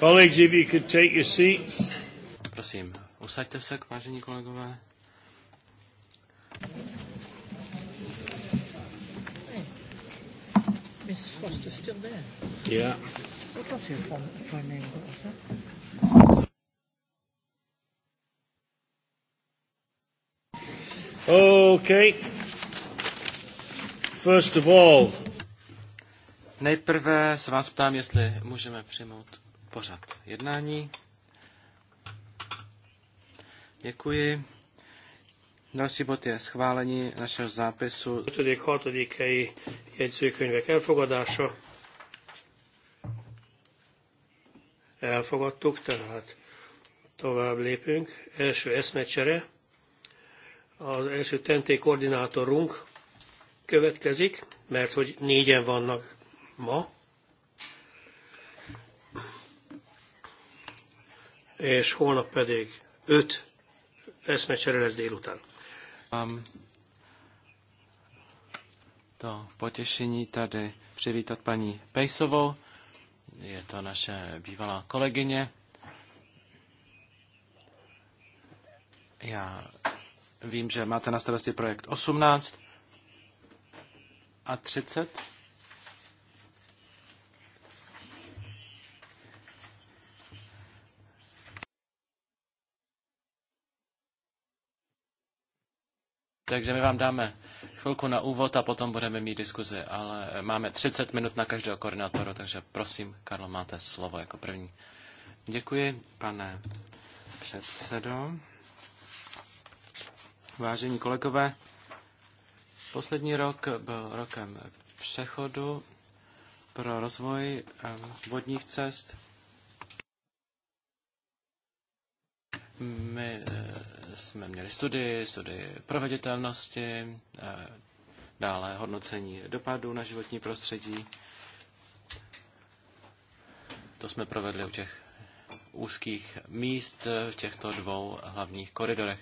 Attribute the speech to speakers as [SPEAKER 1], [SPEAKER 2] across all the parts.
[SPEAKER 1] Colleagues, if you could take your seats.
[SPEAKER 2] Prosím, usaďte se, vážení kolegové. Mrs. Foster Okay. First of all. Nejprve se vás ptám, jestli můžeme přijmout pořad jednání. Děkuji. Další bod je schválení našeho zápisu.
[SPEAKER 1] Elfogadtuk, tehát tovább lépünk. Első eszmecsere. Az első tenté koordinátorunk következik, mert hogy négyen vannak ma és holnap pedig 5
[SPEAKER 2] eszmecsere lesz délután. Um, to potěšení tady přivítat paní Pejsovou. Je to naše bývalá kolegyně. Já vím, že máte na starosti projekt 18 a 30. Takže my vám dáme chvilku na úvod a potom budeme mít diskuzi, ale máme 30 minut na každého koordinátoru, takže prosím, Karlo, máte slovo jako první. Děkuji, pane předsedo. Vážení kolegové, poslední rok byl rokem přechodu pro rozvoj vodních cest My eh, jsme měli studii, studii proveditelnosti, eh, dále hodnocení dopadů na životní prostředí. To jsme provedli u těch úzkých míst eh, v těchto dvou hlavních koridorech.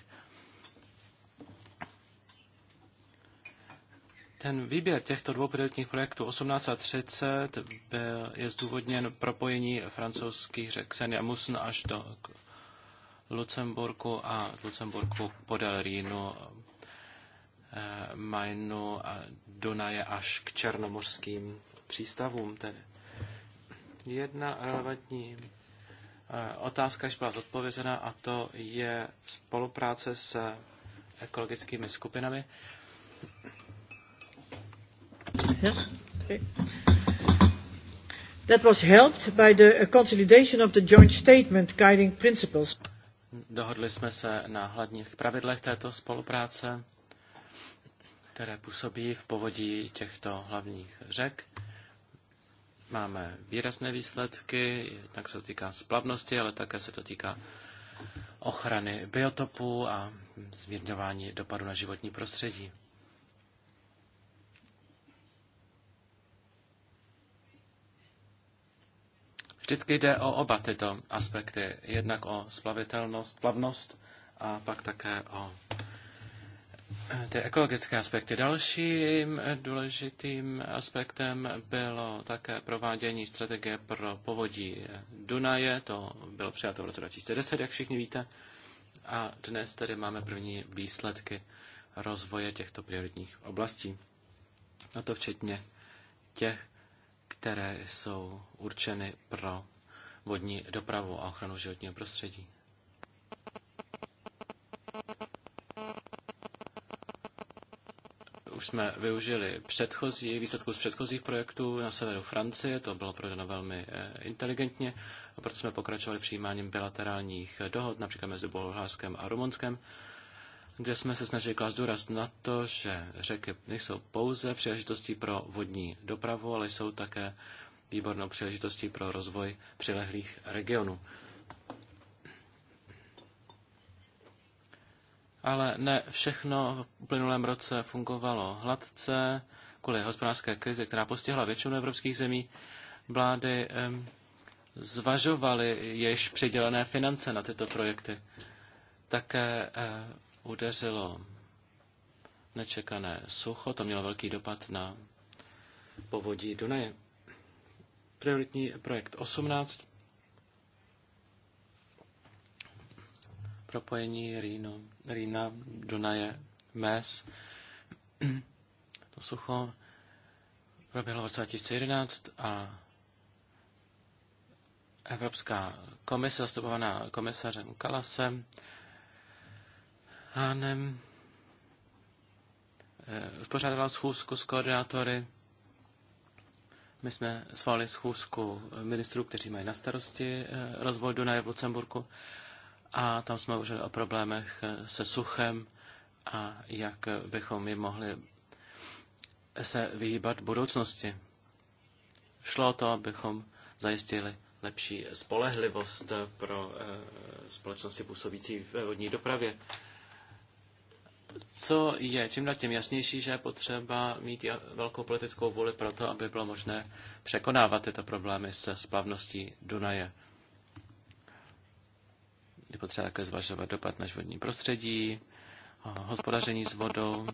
[SPEAKER 2] Ten výběr těchto dvou prioritních projektů 1830 byl, je zdůvodněn propojení francouzských řek Seine a Musn až do Lucemburku a Lucemburku podél Rýnu, eh, Majnu a Dunaje až k černomorským přístavům. Tedy. Jedna relevantní eh, otázka již byla zodpovězena a to je spolupráce s ekologickými skupinami.
[SPEAKER 1] That was helped by the consolidation of the joint statement guiding principles.
[SPEAKER 2] Dohodli jsme se na hladních pravidlech této spolupráce, které působí v povodí těchto hlavních řek. Máme výrazné výsledky, tak se to týká splavnosti, ale také se to týká ochrany biotopů a zmírňování dopadu na životní prostředí. Vždycky jde o oba tyto aspekty. Jednak o splavitelnost, plavnost a pak také o eh, ty ekologické aspekty. Dalším eh, důležitým aspektem bylo také provádění strategie pro povodí Dunaje. To bylo přijato v roce 2010, jak všichni víte. A dnes tedy máme první výsledky rozvoje těchto prioritních oblastí. A to včetně těch, které jsou určeny pro vodní dopravu a ochranu životního prostředí. Už jsme využili předchozí, výsledku z předchozích projektů na severu Francie, to bylo provedeno velmi eh, inteligentně, a proto jsme pokračovali přijímáním bilaterálních dohod, například mezi Bulharskem a Rumunskem, kde jsme se snažili klást důraz na to, že řeky nejsou pouze příležitostí pro vodní dopravu, ale jsou také výbornou příležitostí pro rozvoj přilehlých regionů. Ale ne všechno v uplynulém roce fungovalo hladce. Kvůli hospodářské krizi, která postihla většinu evropských zemí, vlády zvažovaly již přidělené finance na tyto projekty. Také eh, udeřilo nečekané sucho, to mělo velký dopad na povodí Dunaje. Prioritní projekt 18. Propojení Rýno, Rýna, Dunaje, MES. To sucho proběhlo v roce 2011 a Evropská komise, zastupovaná komisařem Kalasem, Hanem eh, uspořádala schůzku s koordinátory. My jsme svali schůzku ministrů, kteří mají na starosti eh, rozvoj Dunaje v Lucemburku a tam jsme hovořili o problémech eh, se suchem a jak bychom jim mohli se vyhýbat v budoucnosti. Šlo o to, abychom zajistili lepší spolehlivost pro společnosti působící v vodní dopravě co je čím dál tím jasnější, že je potřeba mít velkou politickou vůli pro to, aby bylo možné překonávat tyto problémy se splavností Dunaje. Je potřeba také zvažovat dopad na životní prostředí, hospodaření s vodou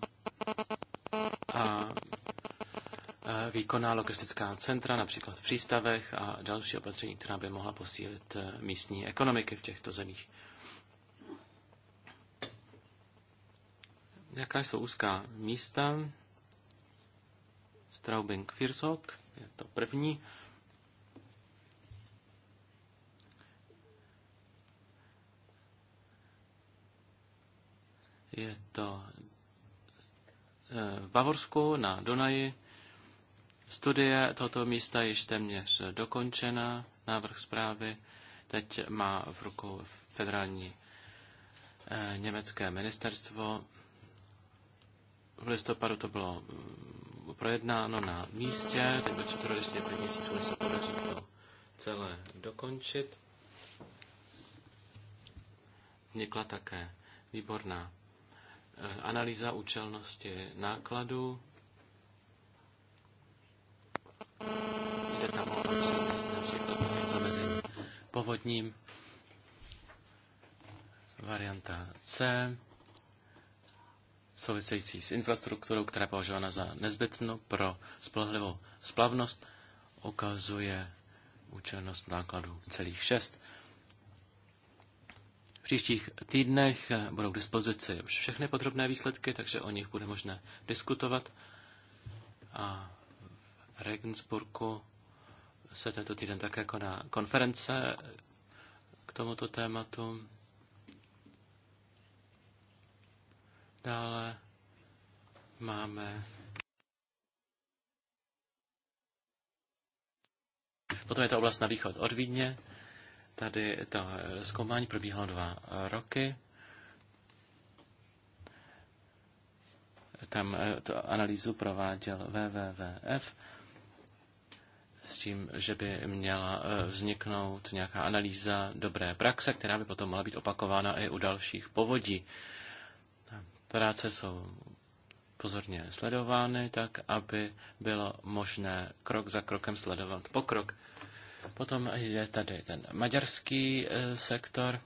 [SPEAKER 2] a e, výkonná logistická centra, například v přístavech a další opatření, která by mohla posílit e, místní ekonomiky v těchto zemích. jaká jsou úzká místa. Straubing Firsok je to první. Je to e, v Bavorsku na Donaji. Studie tohoto místa již téměř dokončena, návrh zprávy. Teď má v rukou federální e, německé ministerstvo v listopadu to bylo mm, projednáno na místě, teď bude to ještě pět měsíců, než se podaří to celé dokončit. Vznikla také výborná eh, analýza účelnosti nákladů. Jde tam o například zamezení povodním. Varianta C související s infrastrukturou, která je považována za nezbytnou pro spolehlivou splavnost, ukazuje účelnost nákladů celých šest. V příštích týdnech budou k dispozici už všechny podrobné výsledky, takže o nich bude možné diskutovat. A v Regensburgu se tento týden také koná konference k tomuto tématu. Dále máme Potom je to oblast na východ od Vídně. Tady to eh, zkoumání probíhalo dva eh, roky. Tam eh, to analýzu prováděl WWWF s tím, že by měla vzniknout nějaká analýza dobré praxe, která by potom mohla být opakována i u dalších povodí práce jsou pozorně sledovány, tak aby bylo možné krok za krokem sledovat pokrok. Potom je tady ten maďarský e, sektor.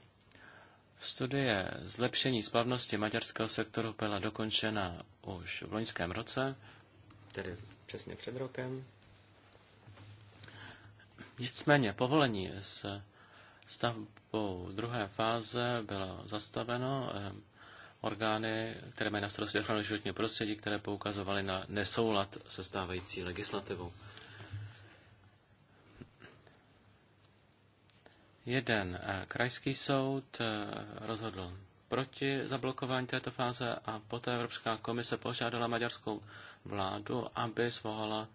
[SPEAKER 2] Studie zlepšení splavnosti maďarského sektoru byla dokončena už v loňském roce, tedy přesně před rokem. Nicméně povolení s stavbou druhé fáze bylo zastaveno e, orgány, které mají na starosti ochranu životního prostředí, které poukazovaly na nesoulad se stávající legislativou. Jeden eh, krajský soud eh, rozhodl proti zablokování této fáze a poté Evropská komise požádala maďarskou vládu, aby zvolala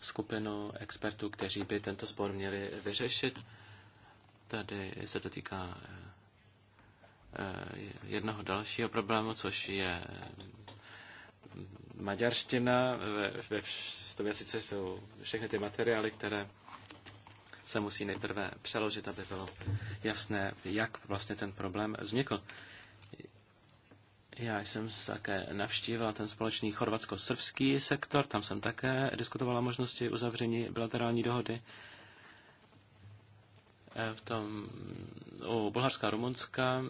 [SPEAKER 2] skupinu expertů, kteří by tento spor měli vyřešit. Tady se to týká eh, Eh, jednoho dalšího problému, což je maďarština. Ve, ve, v jsou všechny ty materiály, které se musí nejprve přeložit, aby bylo jasné, jak vlastně ten problém vznikl. Já jsem také navštívila ten společný chorvatsko-srbský sektor, tam jsem také diskutovala možnosti uzavření bilaterální dohody. Eh, v tom u Bulharska a Rumunska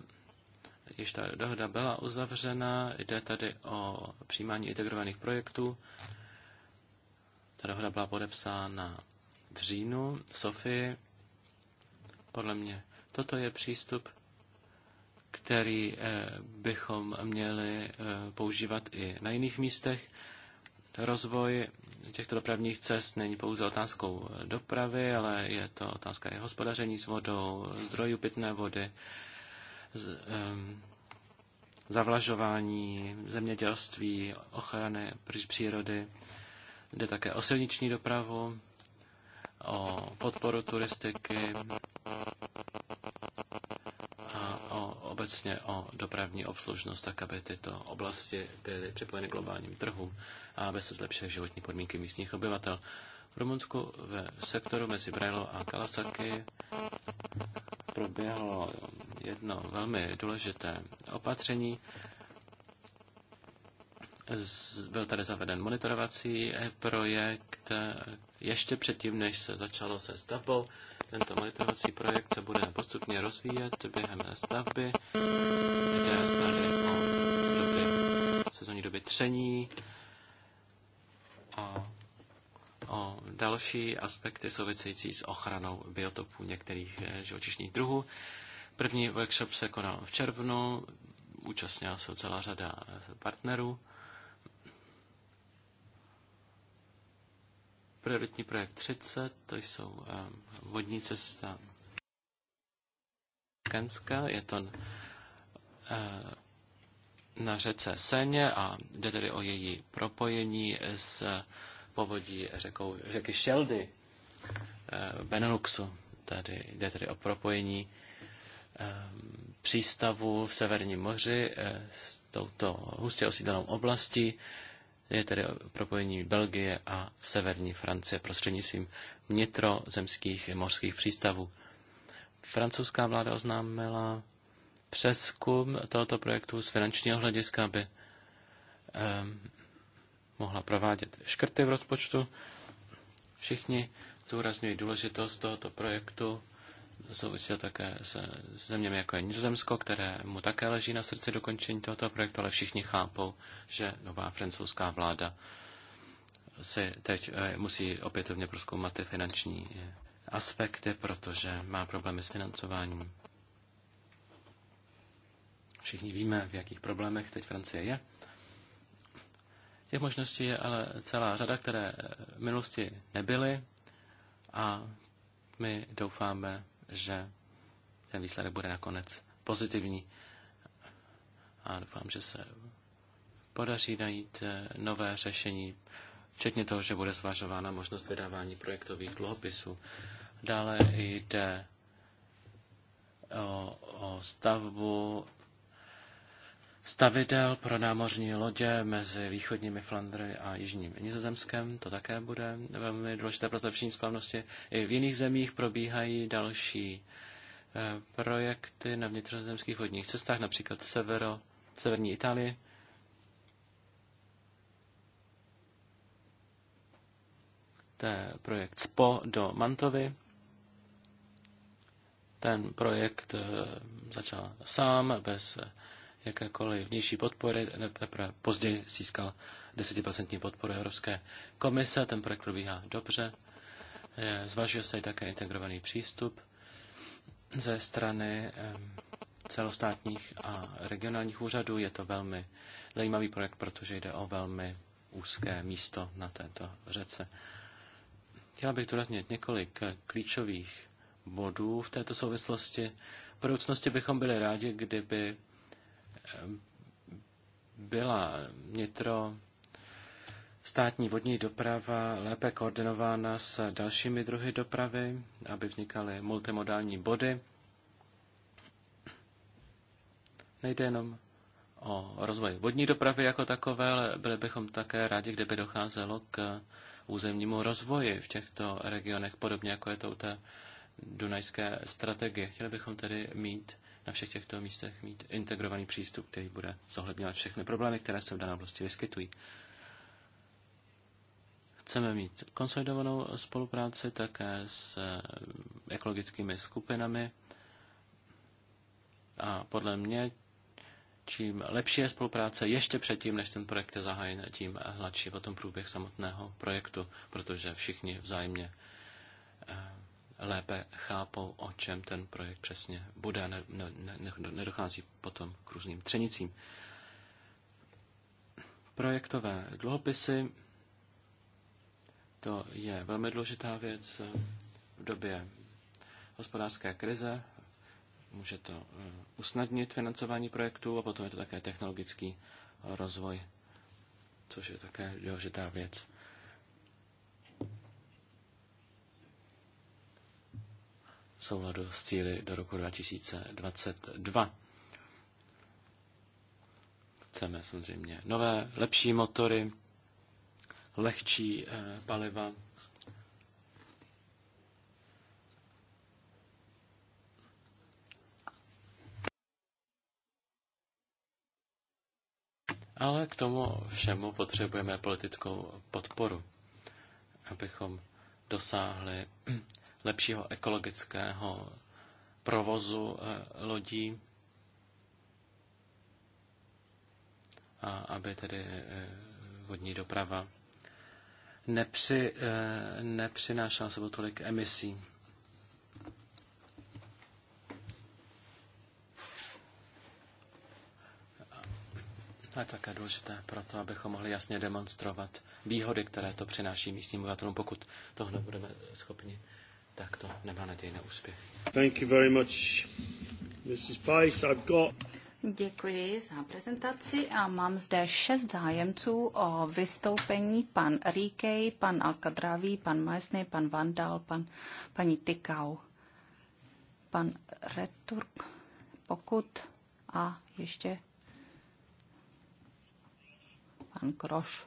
[SPEAKER 2] již ta dohoda byla uzavřena, jde tady o přijímání integrovaných projektů. Ta dohoda byla podepsána v říjnu v Sofii. Podle mě toto je přístup, který eh, bychom měli eh, používat i na jiných místech. Rozvoj těchto dopravních cest není pouze otázkou dopravy, ale je to otázka i hospodaření s vodou, zdrojů pitné vody, zavlažování, zemědělství, ochrany přírody. Jde také o silniční dopravu, o podporu turistiky a o, obecně o dopravní obslužnost, tak aby tyto oblasti byly připojeny globálním trhům a aby se zlepšily životní podmínky místních obyvatel. V Rumunsku ve sektoru mezi Brelo a Kalasaki proběhlo jedno velmi důležité opatření. Byl tady zaveden monitorovací projekt ještě předtím, než se začalo se stavbou. Tento monitorovací projekt se bude postupně rozvíjet během stavby, Jde tady o doby, sezónní doby tření a o další aspekty související s ochranou biotopů některých živočišných druhů. První workshop se konal v červnu, účastnila se celá řada eh, partnerů. Prioritní projekt 30, to jsou eh, vodní cesta Kenska, je to eh, na řece Seně a jde tedy o její propojení s povodí řekou, řeky Šeldy Beneluxu. Tady jde tedy o propojení Eh, přístavu v Severním moři eh, s touto hustě osídlenou oblastí. Je tedy propojení Belgie a severní Francie prostřednictvím vnitrozemských mořských přístavů. Francouzská vláda oznámila přeskum tohoto projektu z finančního hlediska, aby eh, mohla provádět škrty v rozpočtu. Všichni zdůrazňují důležitost tohoto projektu souvisí také se zeměmi, jako je Nizozemsko, které mu také leží na srdci dokončení tohoto projektu, ale všichni chápou, že nová francouzská vláda si teď eh, musí opětovně proskoumat ty finanční eh, aspekty, protože má problémy s financováním. Všichni víme, v jakých problémech teď Francie je. Těch možností je ale celá řada, které v minulosti nebyly a my doufáme, že ten výsledek bude nakonec pozitivní. A doufám, že se podaří najít eh, nové řešení, včetně toho, že bude zvažována možnost vydávání projektových dluhopisů. Dále jde o, o stavbu stavidel pro námořní lodě mezi východními Flandry a jižním Nizozemskem. To také bude velmi důležité pro zlepšení splavnosti. I v jiných zemích probíhají další eh, projekty na vnitrozemských vodních cestách, například severo, severní Itálii. To je projekt SPO do Mantovy. Ten projekt eh, začal sám, bez eh, jakékoliv vnější podpory. Teprve později získal 10% podporu Evropské komise, ten projekt probíhá dobře. Zvažuje se také integrovaný přístup ze strany celostátních a regionálních úřadů. Je to velmi zajímavý projekt, protože jde o velmi úzké místo na této řece. Chtěla bych zdůraznit několik klíčových bodů v této souvislosti. V budoucnosti bychom byli rádi, kdyby byla nitro státní vodní doprava lépe koordinována s dalšími druhy dopravy, aby vznikaly multimodální body. Nejde jenom o rozvoj vodní dopravy jako takové, ale byli bychom také rádi, kdyby docházelo k územnímu rozvoji v těchto regionech, podobně jako je to u té dunajské strategie. Chtěli bychom tedy mít na všech těchto místech mít integrovaný přístup, který bude zohledňovat všechny problémy, které se v dané oblasti vyskytují. Chceme mít konsolidovanou spolupráci také s eh, ekologickými skupinami a podle mě čím lepší je spolupráce ještě předtím, než ten projekt je zahájen, tím hladší potom průběh samotného projektu, protože všichni vzájemně eh, lépe chápou, o čem ten projekt přesně bude a ne, ne, ne, nedochází potom k různým třenicím. Projektové dluhopisy, to je velmi důležitá věc v době hospodářské krize. Může to eh, usnadnit financování projektů a potom je to také technologický rozvoj, což je také důležitá věc. v souladu s cíly do roku 2022. Chceme samozřejmě nové, lepší motory, lehčí eh, paliva. Ale k tomu všemu potřebujeme politickou podporu, abychom dosáhli lepšího ekologického provozu eh, lodí a aby tedy eh, vodní doprava nepři, eh, nepřinášela sebou tolik emisí. To je také důležité pro to, abychom mohli jasně demonstrovat výhody, které to přináší místním obyvatelům. Pokud toho nebudeme schopni, tak to nemá naději na úspěch.
[SPEAKER 1] Thank you very much, Mrs. Price. I've got...
[SPEAKER 3] Děkuji za prezentaci a mám zde šest zájemců o vystoupení. Pan Ríkej, pan Alkadraví, pan Majsny, pan Vandal, pan, paní Tykau, pan Returk, pokud a ještě pan Kroš.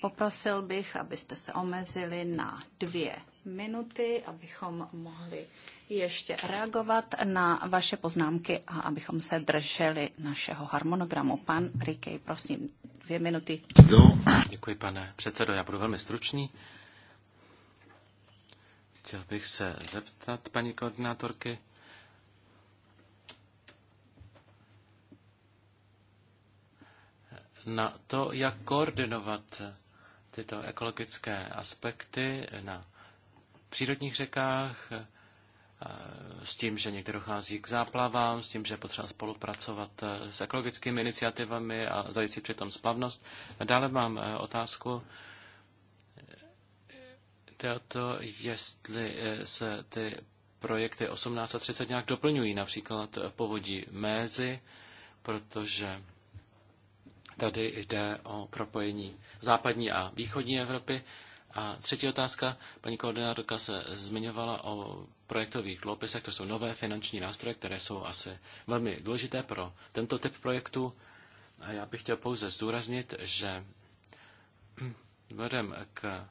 [SPEAKER 3] Poprosil bych, abyste se omezili na dvě minuty, abychom mohli ještě reagovat na vaše poznámky a abychom se drželi našeho harmonogramu. Pan Rikej, prosím, dvě minuty.
[SPEAKER 2] Děkuji, pane předsedo, já budu velmi stručný. Chtěl bych se zeptat paní koordinátorky, na to, jak koordinovat tyto ekologické aspekty na přírodních řekách, eh, s tím, že někde dochází k záplavám, s tím, že je potřeba spolupracovat eh, s ekologickými iniciativami a zajistit přitom splavnost. Dále mám eh, otázku, jde o to, jestli se ty projekty 1830 nějak doplňují, například povodí Mézy, protože Tady jde o propojení západní a východní Evropy. A třetí otázka. Paní koordinátorka se zmiňovala o projektových dloupisech. to jsou nové finanční nástroje, které jsou asi velmi důležité pro tento typ projektu. A já bych chtěl pouze zdůraznit, že vzhledem k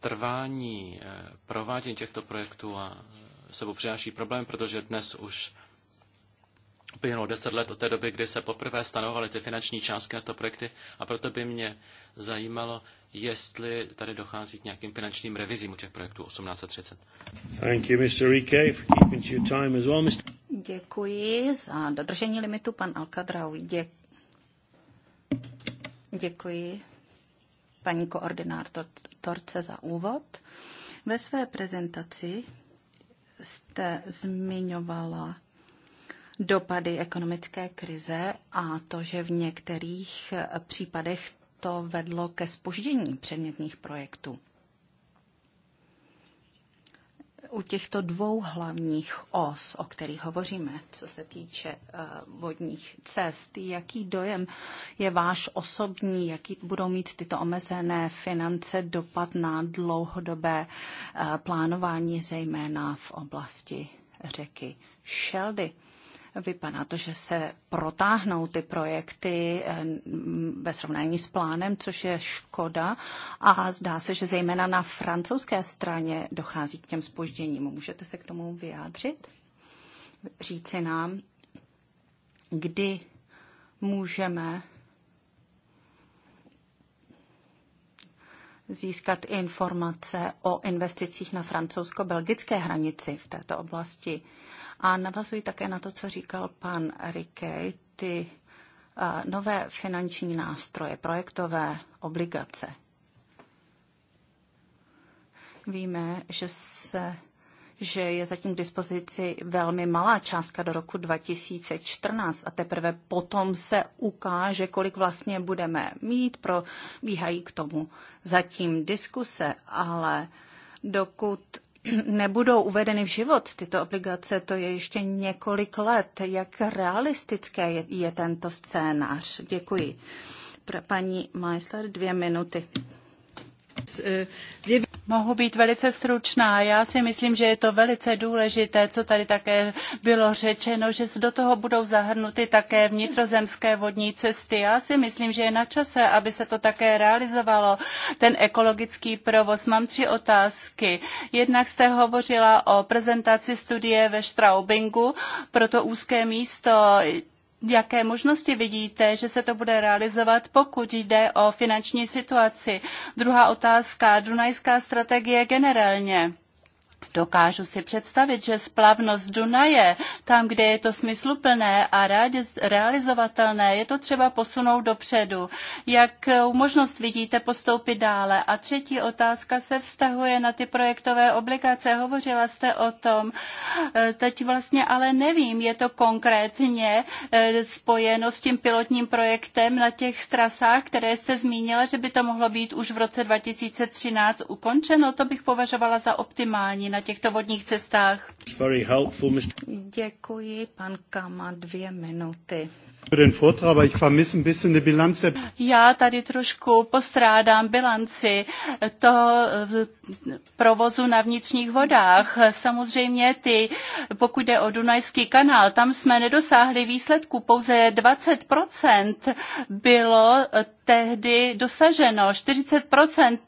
[SPEAKER 2] trvání eh, provádění těchto projektů a eh, sebou přináší problém, protože dnes už uplynulo deset let od té doby, kdy se poprvé stanovaly ty finanční částky na to projekty a proto by mě zajímalo, jestli tady dochází k nějakým finančním revizím u těch projektů 1830.
[SPEAKER 1] Thank you, Mr. Rike, for keeping to your time as well, Mr.
[SPEAKER 3] Děkuji za dodržení limitu, pan Alkadrau. Dě... Děkuji paní koordinátorce za úvod. Ve své prezentaci jste zmiňovala dopady ekonomické krize a to, že v některých eh, případech to vedlo ke spoždění předmětných projektů. U těchto dvou hlavních os, o kterých hovoříme, co se týče eh, vodních cest, jaký dojem je váš osobní, jaký budou mít tyto omezené finance dopad na dlouhodobé eh, plánování, zejména v oblasti řeky Šeldy? Vypadá to, že se protáhnou ty projekty eh, ve srovnání s plánem, což je škoda. A zdá se, že zejména na francouzské straně dochází k těm spožděním. Můžete se k tomu vyjádřit? Říci nám, kdy můžeme získat informace o investicích na francouzsko-belgické hranici v této oblasti a navazuji také na to, co říkal pan Rikej, ty nové finanční nástroje, projektové obligace. Víme, že se že je zatím k dispozici velmi malá částka do roku 2014 a teprve potom se ukáže, kolik vlastně budeme mít. Probíhají k tomu zatím diskuse, ale dokud nebudou uvedeny v život tyto obligace, to je ještě několik let. Jak realistické je, je tento scénář? Děkuji. Pro paní Meisler dvě minuty. Mohu být velice stručná. Já si myslím, že je to
[SPEAKER 4] velice důležité, co tady také bylo řečeno, že do toho budou zahrnuty také vnitrozemské vodní cesty. Já si myslím, že je na čase, aby se to také realizovalo, ten ekologický provoz. Mám tři otázky. Jednak jste hovořila o prezentaci studie ve Straubingu pro to úzké místo Jaké možnosti vidíte, že se to bude realizovat, pokud jde o finanční situaci? Druhá otázka, Dunajská strategie generálně. Dokážu si představit, že splavnost Dunaje, tam, kde je to smysluplné a realizovatelné, je to třeba posunout dopředu. Jak eh, možnost vidíte postoupit dále? A třetí otázka se vztahuje na ty projektové obligace. Hovořila jste o tom, eh, teď vlastně ale nevím, je to konkrétně eh, spojeno s tím pilotním projektem na těch trasách, které jste zmínila, že by to mohlo být už v roce 2013 ukončeno. To bych považovala za optimální na těchto vodních
[SPEAKER 3] cestách. Děkuji, pan Kama, dvě minuty. Já tady trošku postrádám
[SPEAKER 4] bilanci to eh, provozu na vnitřních vodách. Samozřejmě ty, pokud jde o Dunajský kanál, tam jsme nedosáhli výsledku. Pouze 20% bylo eh, tehdy dosaženo, 40%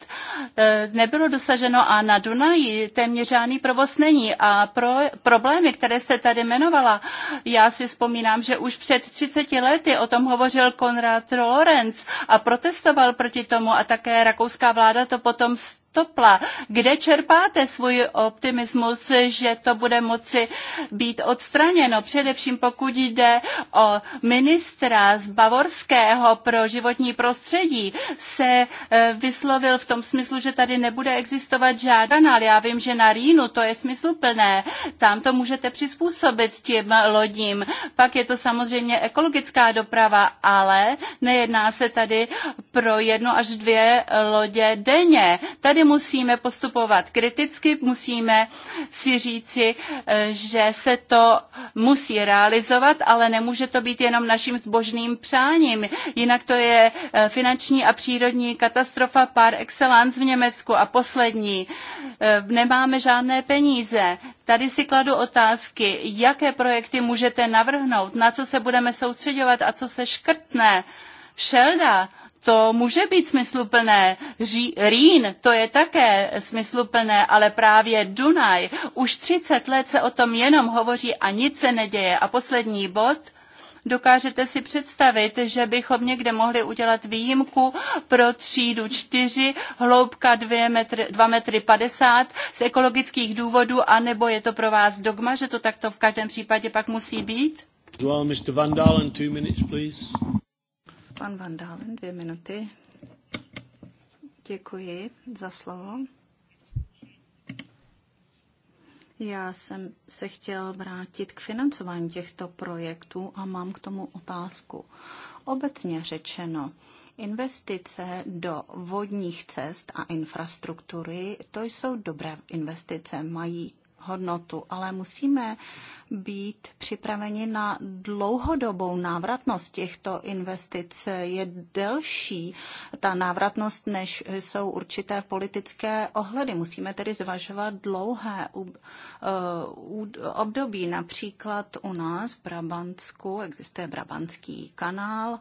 [SPEAKER 4] eh, nebylo dosaženo a na Dunaji téměř žádný provoz není. A pro problémy, které se tady jmenovala, já si vzpomínám, že už před 30 lety o tom hovořil Konrad Lorenz a protestoval proti tomu a také rakouská vláda to potom topla. Kde čerpáte svůj optimismus, že to bude moci být odstraněno? Především pokud jde o ministra z Bavorského pro životní prostředí, se eh, vyslovil v tom smyslu, že tady nebude existovat žádný kanál. Já vím, že na Rýnu to je smysluplné. Tam to můžete přizpůsobit těm lodím. Pak je to samozřejmě ekologická doprava, ale nejedná se tady pro jednu až dvě lodě denně. Tady tedy musíme postupovat kriticky, musíme si říci, eh, že se to musí realizovat, ale nemůže to být jenom naším zbožným přáním. Jinak to je eh, finanční a přírodní katastrofa par excellence v Německu. A poslední, eh, nemáme žádné peníze. Tady si kladu otázky, jaké projekty můžete navrhnout, na co se budeme soustředovat a co se škrtne. Šelda to může být smysluplné. Ří, Rín, to je také smysluplné, ale právě Dunaj. Už 30 let se o tom jenom hovoří a nic se neděje. A poslední bod. Dokážete si představit, že bychom někde mohli udělat výjimku pro třídu 4, hloubka 2 metry, 2 metry 50 z ekologických důvodů, anebo je to pro vás dogma, že to takto v každém případě pak musí být?
[SPEAKER 1] Well, Mr. Van Dalen, two minutes, please.
[SPEAKER 3] Pan Van Dalen, dvě minuty. Děkuji za slovo. Já jsem se chtěl vrátit k financování těchto projektů a mám k tomu otázku. Obecně řečeno, Investice do vodních cest a infrastruktury, to jsou dobré investice, mají hodnotu, ale musíme být připraveni na dlouhodobou návratnost těchto investic. Je delší ta návratnost, než jsou určité politické ohledy. Musíme tedy zvažovat dlouhé uh, uh, období. Například u nás v Brabantsku existuje Brabantský kanál,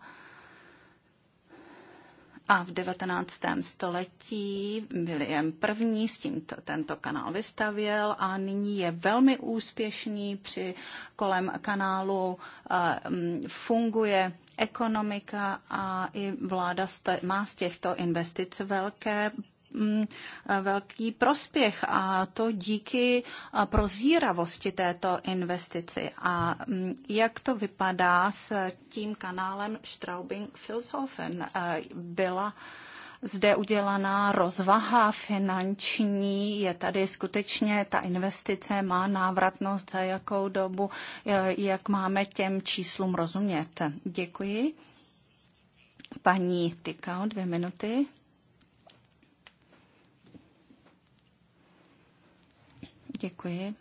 [SPEAKER 3] a v 19. století William I. s tím tento kanál vystavěl a nyní je velmi úspěšný při kolem kanálu eh, mm, funguje ekonomika a i vláda má z těchto investic velké Mm, velký prospěch a to díky prozíravosti této investici. A mm, jak to vypadá s tím kanálem Straubing-Filshofen? Byla zde udělaná rozvaha finanční, je tady skutečně ta investice, má návratnost, za jakou dobu, jak máme těm číslům rozumět. Děkuji. Paní Tykao, dvě minuty. Děkuji.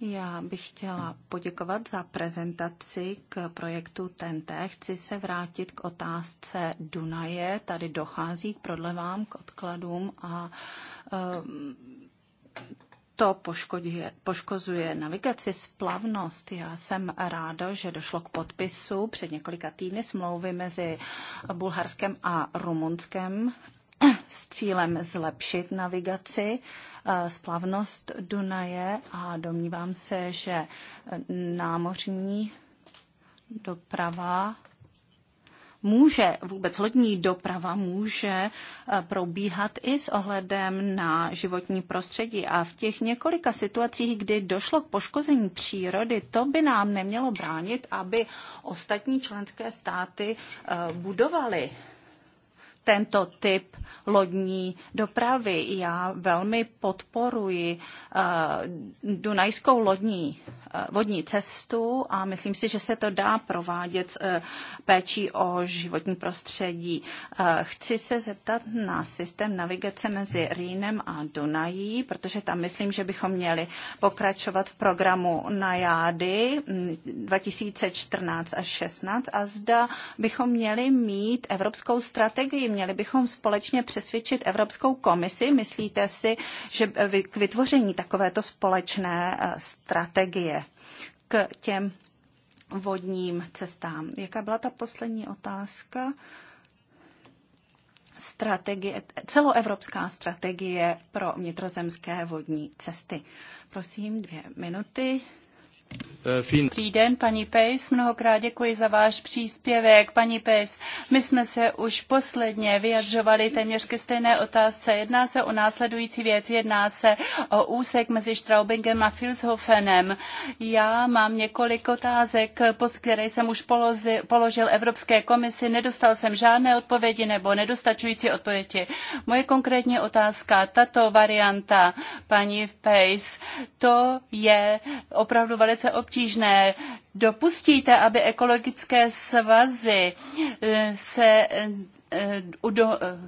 [SPEAKER 3] Já bych chtěla poděkovat za prezentaci k projektu TNT. Chci se vrátit k otázce Dunaje. Tady dochází k prodlevám, k odkladům a um, to poškoduje, poškozuje navigaci, splavnost. Já jsem ráda, že došlo k podpisu před několika týdny smlouvy mezi Bulharskem a Rumunskem s cílem zlepšit navigaci, eh, splavnost Dunaje a domnívám se, že námořní doprava může, vůbec lodní doprava může eh, probíhat i s ohledem na životní prostředí. A v těch několika situacích, kdy došlo k poškození přírody, to by nám nemělo bránit, aby ostatní členské státy eh, budovaly tento typ lodní dopravy. Já velmi podporuji eh, Dunajskou lodní Eh, vodní cestu a myslím si, že se to dá provádět s eh, péčí o životní prostředí. Eh, chci se zeptat na systém navigace mezi Rýnem a Dunají, protože tam myslím, že bychom měli pokračovat v programu na jády 2014 mm, až 16 a zda bychom měli mít evropskou strategii, měli bychom společně přesvědčit Evropskou komisi. Myslíte si, že k vytvoření takovéto společné strategie k těm vodním cestám. Jaká byla ta poslední otázka? Strategie, celoevropská strategie pro vnitrozemské vodní cesty. Prosím, dvě minuty. Dobrý den, paní Pejs,
[SPEAKER 4] mnohokrát děkuji za váš příspěvek. Paní Pejs, my jsme se už posledně vyjadřovali téměř ke stejné otázce. Jedná se o následující věc, jedná se o úsek mezi Straubingem a Filshofenem. Já mám několik otázek, které jsem už polozi, položil Evropské komisi, nedostal jsem žádné odpovědi nebo nedostačující odpovědi. Moje konkrétní otázka, tato varianta, paní Pejs, to je opravdu velice velice obtížné. Dopustíte, aby ekologické svazy eh, se eh,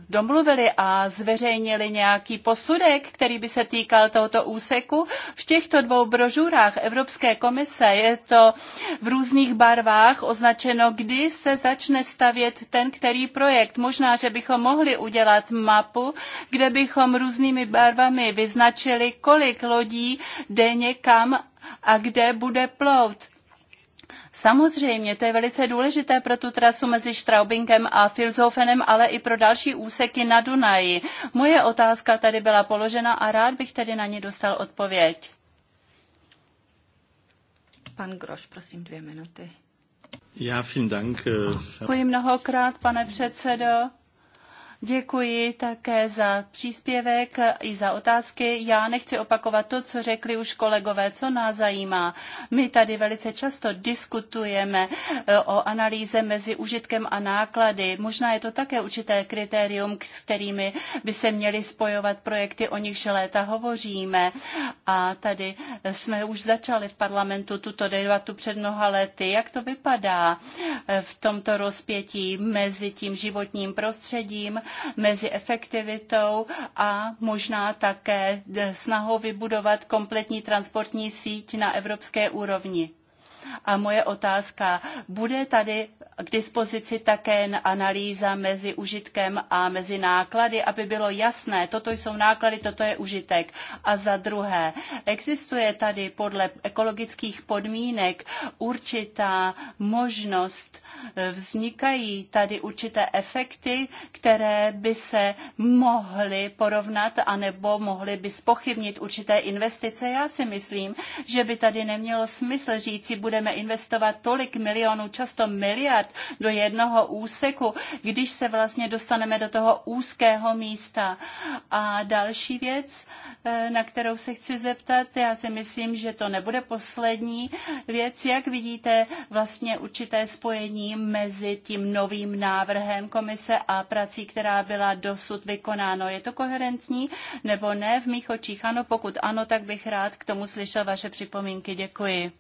[SPEAKER 4] domluvili a zveřejnili nějaký posudek, který by se týkal tohoto úseku. V těchto dvou brožurách Evropské komise je to v různých barvách označeno, kdy se začne stavět ten, který projekt. Možná, že bychom mohli udělat mapu, kde bychom různými barvami vyznačili, kolik lodí denně kam a kde bude plout. Samozřejmě, to je velice důležité pro tu trasu mezi Straubinkem a Filzofenem, ale i pro další úseky na Dunaji. Moje otázka tady byla položena a rád bych tedy na ně dostal odpověď.
[SPEAKER 3] Pan Groš, prosím, dvě minuty.
[SPEAKER 2] Já vielen Dank. Eh, Děkuji
[SPEAKER 4] mnohokrát, pane předsedo. Děkuji také za příspěvek i za otázky. Já nechci opakovat to, co řekli už kolegové, co nás zajímá. My tady velice často diskutujeme e, o analýze mezi užitkem a náklady. Možná je to také určité kritérium, s kterými by se měly spojovat projekty, o nichž léta hovoříme. A tady jsme už začali v parlamentu tuto debatu před mnoha lety. Jak to vypadá e, v tomto rozpětí mezi tím životním prostředím mezi efektivitou a možná také snahou vybudovat kompletní transportní síť na evropské úrovni. A moje otázka, bude tady k dispozici také analýza mezi užitkem a mezi náklady, aby bylo jasné, toto jsou náklady, toto je užitek. A za druhé, existuje tady podle ekologických podmínek určitá možnost, e, vznikají tady určité efekty, které by se mohly porovnat anebo mohly by spochybnit určité investice. Já si myslím, že by tady nemělo smysl říci, bude budeme investovat tolik milionů, často miliard do jednoho úseku, když se vlastně dostaneme do toho úzkého místa. A další věc, eh, na kterou se chci zeptat, já si myslím, že to nebude poslední věc. Jak vidíte vlastně určité spojení mezi tím novým návrhem komise a prací, která byla dosud vykonáno? Je to koherentní nebo ne? V mých očích ano, pokud ano, tak bych rád k tomu slyšel vaše připomínky. Děkuji.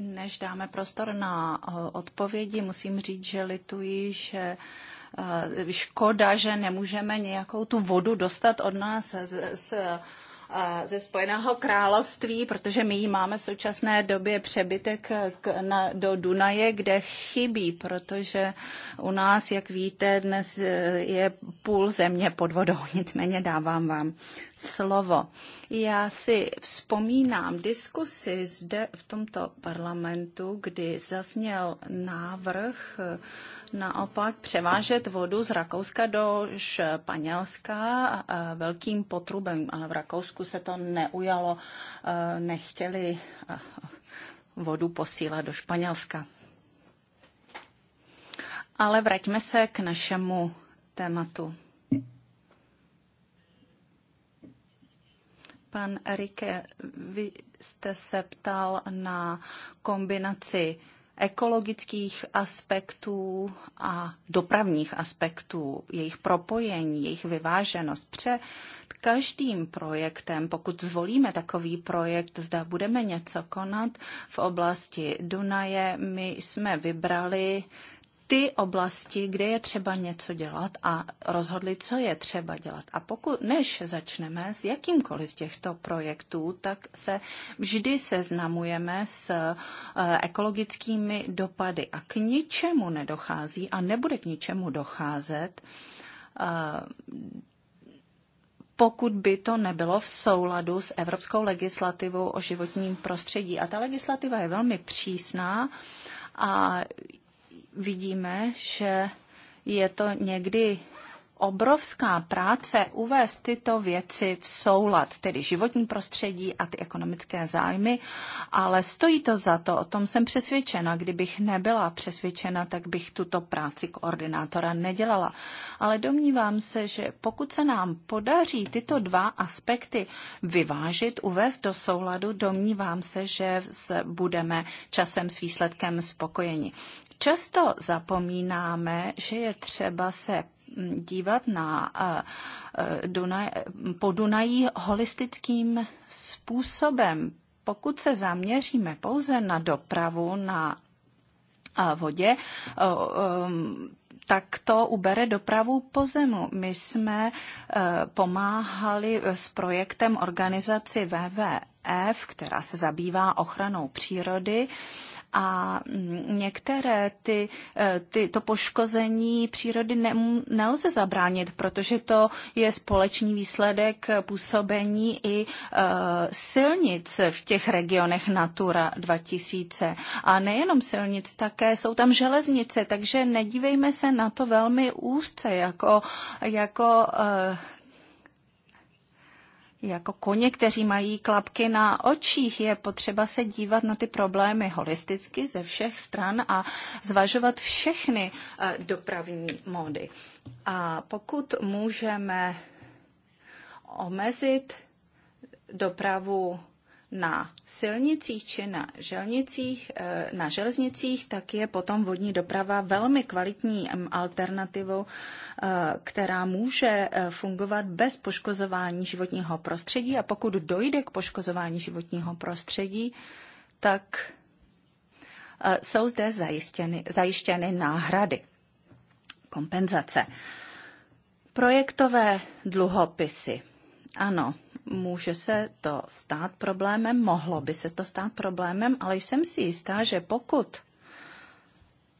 [SPEAKER 3] Než dáme prostor na eh, odpovědi, musím říct, že lituji, že eh, škoda, že nemůžeme nějakou tu vodu dostat od nás z, z ze Spojeného království, protože my ji máme v současné době přebytek k, na, do Dunaje, kde chybí, protože u nás, jak víte, dnes eh, je půl země pod vodou, nicméně dávám vám slovo. Já si vzpomínám diskusy zde v tomto parlamentu, kdy zazněl návrh, eh, naopak převážet vodu z Rakouska do Španělska eh, velkým potrubem, ale v Rakousku se to neujalo, eh, nechtěli eh, vodu posílat do Španělska. Ale vraťme se k našemu tématu. Pan Erike, vy jste se ptal na kombinaci ekologických aspektů a dopravních aspektů, jejich propojení, jejich vyváženost. Před každým projektem, pokud zvolíme takový projekt, zda budeme něco konat v oblasti Dunaje, my jsme vybrali ty oblasti, kde je třeba něco dělat a rozhodli, co je třeba dělat. A pokud než začneme s jakýmkoliv z těchto projektů, tak se vždy seznamujeme s eh, ekologickými dopady a k ničemu nedochází a nebude k ničemu docházet eh, pokud by to nebylo v souladu s evropskou legislativou o životním prostředí. A ta legislativa je velmi přísná a vidíme, že je to někdy obrovská práce uvést tyto věci v soulad, tedy životní prostředí a ty ekonomické zájmy, ale stojí to za to, o tom jsem přesvědčena. Kdybych nebyla přesvědčena, tak bych tuto práci koordinátora nedělala. Ale domnívám se, že pokud se nám podaří tyto dva aspekty vyvážit, uvést do souladu, domnívám se, že budeme časem s výsledkem spokojeni. Často zapomínáme, že je třeba se mm, dívat na Dunaj, po Dunají holistickým způsobem. Pokud se zaměříme pouze na dopravu, na vodě, mm, tak to ubere dopravu zemu. My jsme e, pomáhali s projektem organizaci WWF, která se zabývá ochranou přírody, a mm, některé ty, eh, ty, to poškození přírody ne, nelze zabránit, protože to je společný výsledek působení i eh, silnic v těch regionech Natura 2000. A nejenom silnic, také jsou tam železnice, takže nedívejme se na to velmi úzce, jako, jako eh, jako koně, kteří mají klapky na očích. Je potřeba se dívat na ty problémy holisticky ze všech stran a zvažovat všechny eh, dopravní módy. A pokud můžeme omezit dopravu na silnicích či na, železnicích, eh, na železnicích, tak je potom vodní doprava velmi kvalitní alternativou, eh, která může eh, fungovat bez poškozování životního prostředí. A pokud dojde k poškozování životního prostředí, tak jsou zde zajištěny, zajištěny náhrady, kompenzace. Projektové dluhopisy. Ano, Může se to stát problémem, mohlo by se to stát problémem, ale jsem si jistá, že pokud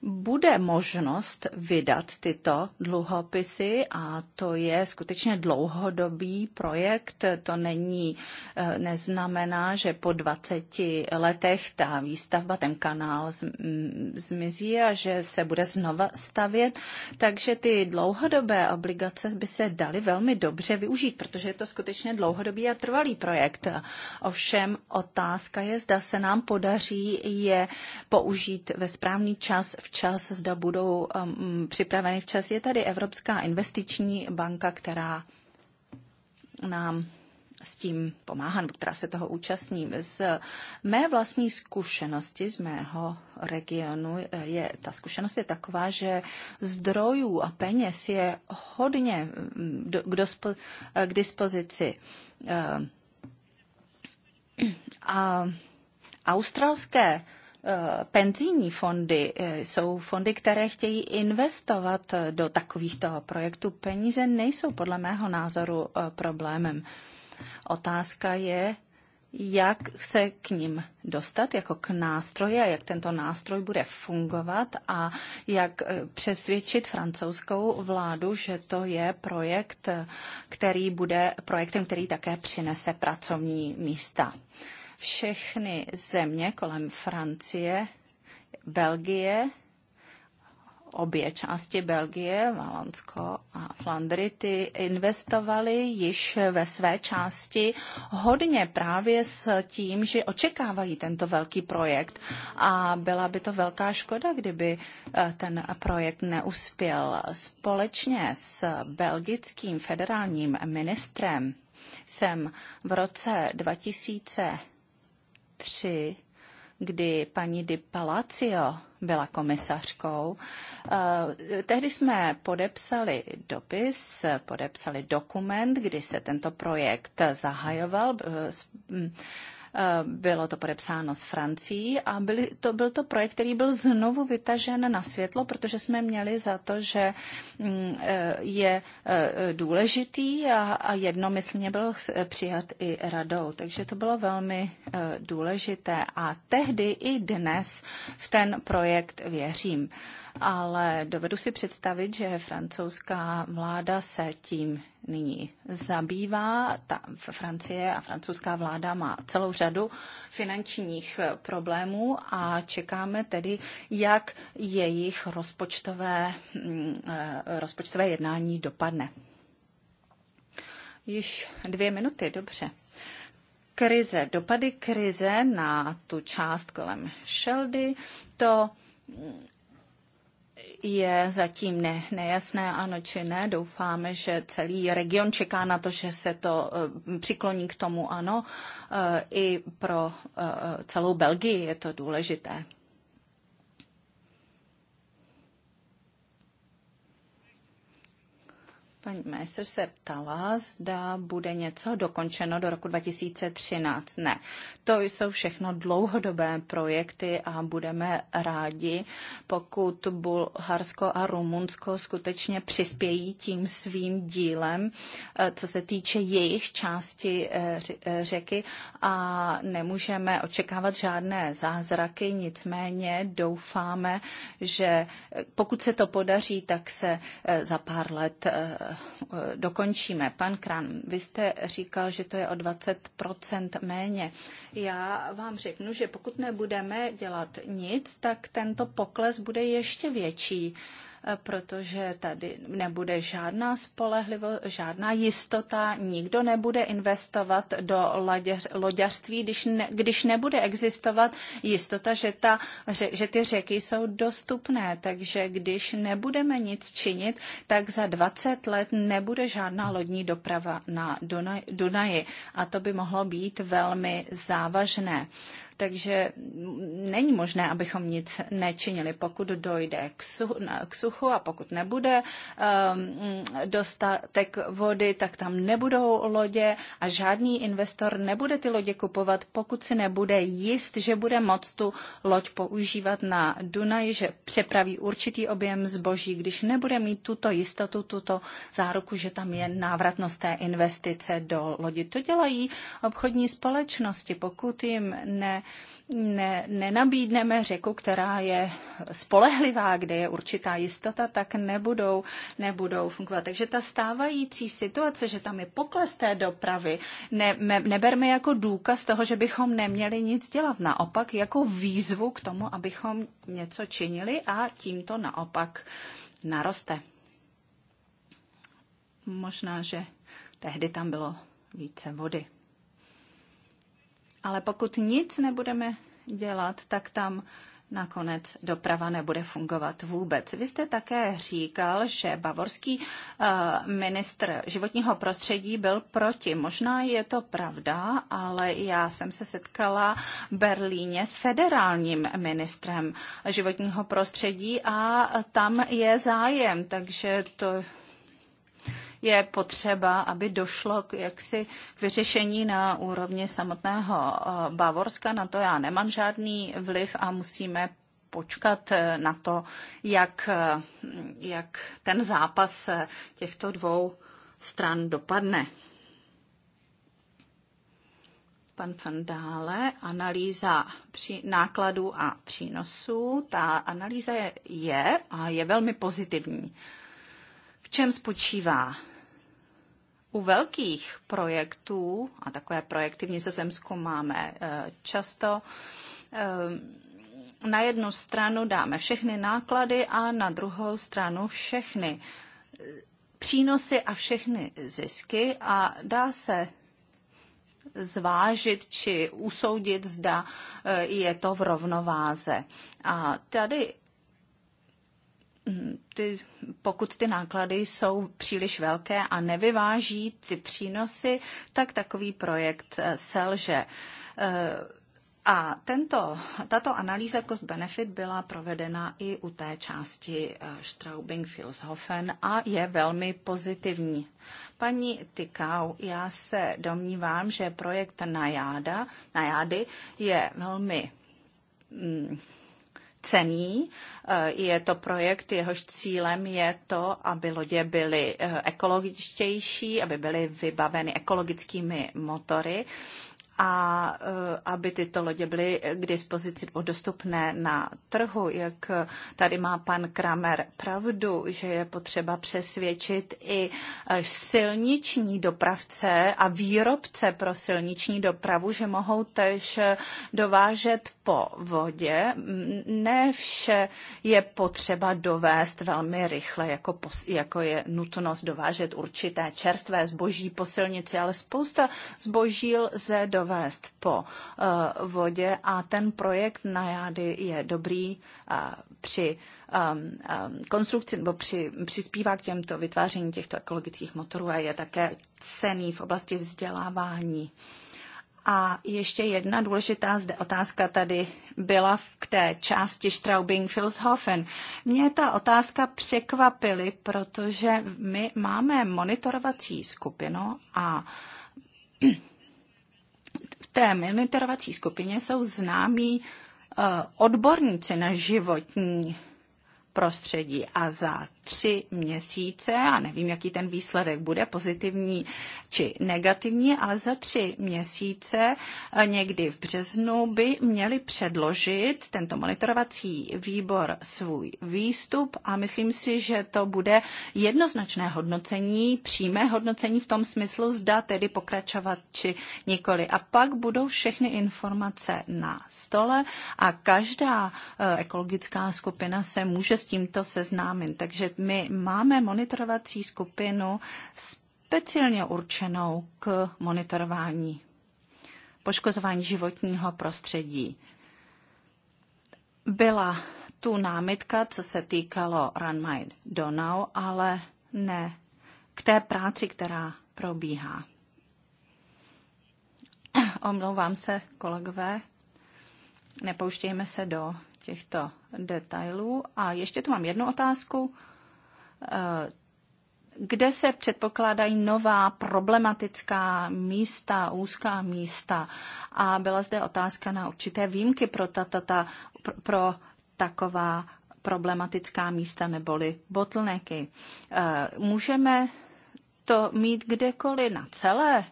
[SPEAKER 3] bude možnost vydat tyto dluhopisy a to je skutečně dlouhodobý projekt. To není, eh, neznamená, že po 20 letech ta výstavba, ten kanál mm, zmizí a že se bude znova stavět. Takže ty dlouhodobé obligace by se daly velmi dobře využít, protože je to skutečně dlouhodobý a trvalý projekt. Ovšem otázka je, zda se nám podaří je použít ve správný čas, v včas, zda budou um, připraveny včas. Je tady Evropská investiční banka, která nám s tím pomáhá, nebo která se toho účastní. Z mé vlastní zkušenosti z mého regionu je, ta zkušenost je taková, že zdrojů a peněz je hodně mm, k, dospo, k dispozici. Ehm, a australské Eh, penzijní fondy eh, jsou fondy, které chtějí investovat eh, do takovýchto projektů. Peníze nejsou podle mého názoru problémem. Otázka je, jak se k ním dostat jako k nástroji a jak tento nástroj bude fungovat a jak přesvědčit francouzskou vládu, že to je projekt, který bude projektem, který také přinese pracovní místa. Všechny země kolem Francie, Belgie, obě části Belgie, Valonsko a Flandry, ty investovaly již ve své části hodně právě s tím, že očekávají tento velký projekt a byla by to velká škoda, kdyby eh, ten projekt neuspěl. Společně s belgickým federálním ministrem jsem v roce 2000 3, kdy paní Di Palacio byla komisařkou. Eh, tehdy jsme podepsali dopis, podepsali dokument, kdy se tento projekt zahajoval eh, mm, Eh, bylo to podepsáno s Francií a byl to, byl to projekt, který byl znovu vytažen na světlo, protože jsme měli za to, že mm, eh, je eh, důležitý a, a jednomyslně byl přijat i radou. Takže to bylo velmi důležité a tehdy i dnes v ten projekt věřím. Ale dovedu si představit, že francouzská vláda se tím nyní zabývá. Ta Francie a francouzská vláda má celou řadu finančních eh, problémů a čekáme tedy, jak jejich rozpočtové, mm, eh, rozpočtové jednání dopadne. Již dvě minuty, dobře. Krize, dopady krize na tu část kolem Šeldy, to mm, je zatím ne, nejasné, ano či ne. Doufáme, že celý region čeká na to, že se to eh, přikloní k tomu ano. Eh, I pro eh, celou Belgii je to důležité. Paní ministr se ptala, zda bude něco dokončeno do roku 2013. Ne, to jsou všechno dlouhodobé projekty a budeme rádi, pokud Bulharsko a Rumunsko skutečně přispějí tím svým dílem, eh, co se týče jejich části eh, eh, řeky a nemůžeme očekávat žádné zázraky, nicméně doufáme, že pokud se to podaří, tak se za pár let Eh, dokončíme. Pan Kran, vy jste říkal, že to je o 20 méně. Já vám řeknu, že pokud nebudeme dělat nic, tak tento pokles bude ještě větší. Uh, protože tady nebude žádná spolehlivost, žádná jistota, nikdo nebude investovat do laděř, loďařství, když, ne, když nebude existovat jistota, že, ta, že ty řeky jsou dostupné. Takže když nebudeme nic činit, tak za 20 let nebude žádná lodní doprava na Dunaji. A to by mohlo být velmi závažné takže není možné, abychom nic nečinili, pokud dojde k suchu a pokud nebude ehm, dostatek vody, tak tam nebudou lodě a žádný investor nebude ty lodě kupovat, pokud si nebude jist, že bude moct tu loď používat na Dunaj, že přepraví určitý objem zboží, když nebude mít tuto jistotu, tuto záruku, že tam je návratnost té investice do lodi. To dělají obchodní společnosti. Pokud jim ne ne, nenabídneme řeku, která je spolehlivá, kde je určitá jistota, tak nebudou, nebudou fungovat. Takže ta stávající situace, že tam je pokles té dopravy, ne, me, neberme jako důkaz toho, že bychom neměli nic dělat. Naopak jako výzvu k tomu, abychom něco činili a tím to naopak naroste. Možná, že tehdy tam bylo více vody. Ale pokud nic nebudeme dělat, tak tam nakonec doprava nebude fungovat vůbec. Vy jste také říkal, že bavorský eh, ministr životního prostředí byl proti. Možná je to pravda, ale já jsem se setkala v Berlíně s federálním ministrem životního prostředí a tam je zájem, takže to je potřeba, aby došlo k, jaksi k vyřešení na úrovni samotného eh, Bavorska. Na to já nemám žádný vliv a musíme počkat eh, na to, jak, eh, jak ten zápas těchto dvou stran dopadne. Pan Fandále, analýza při, nákladů a přínosů. Ta analýza je, je a je velmi pozitivní. Uh, v čem spočívá. U velkých projektů, a takové projekty v Nizozemsku máme eh, často, eh, na jednu stranu dáme všechny náklady a na druhou stranu všechny eh, přínosy a všechny zisky a dá se zvážit či usoudit, zda je to v rovnováze. A tady ty, pokud ty náklady jsou příliš velké a nevyváží ty přínosy, tak takový projekt eh, selže. Eh, a tento, tato analýza cost-benefit byla provedena i u té části eh, Straubing-Filshofen a je velmi pozitivní. Paní Tykau, já se domnívám, že projekt Najáda, Najády je velmi mm, cený. Eh, je to projekt, jehož cílem je to, aby lodě byly eh, ekologičtější, aby byly vybaveny ekologickými motory a eh, aby tyto lodě byly k dispozici dostupné na trhu. Jak tady má pan Kramer pravdu, že je potřeba přesvědčit i eh, silniční dopravce a výrobce pro silniční dopravu, že mohou tež dovážet po vodě. Ne vše je potřeba dovést velmi rychle, jako, pos, jako je nutnost dovážet určité čerstvé zboží po silnici, ale spousta zboží lze dovážet provést po eh, vodě a ten projekt na Jády je dobrý eh, při ehm, ehm, konstrukci nebo při, přispívá k těmto vytváření těchto ekologických motorů a je také cený v oblasti vzdělávání. A ještě jedna důležitá zde otázka tady byla k té části Straubing Filshofen. Mě ta otázka překvapily, protože my máme monitorovací skupinu a té monitorovací skupině jsou známí eh, odborníci na životní prostředí a za tři měsíce a nevím, jaký ten výsledek bude, pozitivní či negativní, ale za tři měsíce eh, někdy v březnu by měli předložit tento monitorovací výbor svůj výstup a myslím si, že to bude jednoznačné hodnocení, přímé hodnocení v tom smyslu, zda tedy pokračovat či nikoli. A pak budou všechny informace na stole a každá eh, ekologická skupina se může s tímto seznámit. Takže my máme monitorovací skupinu speciálně určenou k monitorování poškozování životního prostředí. Byla tu námitka, co se týkalo Run My Donau, ale ne k té práci, která probíhá. Omlouvám se, kolegové, nepouštějme se do těchto detailů. A ještě tu mám jednu otázku. Eh, kde se předpokládají nová problematická místa, úzká místa. A byla zde otázka na určité výjimky pro, ta, ta, pro taková problematická místa neboli botlneky. Eh, můžeme to mít kdekoliv na celé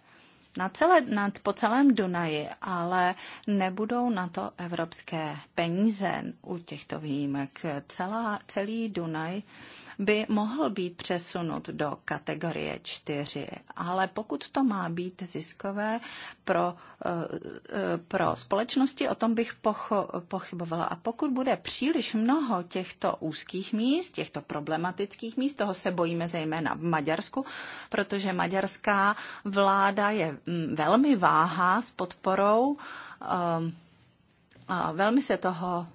[SPEAKER 3] na celé, na, po celém Dunaji, ale nebudou na to evropské peníze u těchto výjimek. Celá, celý Dunaj uh, by mohl být přesunut do kategorie 4. Ale pokud to má být ziskové pro, eh, eh, pro společnosti, o tom bych pocho, pochybovala. A pokud bude příliš mnoho těchto úzkých míst, těchto problematických míst, toho se bojíme zejména v Maďarsku, protože maďarská vláda je mm, velmi váhá s podporou eh, a velmi se toho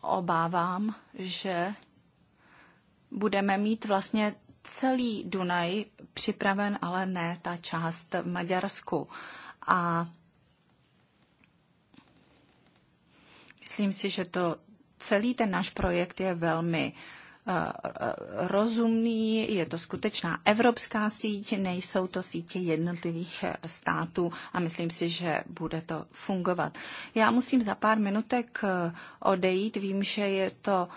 [SPEAKER 3] obávám, že budeme mít vlastně celý Dunaj připraven, ale ne ta část v Maďarsku. A myslím si, že to celý ten náš projekt je velmi uh, Eh, eh, rozumný, je to skutečná evropská síť, nejsou to sítě jednotlivých eh, států a myslím si, že bude to fungovat. Já musím za pár minutek odejít, vím, že je to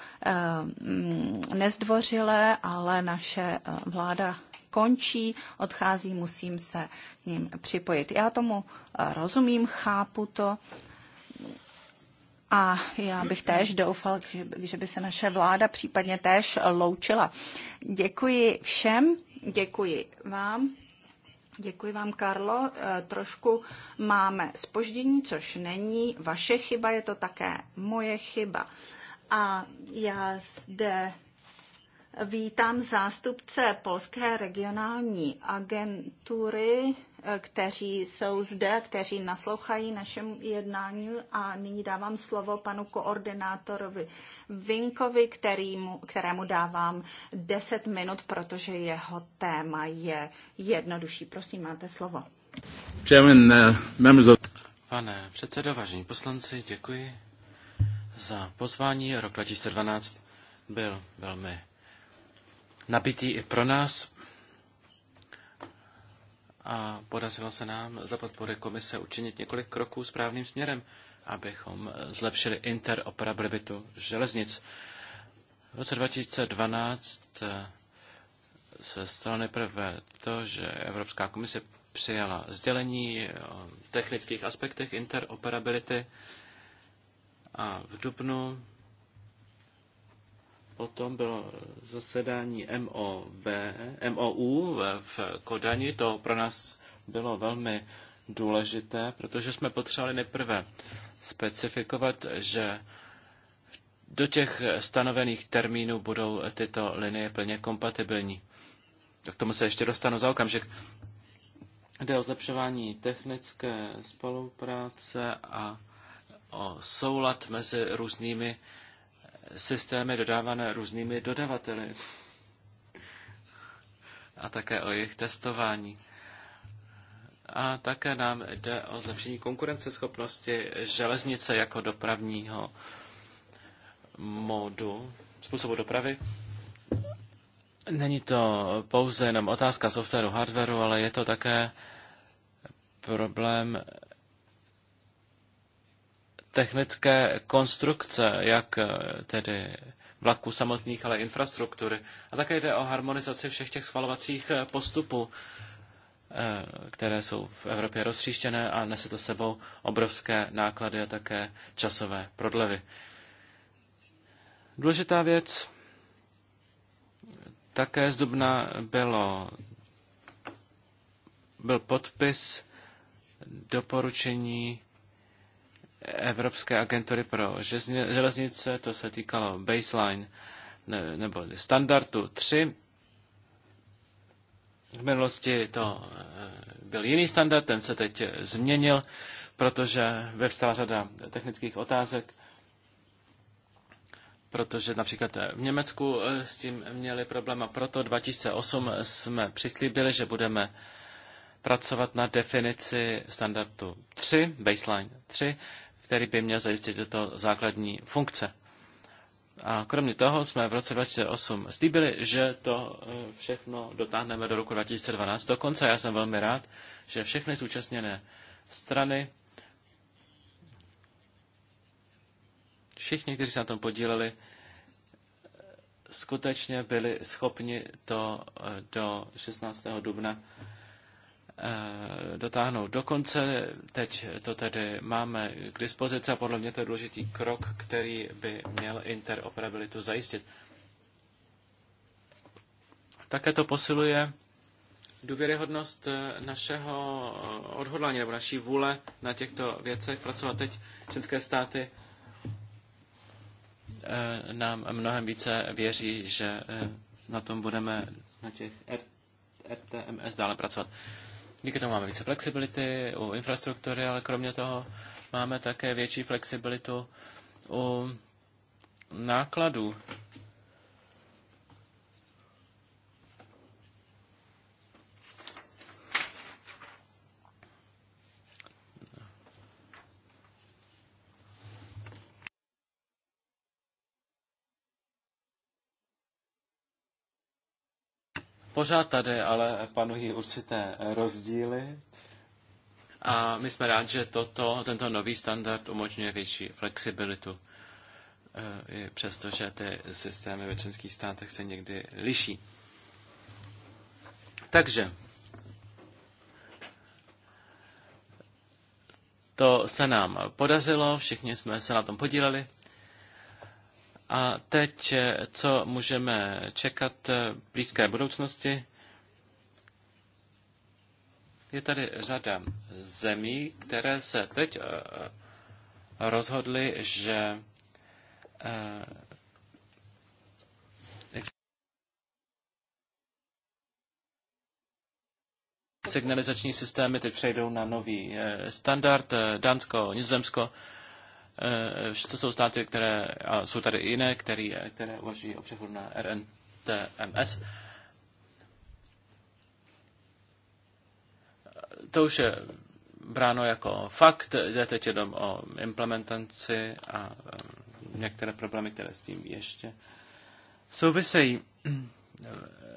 [SPEAKER 3] mm, nezdvořilé, ale naše vláda končí, odchází, musím se k ním připojit. Já tomu rozumím, chápu to a já bych též doufal, že, že by se naše vláda případně též loučila. Děkuji všem, děkuji vám. Děkuji vám, Karlo. E, trošku máme spoždění, což není vaše chyba, je to také moje chyba. A já zde vítám zástupce Polské regionální agentury Eh, kteří jsou zde, kteří naslouchají našemu jednání a nyní dávám slovo panu koordinátorovi Vinkovi, kterýmu, kterému dávám 10 minut, protože jeho téma je jednodušší. Prosím, máte
[SPEAKER 2] slovo. Eh, Pane předsedo, vážení poslanci, děkuji za pozvání. Rok 2012 byl velmi nabitý i pro nás a podařilo se nám za podpory komise učinit několik kroků správným směrem, abychom zlepšili interoperabilitu železnic. V roce 2012 eh, se stalo nejprve to, že Evropská komise přijala sdělení o technických aspektech interoperability a v Dubnu potom bylo zasedání MOV, MOU v Kodani. To pro nás bylo velmi důležité, protože jsme potřebovali nejprve specifikovat, že do těch stanovených termínů budou tyto linie plně kompatibilní. Tak tomu se ještě dostanu za okamžik. Jde o zlepšování technické spolupráce a o soulad mezi různými systémy dodávané různými dodavateli a také o jejich testování. A také nám jde o zlepšení konkurenceschopnosti železnice jako dopravního modu, způsobu dopravy. Není to pouze jenom otázka softwaru, hardwaru, ale je to také problém technické konstrukce, jak eh, tedy vlaků samotných, ale infrastruktury. A také jde o harmonizaci všech těch schvalovacích eh, postupů, eh, které jsou v Evropě rozstříštěné a nese to sebou obrovské náklady a také časové prodlevy. Důležitá věc také z Dubna bylo, byl podpis doporučení Evropské agentury pro železnice, to se týkalo baseline ne, nebo standardu 3. V minulosti to eh, byl jiný standard, ten se teď změnil, protože vyvstala řada technických otázek, protože například v Německu eh, s tím měli problém a proto 2008 jsme přislíbili, že budeme pracovat na definici standardu 3, baseline 3, který by měl zajistit tyto základní funkce. A kromě toho jsme v roce 2008 slíbili, že to e, všechno dotáhneme do roku 2012. Dokonce já jsem velmi rád, že všechny zúčastněné strany, všichni, kteří se na tom podíleli, skutečně byli schopni to e, do 16. dubna Eh, dotáhnout do konce. Teď to tedy máme k dispozici a podle mě to je důležitý krok, který by měl interoperabilitu zajistit. Také to posiluje důvěryhodnost eh, našeho eh, odhodlání nebo naší vůle na těchto věcech pracovat teď. České státy nám mnohem více věří, že na tom budeme na těch RTMS dále pracovat. Díky tomu máme více flexibility u infrastruktury, ale kromě toho máme také větší flexibilitu u nákladů Pořád tady ale panují určité rozdíly a my jsme rádi, že toto, tento nový standard umožňuje větší flexibilitu, eh, i přestože ty systémy ve členských státech se někdy liší. Takže to se nám podařilo, všichni jsme se na tom podíleli. A teď, co můžeme čekat v blízké budoucnosti? Je tady řada zemí, které se teď eh, eh, rozhodly, že eh, signalizační systémy teď přejdou na nový standard, Dánsko, Nizozemsko, že eh, to jsou státy, které, a jsou tady i jiné, který, které uvažují o přechodu na RNTMS. Eh, to už je bráno jako fakt, jde teď jenom o implementaci a eh, některé problémy, které s tím ještě souvisejí.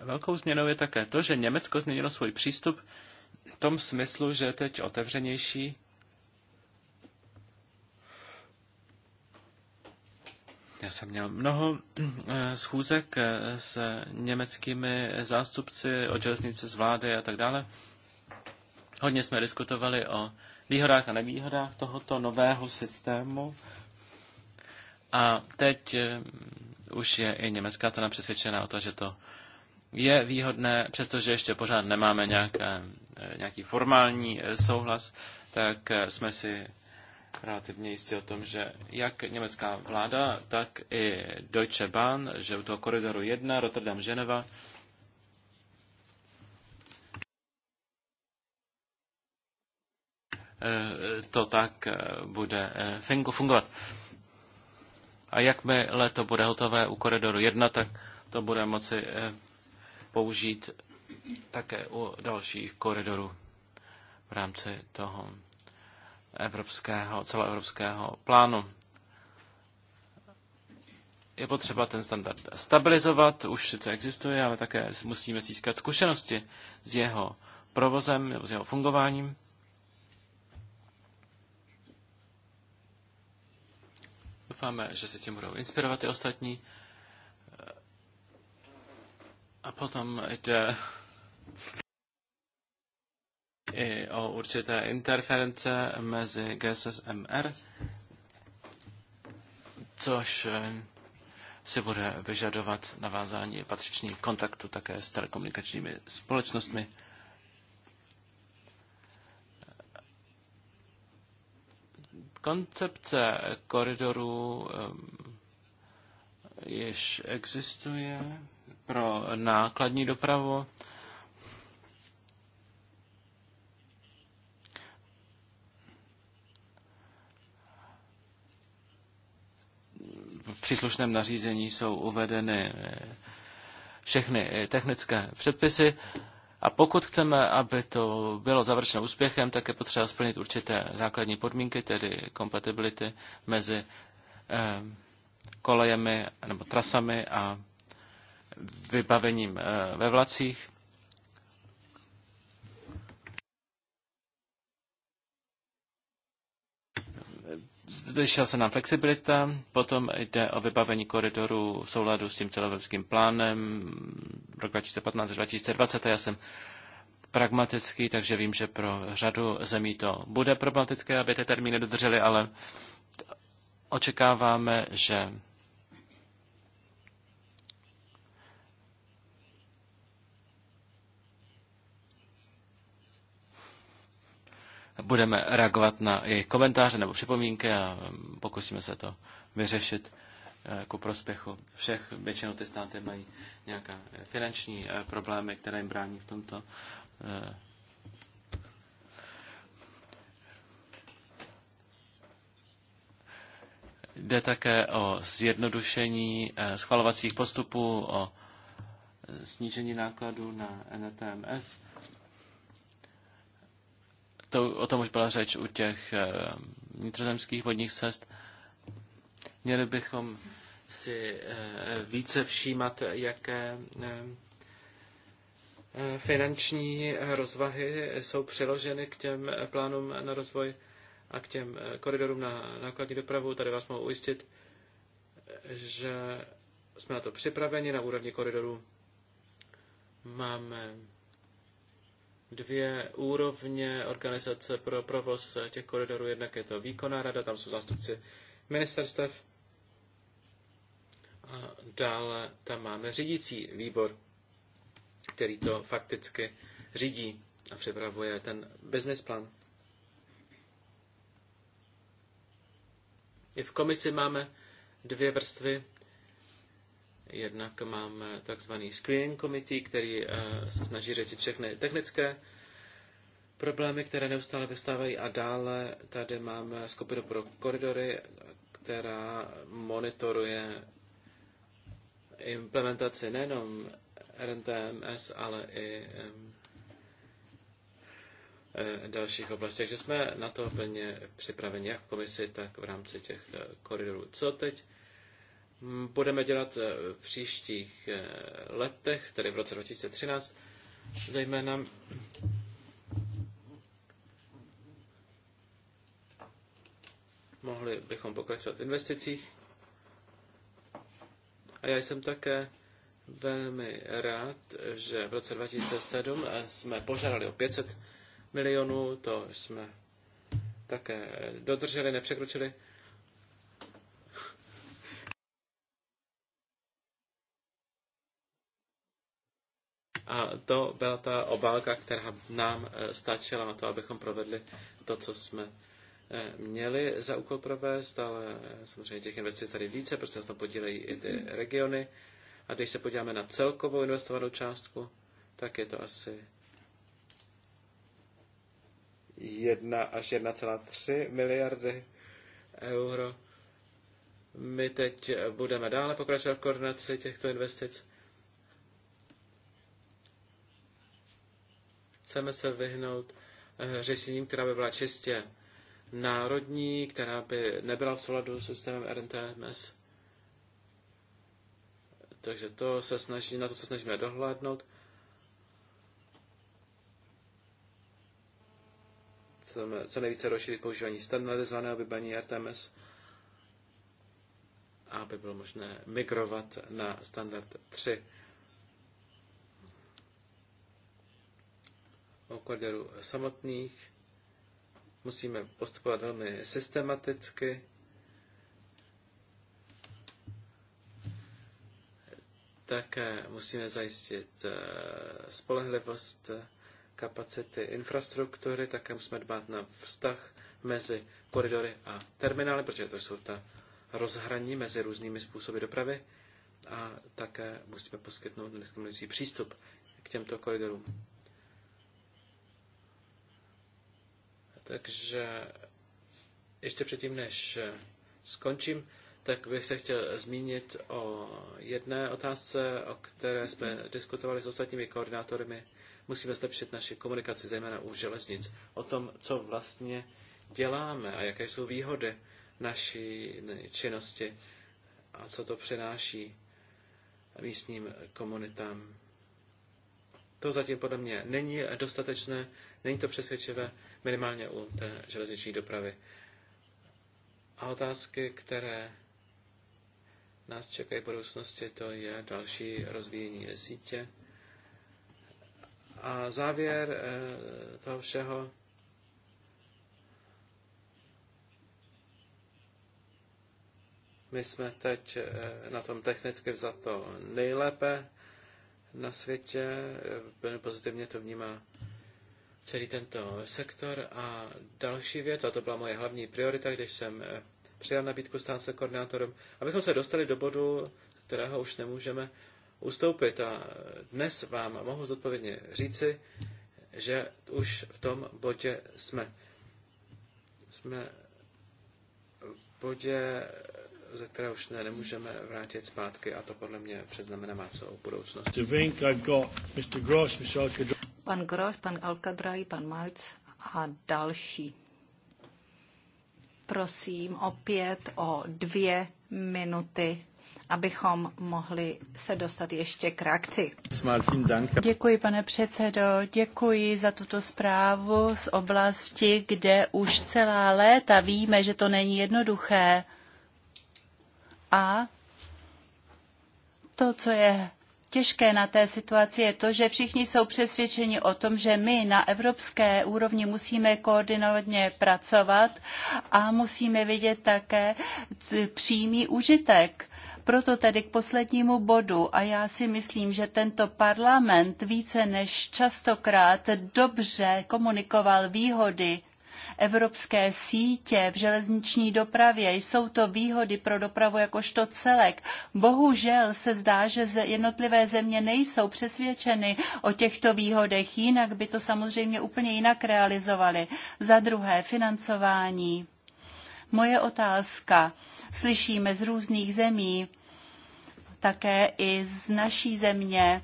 [SPEAKER 2] Velkou změnou je také to, že Německo změnilo svůj přístup v tom smyslu, že je teď otevřenější Já jsem měl mnoho eh, schůzek eh, s německými zástupci o železnice z vlády a tak dále. Hodně jsme diskutovali o výhodách a nevýhodách tohoto nového systému. A teď eh, už je i německá strana přesvědčena o to, že to je výhodné, přestože ještě pořád nemáme nějaké, nějaký formální souhlas, tak jsme si relativně jistý o tom, že jak německá vláda, tak i Deutsche Bahn, že u toho koridoru 1 Rotterdam-Ženeva eh, to tak eh, bude eh, fungovat. A jakmile to bude hotové u koridoru 1, tak to bude moci použít také u dalších koridorů v rámci toho evropského, celoevropského plánu. Je potřeba ten standard stabilizovat, už sice existuje, ale také musíme získat zkušenosti s jeho provozem nebo s jeho fungováním. Doufáme, že se tím budou inspirovat i ostatní. A potom jde i o určité interference mezi GSSMR, což eh, si bude vyžadovat navázání patřičných kontaktů také s telekomunikačními společnostmi. Koncepce koridorů eh, již existuje pro nákladní dopravu. příslušném nařízení jsou uvedeny eh, všechny eh, technické předpisy. A pokud chceme, aby to bylo završeno úspěchem, tak je potřeba splnit určité základní podmínky, tedy kompatibility mezi eh, kolejemi nebo trasami a vybavením ve vlacích. Zvyšila se nám flexibilita, potom jde o vybavení koridoru v souladu s tím celoevropským plánem rok 2015-2020 já jsem pragmatický, takže vím, že pro řadu zemí to bude problematické, aby ty termíny dodrželi, ale očekáváme, že budeme reagovat na jejich komentáře nebo připomínky a pokusíme se to vyřešit eh, ku prospěchu všech. Většinou ty státy mají nějaké finanční eh, problémy, které jim brání v tomto. Eh. Jde také o zjednodušení schvalovacích postupů, o snížení nákladů na NTMS to, o tom už byla řeč u těch eh, vnitrozemských vodních cest. Měli bychom si eh, více všímat, jaké eh, finanční rozvahy jsou přiloženy k těm plánům na rozvoj a k těm koridorům na nákladní dopravu. Tady vás mohu ujistit, že jsme na to připraveni na úrovni koridorů. Máme dvě úrovně organizace pro provoz těch koridorů. Jednak je to výkonná rada, tam jsou zástupci ministerstev. A dále tam máme řídící výbor, který to fakticky řídí a připravuje ten business plan. I v komisi máme dvě vrstvy Jednak máme takzvaný screening committee, který eh, se snaží řešit všechny technické problémy, které neustále vystávají a dále tady máme skupinu pro koridory, která monitoruje implementaci nejenom RNTMS, ale i eh, dalších oblastech, Takže jsme na to plně připraveni jak v komisi, tak v rámci těch eh, koridorů. Co teď Mm, budeme dělat eh, v příštích eh, letech, tedy v roce 2013, zejména mohli bychom pokračovat v investicích. A já jsem také velmi rád, že v roce 2007 eh, jsme požádali o 500 milionů, to jsme také dodrželi, nepřekročili. A to byla ta obálka, která nám e, stačila na to, abychom provedli to, co jsme e, měli za úkol provést, ale e, samozřejmě těch investic tady více, protože se tam podílejí i ty regiony. A když se podíváme na celkovou investovanou částku, tak je to asi 1 až 1,3 miliardy euro. My teď budeme dále pokračovat v koordinaci těchto investic Chceme se vyhnout eh, řešením, která by byla čistě národní, která by nebyla v souladu s systémem RTMS. Takže to se snaží, na to se snažíme dohlédnout. Chceme co nejvíce rozšířit používání standardizovaného vybraní RTMS, aby bylo možné migrovat na standard 3. o samotných. Musíme postupovat velmi systematicky. Také musíme zajistit eh, spolehlivost kapacity infrastruktury, také musíme dbát na vztah mezi koridory a terminály, protože to jsou ta rozhraní mezi různými způsoby dopravy a také musíme poskytnout nediskriminující přístup k těmto koridorům. Takže ještě předtím, než eh, skončím, tak bych se chtěl zmínit o jedné otázce, o které jsme diskutovali s ostatními koordinátory. Musíme zlepšit naši komunikaci, zejména u železnic, o tom, co vlastně děláme a jaké jsou výhody naší činnosti a co to přináší místním komunitám. To zatím podle mě není dostatečné, není to přesvědčivé minimálně u té železniční dopravy. A otázky, které nás čekají v budoucnosti, to je další rozvíjení sítě. A závěr eh, toho všeho My jsme teď eh, na tom technicky vzato nejlépe na světě. Eh, velmi pozitivně to vnímá celý tento sektor. A další věc, a to byla moje hlavní priorita, když jsem eh, přijal nabídku stát se koordinátorem, abychom se dostali do bodu, kterého už nemůžeme ustoupit. A eh, dnes vám mohu zodpovědně říci, že už v tom bodě jsme. Jsme v bodě, eh, ze kterého už ne, nemůžeme vrátit zpátky a to podle mě předznamená má celou budoucnost
[SPEAKER 3] pan Groš, pan Alkadraj, pan Majc a další. Prosím opět o dvě minuty abychom mohli se dostat ještě k reakci. Děkuji, pane předsedo. Děkuji za tuto zprávu z
[SPEAKER 4] oblasti, kde už celá léta víme, že to není jednoduché. A to, co je těžké na té situaci je to, že všichni jsou přesvědčeni o tom, že my na evropské úrovni musíme koordinovaně pracovat a musíme vidět také přímý užitek proto tedy k poslednímu bodu a já si myslím, že tento parlament více než častokrát dobře komunikoval výhody evropské sítě v železniční dopravě. Jsou to výhody pro dopravu jakožto celek. Bohužel se zdá, že jednotlivé země nejsou přesvědčeny o těchto výhodech, jinak by to samozřejmě úplně jinak realizovali. Za druhé, financování. Moje otázka. Slyšíme z různých zemí, také i z naší země,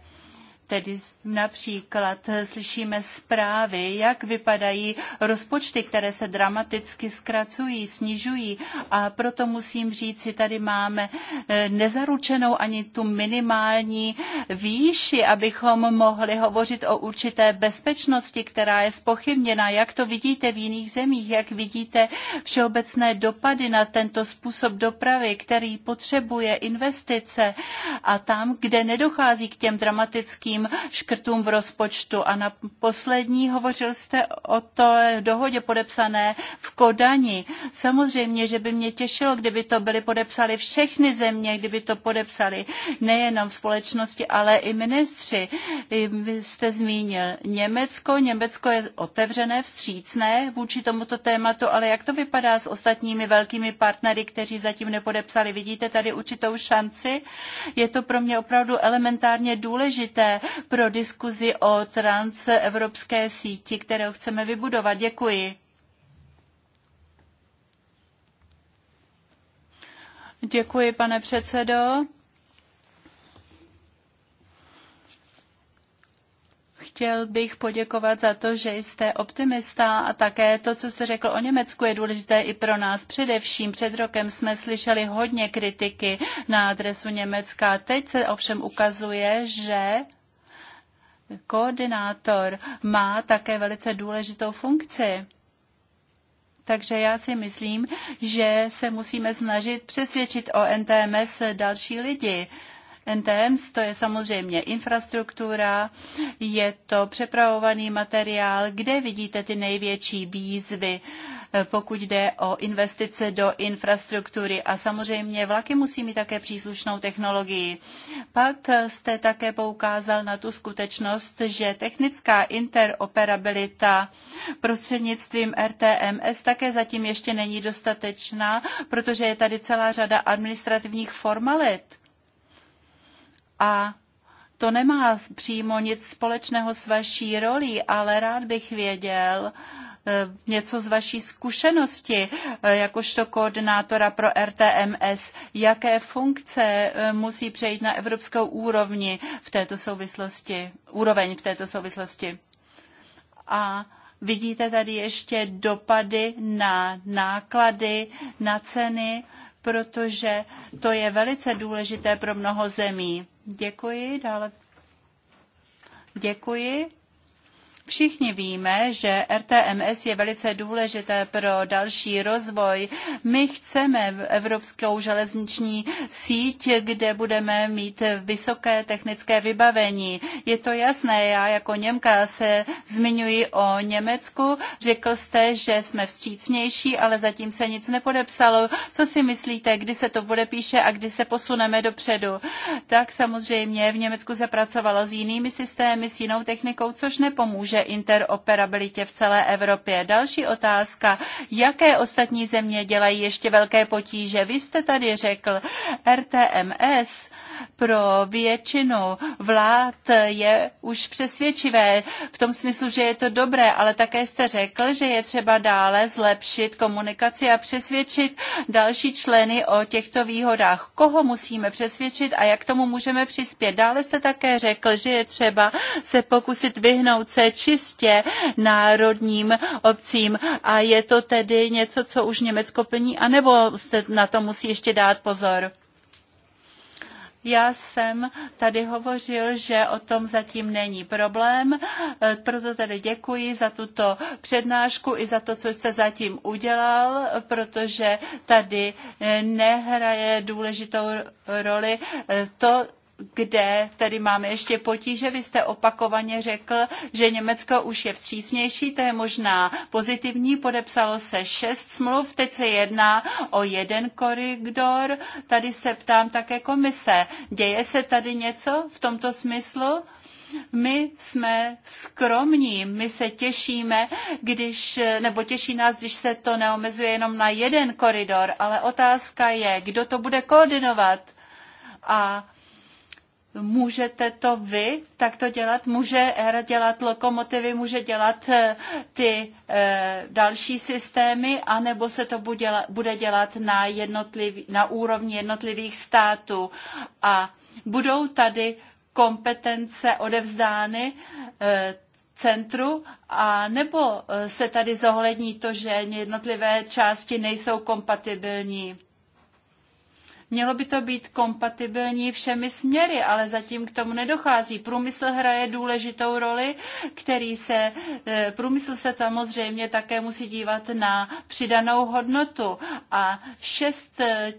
[SPEAKER 4] Tedy například eh, slyšíme zprávy, jak vypadají rozpočty, které se dramaticky zkracují, snižují a proto musím říct, si tady máme eh, nezaručenou ani tu minimální výši, abychom mohli hovořit o určité bezpečnosti, která je spochybněna. Jak to vidíte v jiných zemích, jak vidíte všeobecné dopady na tento způsob dopravy, který potřebuje investice a tam, kde nedochází k těm dramatickým zásadním škrtům v rozpočtu. A na poslední hovořil jste o to dohodě podepsané v Kodani. Samozřejmě, že by mě těšilo, kdyby to byly podepsali všechny země, kdyby to podepsali nejenom v společnosti, ale i ministři. Vy jste zmínil Německo. Německo je otevřené, vstřícné vůči tomuto tématu, ale jak to vypadá s ostatními velkými partnery, kteří zatím nepodepsali? Vidíte tady určitou šanci? Je to pro mě opravdu elementárně důležité, pro diskuzi o transevropské síti, kterou chceme vybudovat. Děkuji. Děkuji, pane předsedo. chtěl bych poděkovat za to, že jste optimista a také to, co jste řekl o Německu, je důležité i pro nás. Především před rokem jsme slyšeli hodně kritiky na adresu Německa. Teď se ovšem ukazuje, že koordinátor má také velice důležitou funkci. Takže já si myslím, že se musíme snažit přesvědčit o NTMS další lidi. NTMS to je samozřejmě infrastruktura, je to přepravovaný materiál, kde vidíte ty největší výzvy. Uh, Eh, pokud jde o investice do infrastruktury. A samozřejmě vlaky musí mít také příslušnou technologii. Pak eh, jste také poukázal na tu skutečnost, že technická interoperabilita prostřednictvím RTMS také zatím ještě není dostatečná, protože je tady celá řada administrativních formalit. A to nemá přímo nic společného s vaší rolí, ale rád bych věděl, Eh, něco z vaší zkušenosti eh, jakožto koordinátora pro RTMS. Jaké funkce eh, musí přejít na evropskou úrovni v této souvislosti, úroveň v této souvislosti? A vidíte tady ještě dopady na náklady, na ceny, protože to je velice důležité pro mnoho zemí. Děkuji, dále. Děkuji. Všichni víme, že RTMS je velice důležité pro další rozvoj. My chceme evropskou železniční síť, kde budeme mít vysoké technické vybavení. Je to jasné, já jako Němka se zmiňuji o Německu. Řekl jste, že jsme vstřícnější, ale zatím se nic nepodepsalo. Co si myslíte, kdy se to bude píše a kdy se posuneme dopředu? Tak samozřejmě v Německu se pracovalo s jinými systémy, s jinou technikou, což nepomůže pomůže interoperabilitě v celé Evropě. Další otázka, jaké ostatní země dělají ještě velké potíže? Vy jste tady řekl RTMS, pro většinu vlád je už přesvědčivé v tom smyslu, že je to dobré, ale také jste řekl, že je třeba dále zlepšit komunikaci a přesvědčit další členy o těchto výhodách. Koho musíme přesvědčit a jak tomu můžeme přispět? Dále jste také řekl, že je třeba se pokusit vyhnout se čistě národním obcím a je to tedy něco, co už Německo plní, anebo se na to musí ještě dát pozor? Já jsem tady hovořil, že o tom zatím není problém, e, proto tedy děkuji za tuto přednášku i za to, co jste zatím udělal, protože tady e, nehraje důležitou roli e, to, kde tedy máme ještě potíže. Vy jste opakovaně řekl, že Německo už je vstřícnější, to je možná pozitivní, podepsalo se šest smluv, teď se jedná o jeden koridor. Tady se ptám také komise, děje se tady něco v tomto smyslu? My jsme skromní, my se těšíme, když, nebo těší nás, když se to neomezuje jenom na jeden koridor, ale otázka je, kdo to bude koordinovat. A Můžete to vy takto dělat? Může ERA dělat lokomotivy, může dělat eh, ty e, další systémy, anebo se to bude dělat, bude dělat na, jednotlivý, na úrovni jednotlivých států? A budou tady kompetence odevzdány e, centru, a nebo se tady zohlední to, že jednotlivé části nejsou kompatibilní? Mělo by to být kompatibilní všemi směry, ale zatím k tomu nedochází. Průmysl hraje důležitou roli, který se, e, průmysl se samozřejmě také musí dívat na přidanou hodnotu a šest e,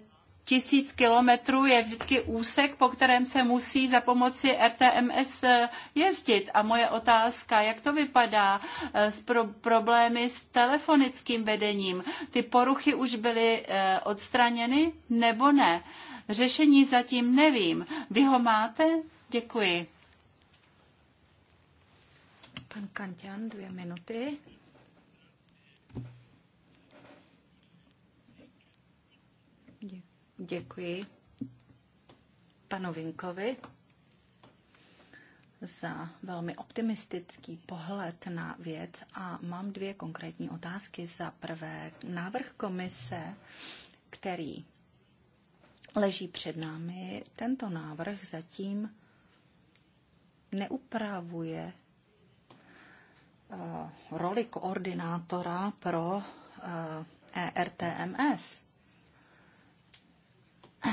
[SPEAKER 4] tisíc kilometrů je vždycky úsek, po kterém se musí za pomoci RTMS eh, jezdit. A moje otázka, jak to vypadá eh, s pro- problémy s telefonickým vedením? Ty poruchy už byly eh, odstraněny nebo ne? Řešení zatím nevím. Vy ho máte? Děkuji.
[SPEAKER 3] Pan Kantian, dvě minuty. Děkuji panu Vinkovi za velmi optimistický pohled na věc a mám dvě konkrétní otázky. Za prvé, návrh komise, který leží před námi, tento návrh zatím neupravuje eh, roli koordinátora pro ERTMS. Eh, e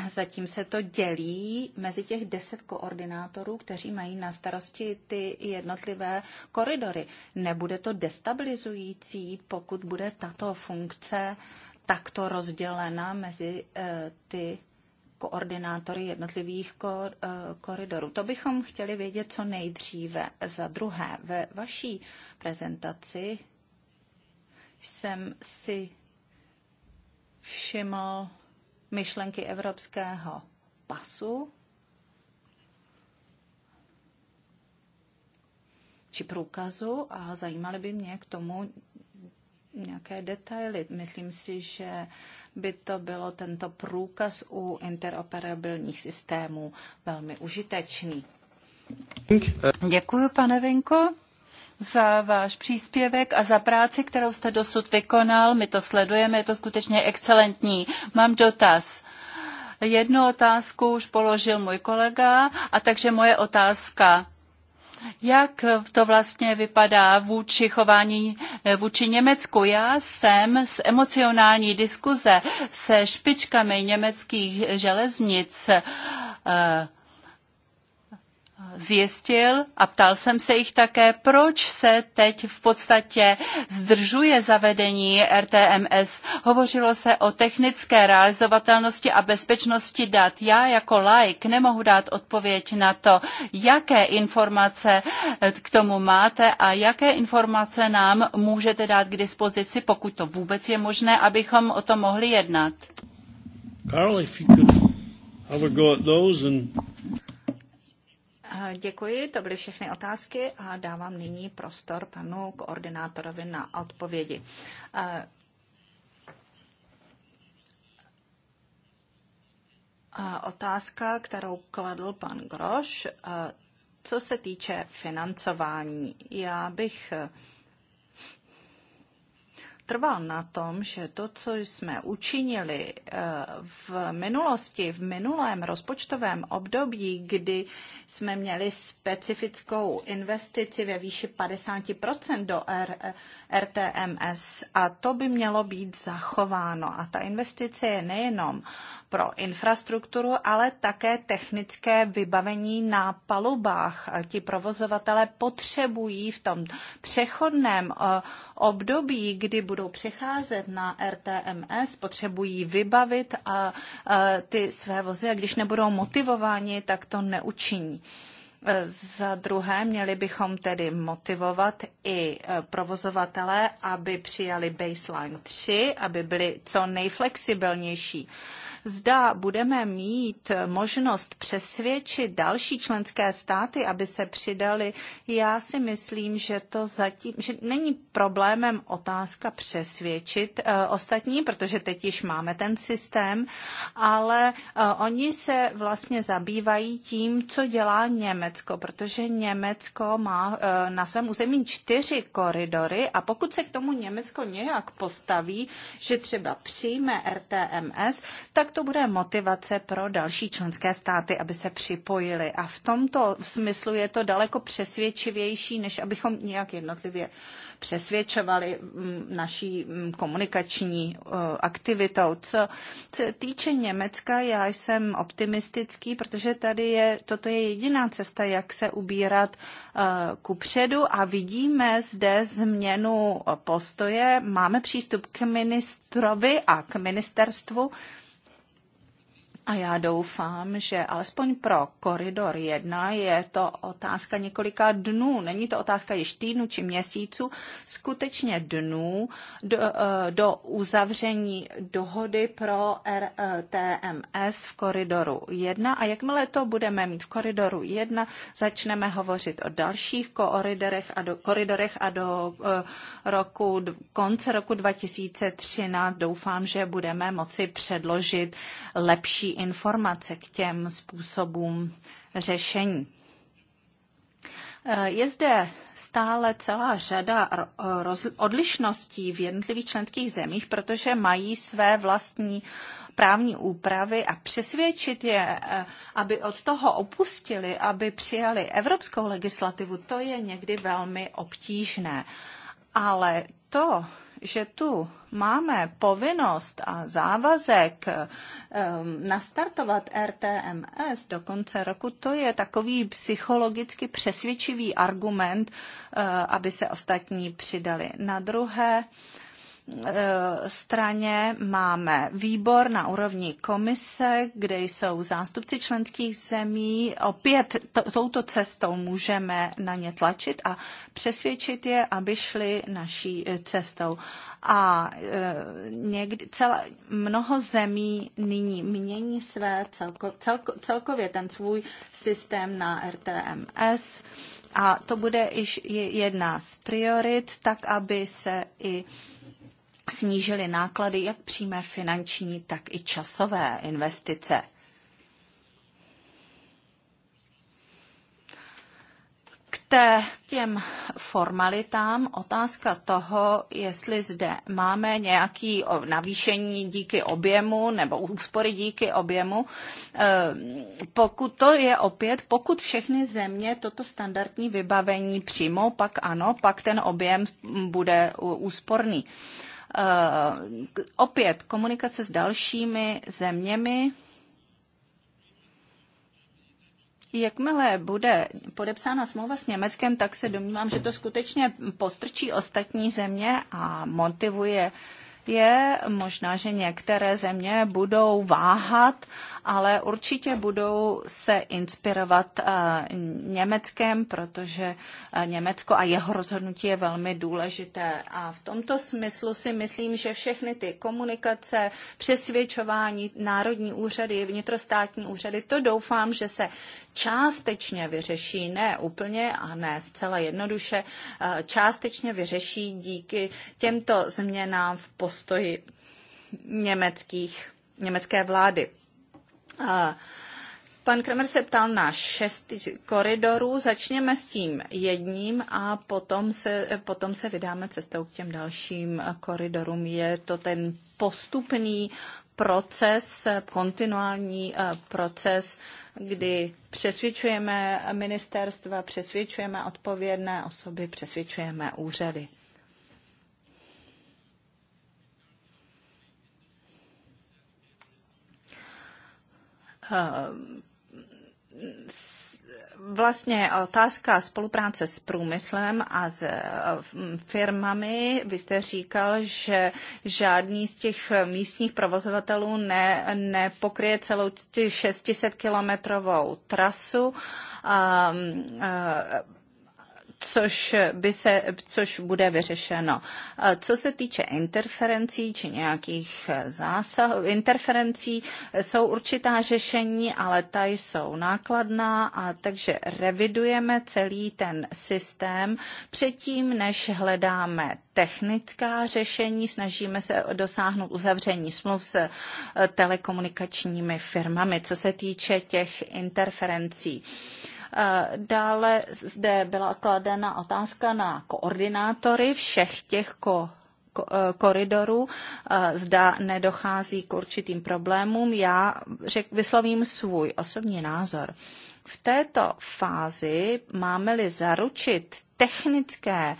[SPEAKER 3] Zatím se to dělí mezi těch deset koordinátorů, kteří mají na starosti ty jednotlivé koridory. Nebude to destabilizující, pokud bude tato funkce takto rozdělena mezi eh, ty koordinátory jednotlivých eh, koridorů. To bychom chtěli vědět co nejdříve. Za druhé, ve vaší prezentaci jsem si všiml myšlenky evropského pasu či průkazu a zajímaly by mě k tomu nějaké detaily. Myslím si, že by to bylo tento průkaz u interoperabilních systémů velmi užitečný. Děkuji, pane Vinko za váš příspěvek a za práci, kterou jste
[SPEAKER 4] dosud vykonal. My to sledujeme, je to skutečně excelentní. Mám dotaz. Jednu otázku už položil můj kolega a takže moje otázka. Jak to vlastně vypadá vůči chování eh, vůči Německu? Já jsem z emocionální diskuze se špičkami německých železnic eh, zjistil a ptal jsem se jich také, proč se teď v podstatě zdržuje zavedení RTMS. Hovořilo se o technické realizovatelnosti a bezpečnosti dat. Já jako laik nemohu dát odpověď na to, jaké informace eh, k tomu máte a jaké informace nám můžete dát k dispozici, pokud to vůbec je možné, abychom o tom mohli jednat.
[SPEAKER 1] Karl, if you could have a go at those and
[SPEAKER 3] Děkuji, to byly všechny otázky a dávám nyní prostor panu koordinátorovi na odpovědi. Otázka, kterou kladl pan Groš, co se týče financování, já bych trval na tom, že to, co jsme učinili eh, v minulosti, v minulém rozpočtovém období, kdy jsme měli specifickou investici ve výši 50% do R- eh, RTMS a to by mělo být zachováno. A ta investice je nejenom pro infrastrukturu, ale také technické vybavení na palubách. Ti provozovatele potřebují v tom přechodném eh, období, kdy budou budou přecházet na RTMS, potřebují vybavit a, a ty své vozy a když nebudou motivováni, tak to neučiní. E, za druhé, měli bychom tedy motivovat i e, provozovatele, aby přijali baseline 3, aby byli co nejflexibilnější zda budeme mít možnost přesvědčit další členské státy, aby se přidali, já si myslím, že to zatím, že není problémem otázka přesvědčit eh, ostatní, protože teď již máme ten systém, ale eh, oni se vlastně zabývají tím, co dělá Německo, protože Německo má eh, na svém území čtyři koridory a pokud se k tomu Německo nějak postaví, že třeba přijme RTMS, tak to bude motivace pro další členské státy, aby se připojili. A v tomto smyslu je to daleko přesvědčivější, než abychom nějak jednotlivě přesvědčovali mm, naší mm, komunikační eh, aktivitou. Co se týče Německa, já jsem optimistický, protože tady je, toto je jediná cesta, jak se ubírat eh, ku předu a vidíme zde změnu postoje. Máme přístup k ministrovi a k ministerstvu a já doufám, že alespoň pro koridor 1 je to otázka několika dnů. Není to otázka již týdnu či měsíců, skutečně dnů do, eh, do uzavření dohody pro RTMS v koridoru 1. A jakmile to budeme mít v koridoru 1, začneme hovořit o dalších koridorech a do, koridorech a do eh, roku, konce roku 2013 doufám, že budeme moci předložit lepší informace k těm způsobům řešení. Eh, je zde stále celá řada odlišností v jednotlivých členských zemích, protože mají své vlastní právní úpravy a přesvědčit je, eh, aby od toho opustili, aby přijali evropskou legislativu, to je někdy velmi obtížné. Ale to, že tu máme povinnost a závazek ehm, nastartovat RTMS do konce roku, to je takový psychologicky přesvědčivý argument, eh, aby se ostatní přidali. Na druhé, Eh, straně máme výbor na úrovni komise, kde jsou zástupci členských zemí. Opět touto cestou můžeme na ně tlačit a přesvědčit je, aby šli naší eh, cestou. A eh, někdy, celé, mnoho zemí nyní mění své celko, celko, celkově ten svůj systém na RTMS. A to bude již jedna z priorit, tak aby se i uh, snížily náklady jak přímé finanční, tak i časové investice. té, těm formalitám otázka toho, jestli zde máme nějaké navýšení díky objemu nebo úspory díky objemu. Ehm, pokud to je opět, pokud všechny země toto standardní vybavení přijmou, pak ano, pak ten objem bude úsporný. Eh, opět komunikace s dalšími zeměmi. Jakmile bude podepsána smlouva s Německem, tak se domnívám, že to skutečně postrčí ostatní země a motivuje uh, je možná, že některé země budou váhat, ale určitě budou se inspirovat eh, Německem, protože eh, Německo a jeho rozhodnutí je velmi důležité. A v tomto smyslu si myslím, že všechny ty komunikace, přesvědčování, národní úřady, vnitrostátní úřady, to doufám, že se částečně vyřeší, ne úplně a ne zcela jednoduše, eh, částečně vyřeší díky těmto změnám v postoji německých, německé vlády. Eh, pan Kramer se ptal na šest koridorů. Začněme s tím jedním a potom se, eh, potom se vydáme cestou k těm dalším koridorům. Je to ten postupný proces, kontinuální eh, proces, kdy přesvědčujeme ministerstva, přesvědčujeme odpovědné osoby, přesvědčujeme úřady. Uh, vlastně otázka spolupráce s průmyslem a s eh, firmami. Vy jste říkal, že žádný z těch místních provozovatelů ne, nepokryje celou 600 kilometrovou trasu. Um, uh, což, by se, což bude vyřešeno. Co se týče interferencí či nějakých zásahů, interferencí jsou určitá řešení, ale ta jsou nákladná a takže revidujeme celý ten systém předtím, než hledáme technická řešení, snažíme se dosáhnout uzavření smluv s eh, telekomunikačními firmami, co se týče těch interferencí. Uh, Eh, dále zde byla kladena otázka na koordinátory všech těch ko eh, koridorů, eh, zda nedochází k určitým problémům. Já řek, vyslovím svůj osobní názor. V této fázi máme-li zaručit technické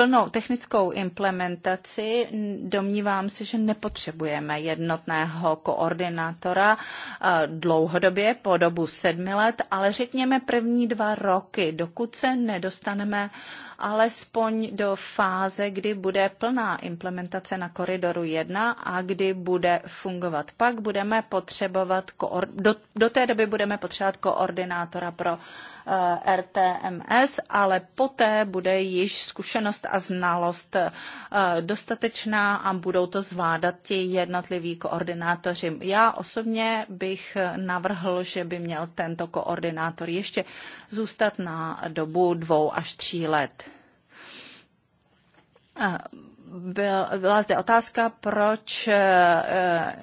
[SPEAKER 3] plnou technickou implementaci domnívám se, že nepotřebujeme jednotného koordinátora eh, dlouhodobě po dobu sedmi let, ale řekněme první dva roky, dokud se nedostaneme alespoň do fáze, kdy bude plná implementace na koridoru 1 a kdy bude fungovat. Pak budeme potřebovat, do, do té doby budeme potřebovat koordinátora pro Eh, RTMS, ale poté bude již zkušenost a znalost eh, dostatečná a budou to zvládat ti jednotliví koordinátoři. Já osobně bych navrhl, že by měl tento koordinátor ještě zůstat na dobu dvou až tří let eh, byla zde otázka, proč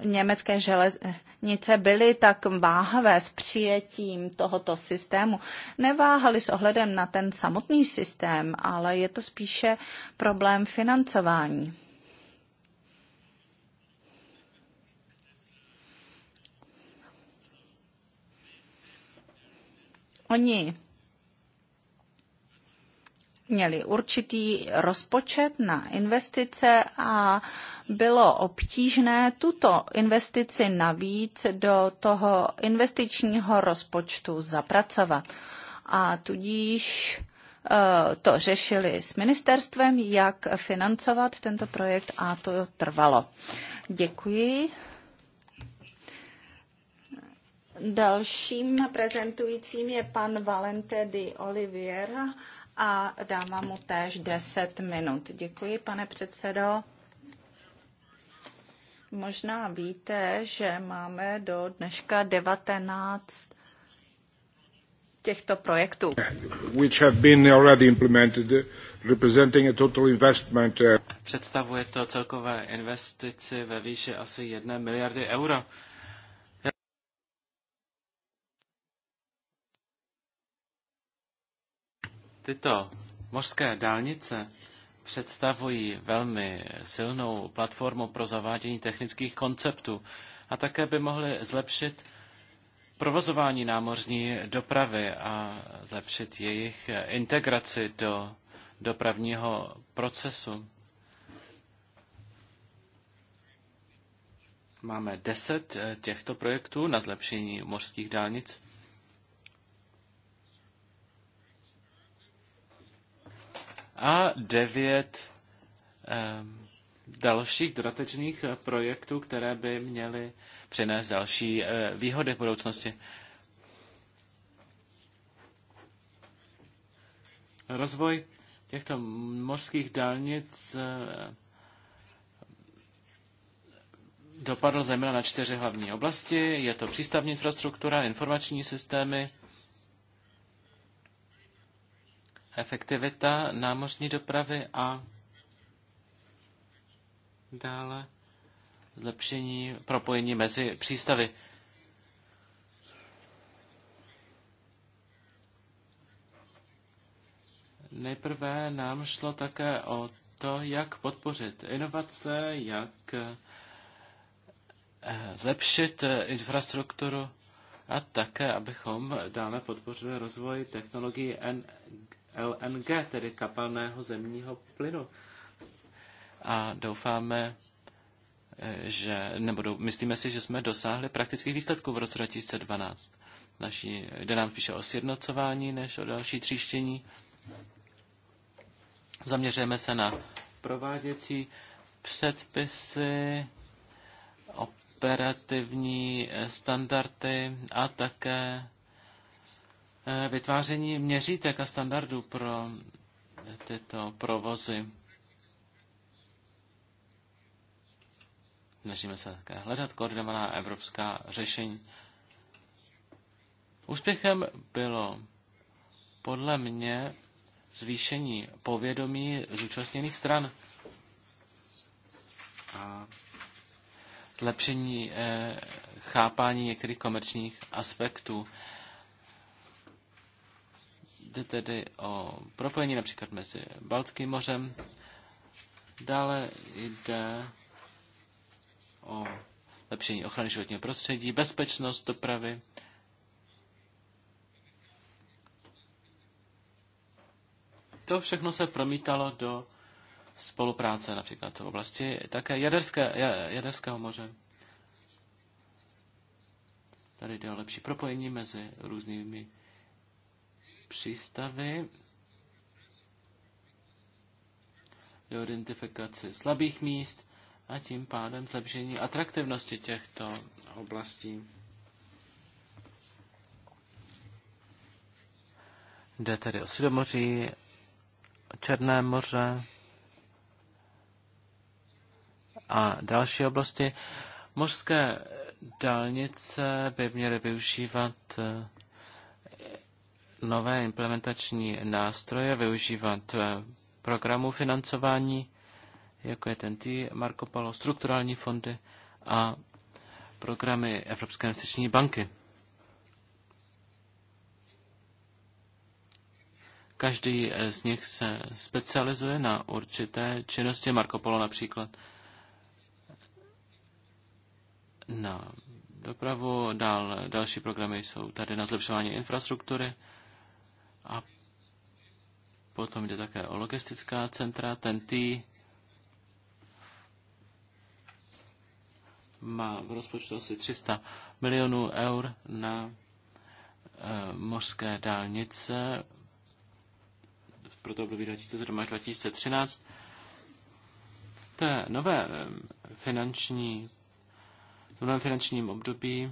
[SPEAKER 3] německé želez, nice byly tak váhavé s přijetím tohoto systému. Neváhali s ohledem na ten samotný systém, ale je to spíše problém financování. Oni měli určitý rozpočet na investice a bylo obtížné tuto investici navíc do toho investičního rozpočtu zapracovat. A tudíž eh, to řešili s ministerstvem, jak financovat tento projekt a to trvalo. Děkuji. Dalším prezentujícím je pan Valente di Oliveira a dávám mu též 10 minut. Děkuji, pane předsedo. Možná víte, že máme do dneška 19 těchto projektů.
[SPEAKER 1] Which have been already implemented, representing a total investment. Uh,
[SPEAKER 2] Představuje to celkové investici ve výši asi 1 miliardy euro. Tyto mořské dálnice představují velmi silnou platformu pro zavádění technických konceptů a také by mohly zlepšit provozování námořní dopravy a zlepšit jejich integraci do dopravního procesu. Máme deset eh, těchto projektů na zlepšení mořských dálnic. a devět ehm, dalších dodatečných projektů, které by měly přinést další eh, výhody v budoucnosti. Rozvoj těchto mořských dálnic eh, dopadl zejména na čtyři hlavní oblasti. Je to přístavní infrastruktura, informační systémy, efektivita námořní dopravy a dále zlepšení propojení mezi přístavy. Nejprve nám šlo také o to, jak podpořit inovace, jak eh, zlepšit infrastrukturu a také, abychom dále podpořili rozvoj technologií LNG, tedy kapalného zemního plynu. A doufáme, eh, že, nebo do, myslíme si, že jsme dosáhli praktických výsledků v roce 2012. Naši jde nám spíše o sjednocování než o další tříštění. Zaměřujeme se na prováděcí předpisy, operativní standardy a také Eh, vytváření měřítek a standardů pro tyto provozy. Snažíme se také hledat koordinovaná evropská řešení. Úspěchem bylo podle mě zvýšení povědomí zúčastněných stran a zlepšení eh, chápání některých komerčních aspektů Jde tedy o propojení například mezi Baltským mořem. Dále jde o lepšení ochrany životního prostředí, bezpečnost dopravy. To všechno se promítalo do spolupráce například v oblasti také jaderské, jaderského moře. Tady jde o lepší propojení mezi různými přístavy, o slabých míst a tím pádem zlepšení atraktivnosti těchto oblastí. Jde tedy o Sidomoří, o Černé moře a další oblasti. Mořské dálnice by měly využívat eh, nové implementační nástroje, využívat eh, programů financování, jako je ten T, Marco Polo, strukturální fondy a programy Evropské investiční banky. Každý eh, z nich se specializuje na určité činnosti. Marco Polo například na dopravu, dál další programy jsou tady na zlepšování infrastruktury, a potom jde také o logistická centra. Ten T má v rozpočtu asi 300 milionů eur na e, mořské dálnice pro to období 2007 až 2013. nové eh, finanční, v novém finančním období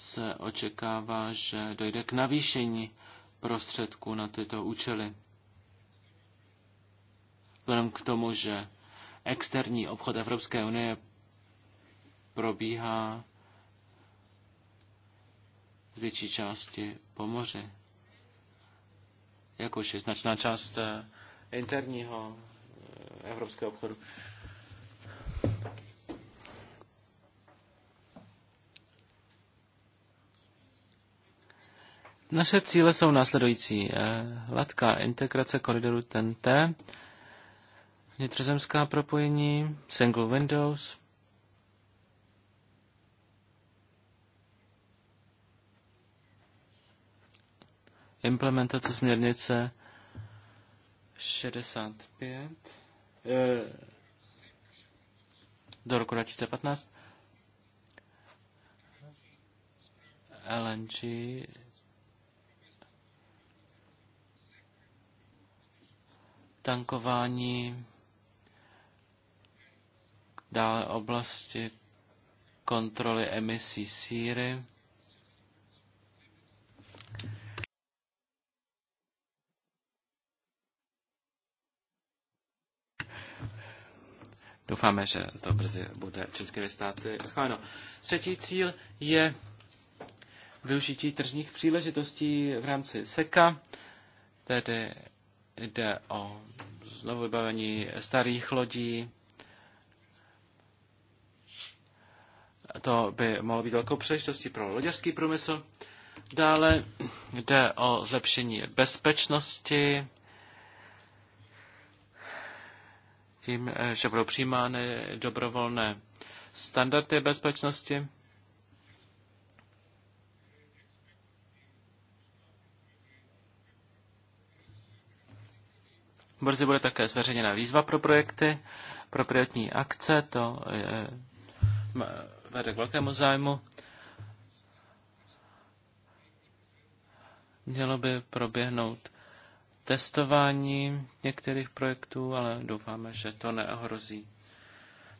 [SPEAKER 2] se očekává, že dojde k navýšení prostředků na tyto účely. Vzhledem k tomu, že externí obchod Evropské unie probíhá z větší části po moři, jakož je značná část eh, interního eh, evropského obchodu. Naše cíle jsou následující. Hladká eh, integrace koridoru TNT, vnitrozemská propojení, single windows, implementace směrnice 65 eh, do roku 2015 LNG tankování, dále oblasti kontroly emisí síry, Doufáme, že to brzy bude české státy schváleno. Třetí cíl je využití tržních příležitostí v rámci SECA, tedy Jde o znovu vybavení starých lodí. To by mohlo být velkou příležitostí pro loděřský průmysl. Dále jde o zlepšení bezpečnosti tím, že budou přijímány dobrovolné standardy bezpečnosti. Brzy bude také zveřejněna výzva pro projekty, pro prioritní akce, to je, vede k velkému zájmu. Mělo by proběhnout testování některých projektů, ale doufáme, že to neohrozí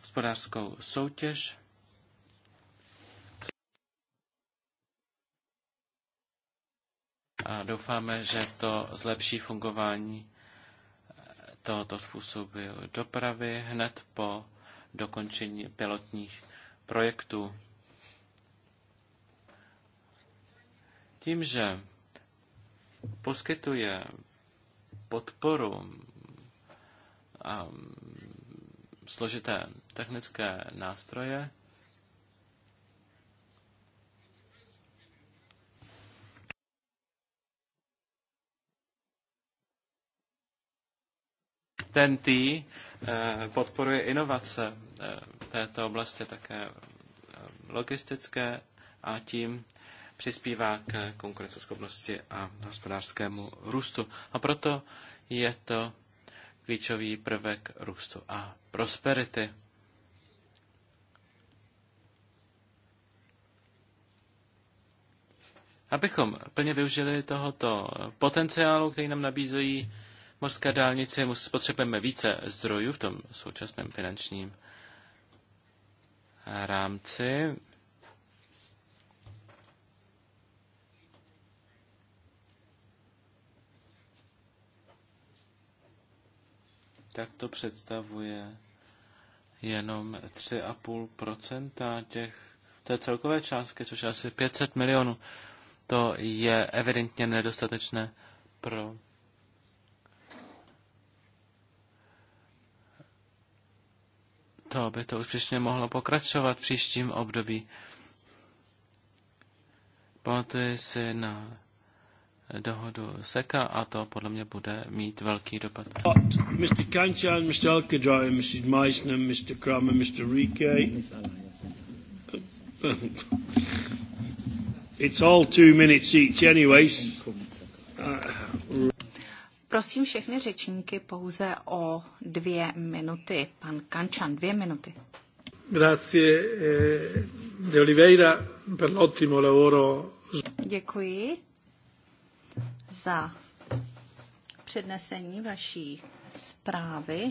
[SPEAKER 2] hospodářskou soutěž. A doufáme, že to zlepší fungování tohoto způsobu dopravy hned po dokončení pilotních projektů. Tím, že poskytuje podporu a složité technické nástroje, Ten tý eh, podporuje inovace eh, v této oblasti také eh, logistické a tím přispívá k konkurenceschopnosti a hospodářskému růstu. A proto je to klíčový prvek růstu a prosperity. Abychom plně využili tohoto potenciálu, který nám nabízejí dálnice dálnici potřebujeme více zdrojů v tom současném finančním rámci. Tak to představuje jenom 3,5 těch, té celkové částky, což je asi 500 milionů. To je evidentně nedostatečné pro to by to úspěšně mohlo pokračovat v příštím období. Pamatuji si na dohodu SEKA a to podle mě bude mít velký dopad.
[SPEAKER 1] Mr. Kanchan, Mr. Alcadroy, Mrs. Meissner, Mr. Kramer, Mr. Rike. It's all two minutes each anyways. Uh,
[SPEAKER 3] Prosím všechny řečníky pouze o dvě minuty. Pan Kančan, dvě minuty.
[SPEAKER 1] Grazie eh, de Oliveira per l'ottimo lavoro.
[SPEAKER 3] Děkuji za přednesení vaší zprávy.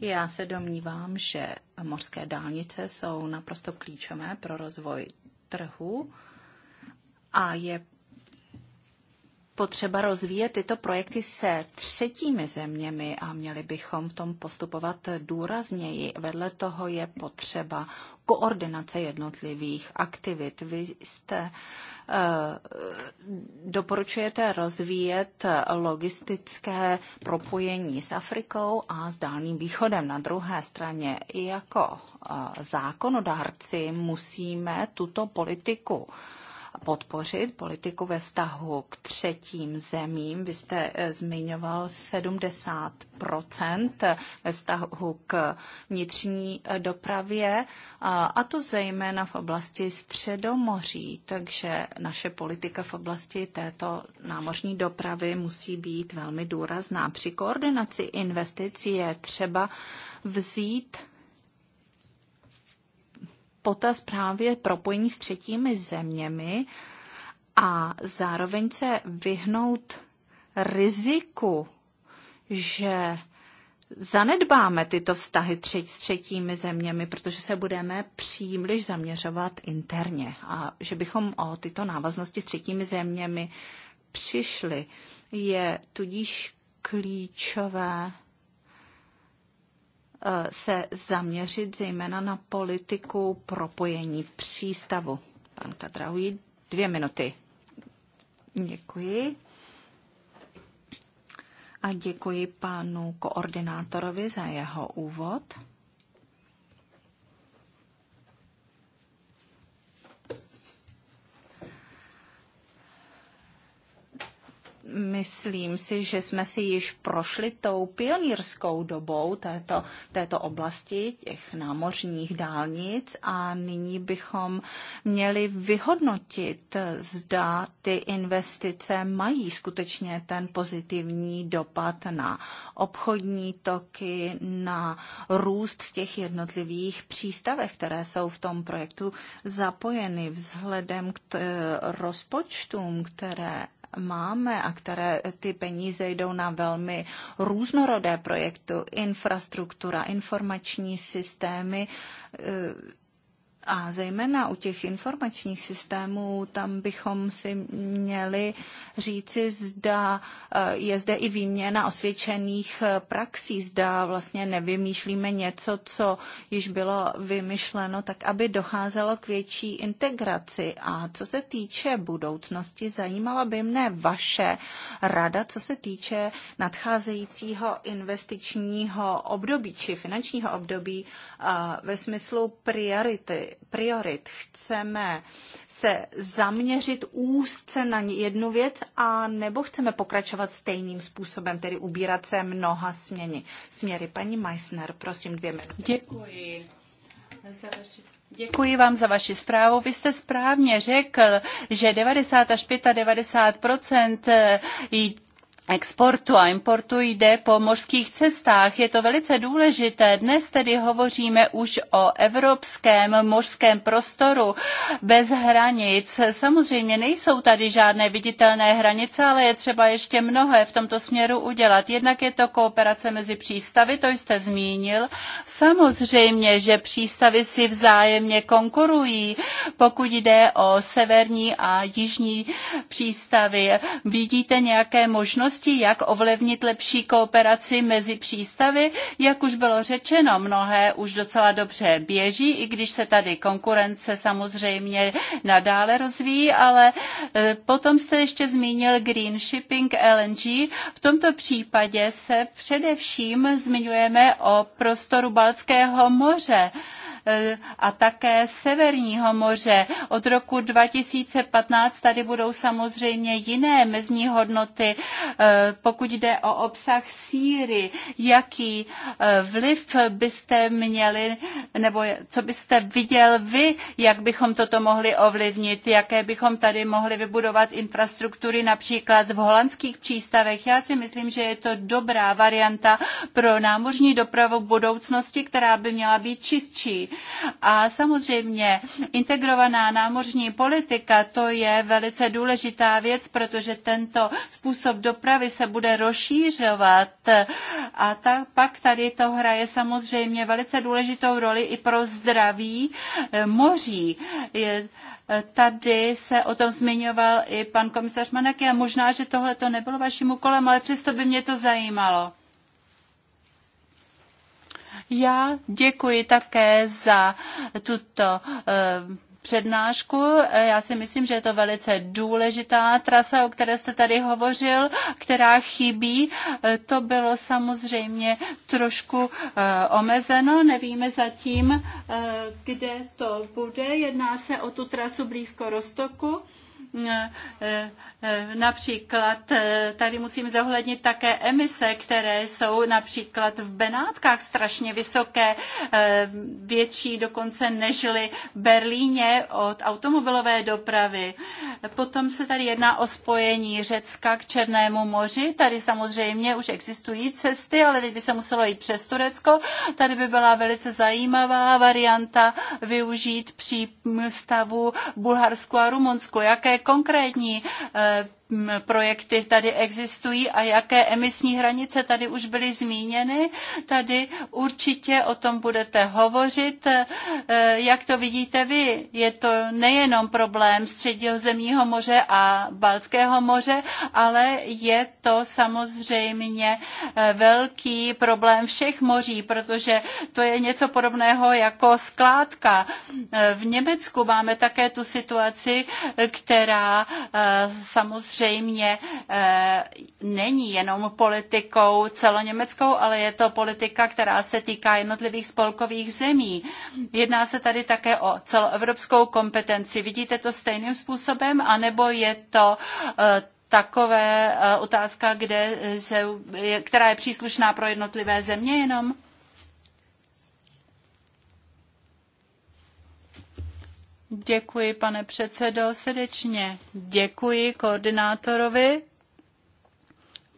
[SPEAKER 3] Já se domnívám, že mořské dálnice jsou naprosto klíčové pro rozvoj trhu a je potřeba rozvíjet tyto projekty se třetími zeměmi a měli bychom v tom postupovat důrazněji. Vedle toho je potřeba koordinace jednotlivých aktivit. Vy jste eh, doporučujete rozvíjet logistické propojení s Afrikou a s Dálným východem. Na druhé straně i jako eh, zákonodárci musíme tuto politiku podpořit politiku ve vztahu k třetím zemím. Vy jste eh, zmiňoval 70 ve vztahu k vnitřní eh, dopravě, a to zejména v oblasti Středomoří. Takže naše politika v oblasti této námořní dopravy musí být velmi důrazná. Při koordinaci investic je třeba vzít potaz právě propojení s třetími zeměmi a zároveň se vyhnout riziku, že zanedbáme tyto vztahy tři, s třetími zeměmi, protože se budeme příliš zaměřovat interně a že bychom o tyto návaznosti s třetími zeměmi přišli, je tudíž klíčové Eh, se zaměřit zejména na politiku propojení přístavu. Pan Kadrahují, dvě minuty. Děkuji. A děkuji panu koordinátorovi za jeho úvod. myslím si, že jsme si již prošli tou pionýrskou dobou této, této oblasti, těch námořních dálnic a nyní bychom měli vyhodnotit, zda ty investice mají skutečně ten pozitivní dopad na obchodní toky, na růst v těch jednotlivých přístavech, které jsou v tom projektu zapojeny vzhledem k eh, rozpočtům, které máme a které ty peníze jdou na velmi různorodé projekty, infrastruktura, informační systémy, a zejména u těch informačních systémů, tam bychom si měli říci, zda eh, je zde i výměna osvědčených eh, praxí, zda vlastně nevymýšlíme něco, co již bylo vymyšleno, tak aby docházelo k větší integraci. A co se týče budoucnosti, zajímala by mne vaše rada, co se týče nadcházejícího investičního období či finančního období eh, ve smyslu priority priorit. Chceme se zaměřit úzce na jednu věc a nebo chceme pokračovat stejným způsobem, tedy ubírat se mnoha směny. Směry paní Meissner, prosím dvě minuty. Děkuji.
[SPEAKER 4] Děkuji vám za vaši zprávu. Vy jste správně řekl, že 90 až 95 exportu a importu jde po mořských cestách. Je to velice důležité. Dnes tedy hovoříme už o evropském mořském prostoru bez hranic. Samozřejmě nejsou tady žádné viditelné hranice, ale je třeba ještě mnohé v tomto směru udělat. Jednak je to kooperace mezi přístavy, to jste zmínil. Samozřejmě, že přístavy si vzájemně konkurují, pokud jde o severní a jižní přístavy. Vidíte nějaké možnosti? možnosti, jak ovlivnit lepší kooperaci mezi přístavy. Jak už bylo řečeno, mnohé už docela dobře běží, i když se tady konkurence samozřejmě nadále rozvíjí, ale e, potom jste ještě zmínil Green Shipping LNG. V tomto případě se především zmiňujeme o prostoru Balckého moře a také Severního moře. Od roku 2015 tady budou samozřejmě jiné mezní hodnoty, eh, pokud jde o obsah síry, jaký eh, vliv byste měli, nebo co byste viděl vy, jak bychom toto mohli ovlivnit, jaké bychom tady mohli vybudovat infrastruktury například v holandských přístavech. Já si myslím, že je to dobrá varianta pro námořní dopravu budoucnosti, která by měla být čistší. A samozřejmě integrovaná námořní politika, to je velice důležitá věc, protože tento způsob dopravy se bude rozšířovat a ta, pak tady to hraje samozřejmě velice důležitou roli i pro zdraví eh, moří. Je, eh, Tady se o tom zmiňoval i pan komisař Manaky a možná, že tohle to nebylo vaším úkolem, ale přesto by mě to zajímalo. Já děkuji také za tuto eh, přednášku. Já si myslím, že je to velice důležitá trasa, o které jste tady hovořil, která chybí. Eh, to bylo samozřejmě trošku eh, omezeno, nevíme zatím, kde to bude. Jedná se o tu trasu blízko Rostoku Eh, například eh, tady musím zohlednit také emise, které jsou například v Benátkách strašně vysoké, eh, větší dokonce nežli v Berlíně od automobilové dopravy. Potom se tady jedná o spojení Řecka k Černému moři. Tady samozřejmě už existují cesty, ale teď by se muselo jít přes Turecko. Tady by byla velice zajímavá varianta využít při stavu Bulharsku a Rumunsku. Jaké konkrétní uh, projekty tady existují a jaké emisní hranice tady už byly zmíněny. Tady určitě o tom budete hovořit. E, jak to vidíte vy? Je to nejenom problém středního zemního moře a Balckého moře, ale je to samozřejmě e, velký problém všech moří, protože to je něco podobného jako skládka. E, v Německu máme také tu situaci, která samozřejmě zřejmě eh, není jenom politikou celoněmeckou, ale je to politika, která se týká jednotlivých spolkových zemí. Jedná se tady také o celoevropskou kompetenci. Vidíte to stejným způsobem, anebo je to eh, takové eh, otázka, kde se, která je příslušná pro jednotlivé země jenom? Děkuji, pane předsedo, srdečně děkuji koordinátorovi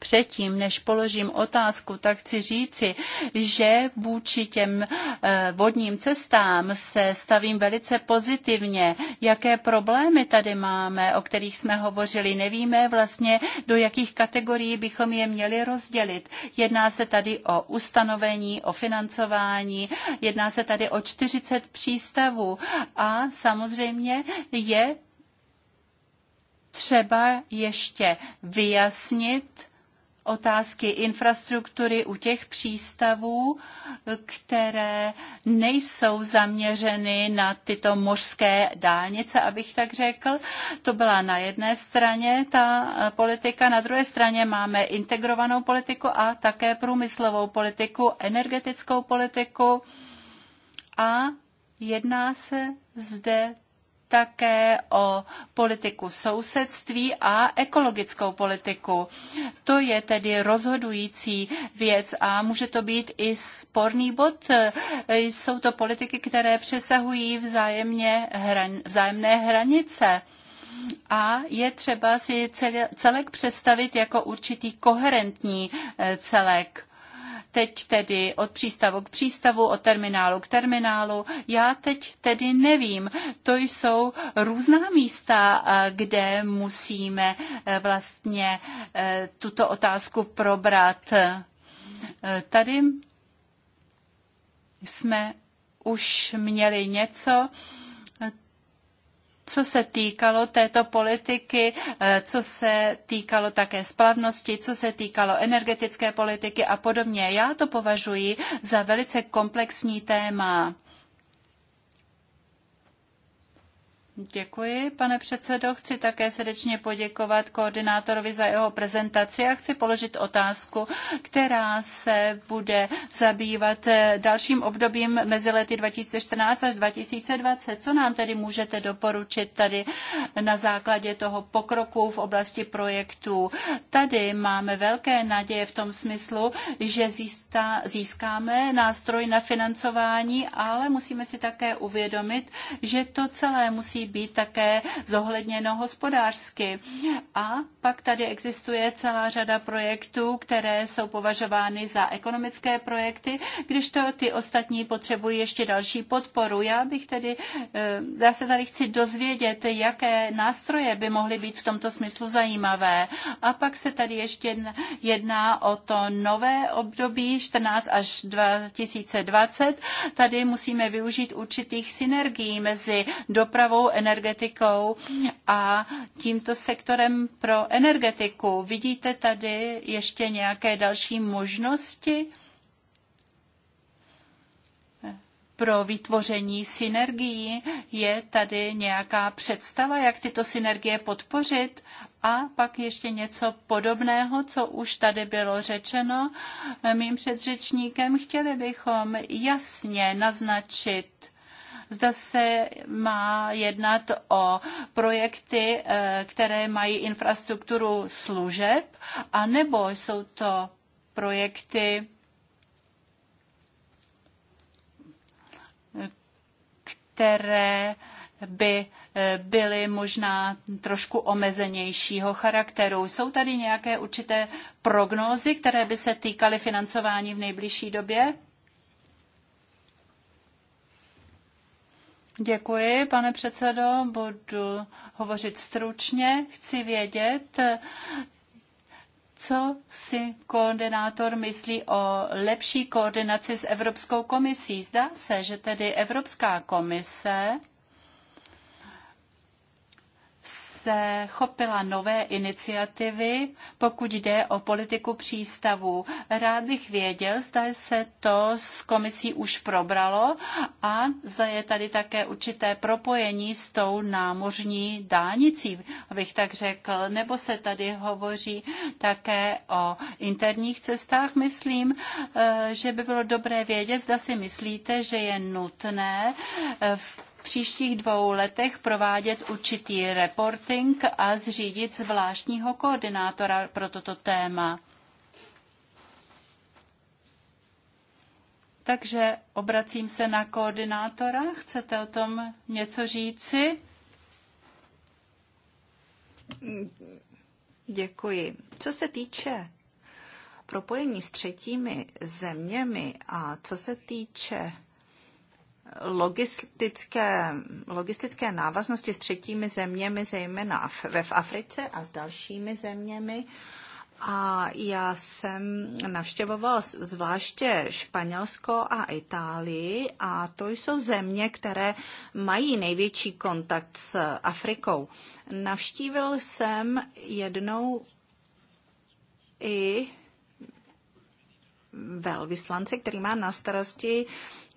[SPEAKER 4] Předtím, než položím otázku, tak chci říci, že vůči těm eh, vodním cestám se stavím velice pozitivně. Jaké problémy tady máme, o kterých jsme hovořili, nevíme vlastně, do jakých kategorií bychom je měli rozdělit. Jedná se tady o ustanovení, o financování, jedná se tady o 40 přístavů a samozřejmě je třeba ještě vyjasnit otázky infrastruktury u těch přístavů, které nejsou zaměřeny na tyto mořské dálnice, abych tak řekl. To byla na jedné straně ta politika, na druhé straně máme integrovanou politiku a také průmyslovou politiku, energetickou politiku a jedná se zde také o politiku sousedství a ekologickou politiku. To je tedy rozhodující věc a může to být i sporný bod. Jsou to politiky, které přesahují vzájemně hran, vzájemné hranice. A je třeba si celek představit jako určitý koherentní eh, celek teď tedy od přístavu k přístavu, od terminálu k terminálu. Já teď tedy nevím. To jsou různá místa, eh, kde musíme eh, vlastně eh, tuto otázku probrat. Tady jsme už měli něco, co se týkalo této politiky, eh, co se týkalo také splavnosti, co se týkalo energetické politiky a podobně. Já to považuji za velice komplexní téma. Děkuji, pane předsedo. Chci také srdečně poděkovat koordinátorovi za jeho prezentaci a chci položit otázku, která se bude zabývat eh, dalším obdobím mezi lety 2014 až 2020. Co nám tedy můžete doporučit tady na základě toho pokroku v oblasti projektů? Tady máme velké naděje v tom smyslu, že získáme nástroj na financování, ale musíme si také uvědomit, že to celé musí být také zohledněno hospodářsky. A pak tady existuje celá řada projektů, které jsou považovány za ekonomické projekty, když to ty ostatní potřebují ještě další podporu. Já bych tedy, eh, já se tady chci dozvědět, jaké nástroje by mohly být v tomto smyslu zajímavé. A pak se tady ještě jedná o to nové období 14 až 2020. Tady musíme využít určitých synergií mezi dopravou, energetikou a tímto sektorem pro energetiku. Vidíte tady ještě nějaké další možnosti pro vytvoření synergií? Je tady nějaká představa, jak tyto synergie podpořit? A pak ještě něco podobného, co už tady bylo řečeno mým předřečníkem. Chtěli bychom jasně naznačit Zda se má jednat o projekty, eh, které mají infrastrukturu služeb, anebo jsou to projekty, které by eh, byly možná trošku omezenějšího charakteru. Jsou tady nějaké určité prognózy, které by se týkaly financování v nejbližší době? Děkuji, pane předsedo. Budu hovořit stručně. Chci vědět, co si koordinátor myslí o lepší koordinaci s Evropskou komisí. Zdá se, že tedy Evropská komise se chopila nové iniciativy, pokud jde o politiku přístavů. Rád bych věděl, zda se to s komisí už probralo a zda je tady také určité propojení s tou námořní dálnicí, abych tak řekl, nebo se tady hovoří také o interních cestách, myslím, eh, že by bylo dobré vědět, zda si myslíte, že je nutné eh, v příštích dvou letech provádět určitý reporting a zřídit zvláštního koordinátora pro toto téma. Takže obracím se na koordinátora. Chcete o tom něco říci?
[SPEAKER 3] Děkuji. Co se týče propojení s třetími zeměmi a co se týče logistické, logistické návaznosti s třetími zeměmi, zejména ve v Africe a s dalšími zeměmi. A já jsem navštěvoval zvláště Španělsko a Itálii a to jsou země, které mají největší kontakt s Afrikou. Navštívil jsem jednou i velvyslance, který má na starosti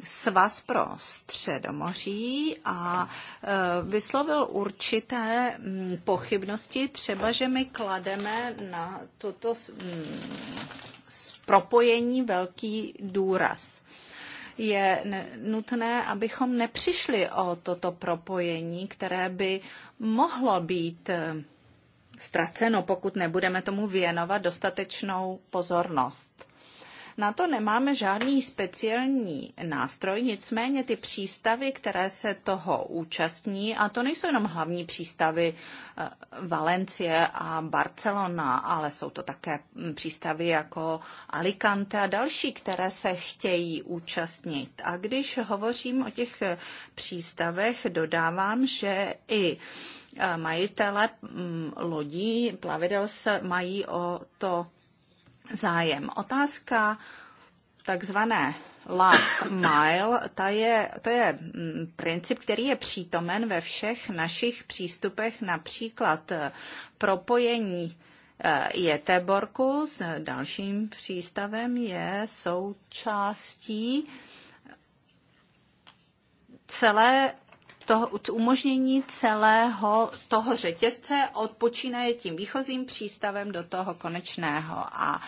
[SPEAKER 3] svaz pro středomoří a e, vyslovil určité mm, pochybnosti, třeba, že my klademe na toto mm, propojení velký důraz je nutné, abychom nepřišli o toto propojení, které by mohlo být e, ztraceno, pokud nebudeme tomu věnovat dostatečnou pozornost. Na to nemáme žádný speciální nástroj, nicméně ty přístavy, které se toho účastní, a to nejsou jenom hlavní přístavy eh, Valencie a Barcelona, ale jsou to také hm, přístavy jako Alicante a další, které se chtějí účastnit. A když hovořím o těch eh, přístavech, dodávám, že i eh, majitele hm, lodí, plavidel se mají o to zájem. Otázka takzvané last mile, ta je, to je mm, princip, který je přítomen ve všech našich přístupech, například eh, propojení eh, Jeteborku s dalším přístavem je součástí celé toho, umožnění celého toho řetězce odpočínaje tím výchozím přístavem do toho konečného. A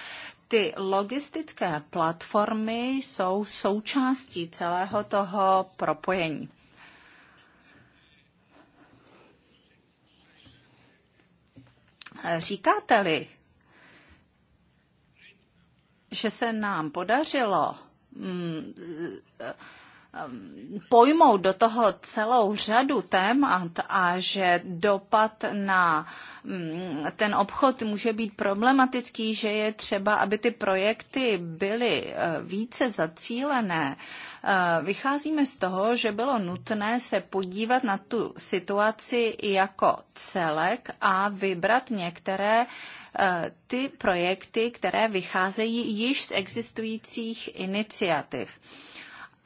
[SPEAKER 3] ty logistické platformy jsou součástí celého toho propojení. Říkáte-li, že se nám podařilo mm, pojmout do toho celou řadu témat a že dopad na mm, ten obchod může být problematický, že je třeba, aby ty projekty byly eh, více zacílené. Eh, vycházíme z toho, že bylo nutné se podívat na tu situaci jako celek a vybrat některé eh, ty projekty, které vycházejí již z existujících iniciativ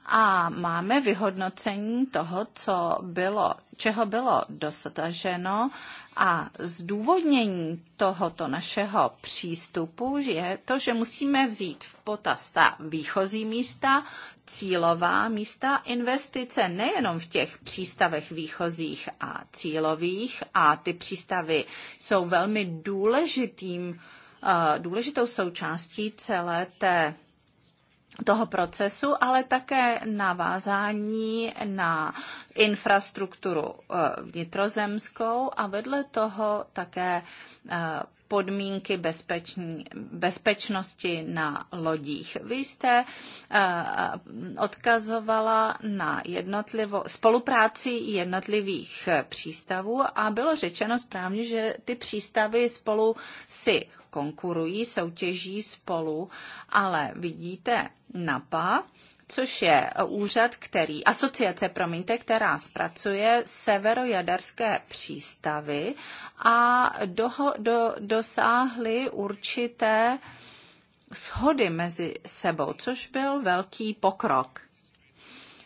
[SPEAKER 3] a máme vyhodnocení toho, co bylo, čeho bylo dosaženo a zdůvodnění tohoto našeho přístupu je to, že musíme vzít v potaz ta výchozí místa, cílová místa investice nejenom v těch přístavech výchozích a cílových a ty přístavy jsou velmi důležitým, eh, důležitou součástí celé té toho procesu, ale také navázání na infrastrukturu eh, vnitrozemskou a vedle toho také eh, podmínky bezpečný, bezpečnosti na lodích. Vy jste eh, odkazovala na jednotlivo, spolupráci jednotlivých přístavů a bylo řečeno správně, že ty přístavy spolu si konkurují, soutěží spolu, ale vidíte NAPA, což je úřad, který, asociace, promiňte, která zpracuje severojaderské přístavy a doho, do, dosáhly určité shody mezi sebou, což byl velký pokrok.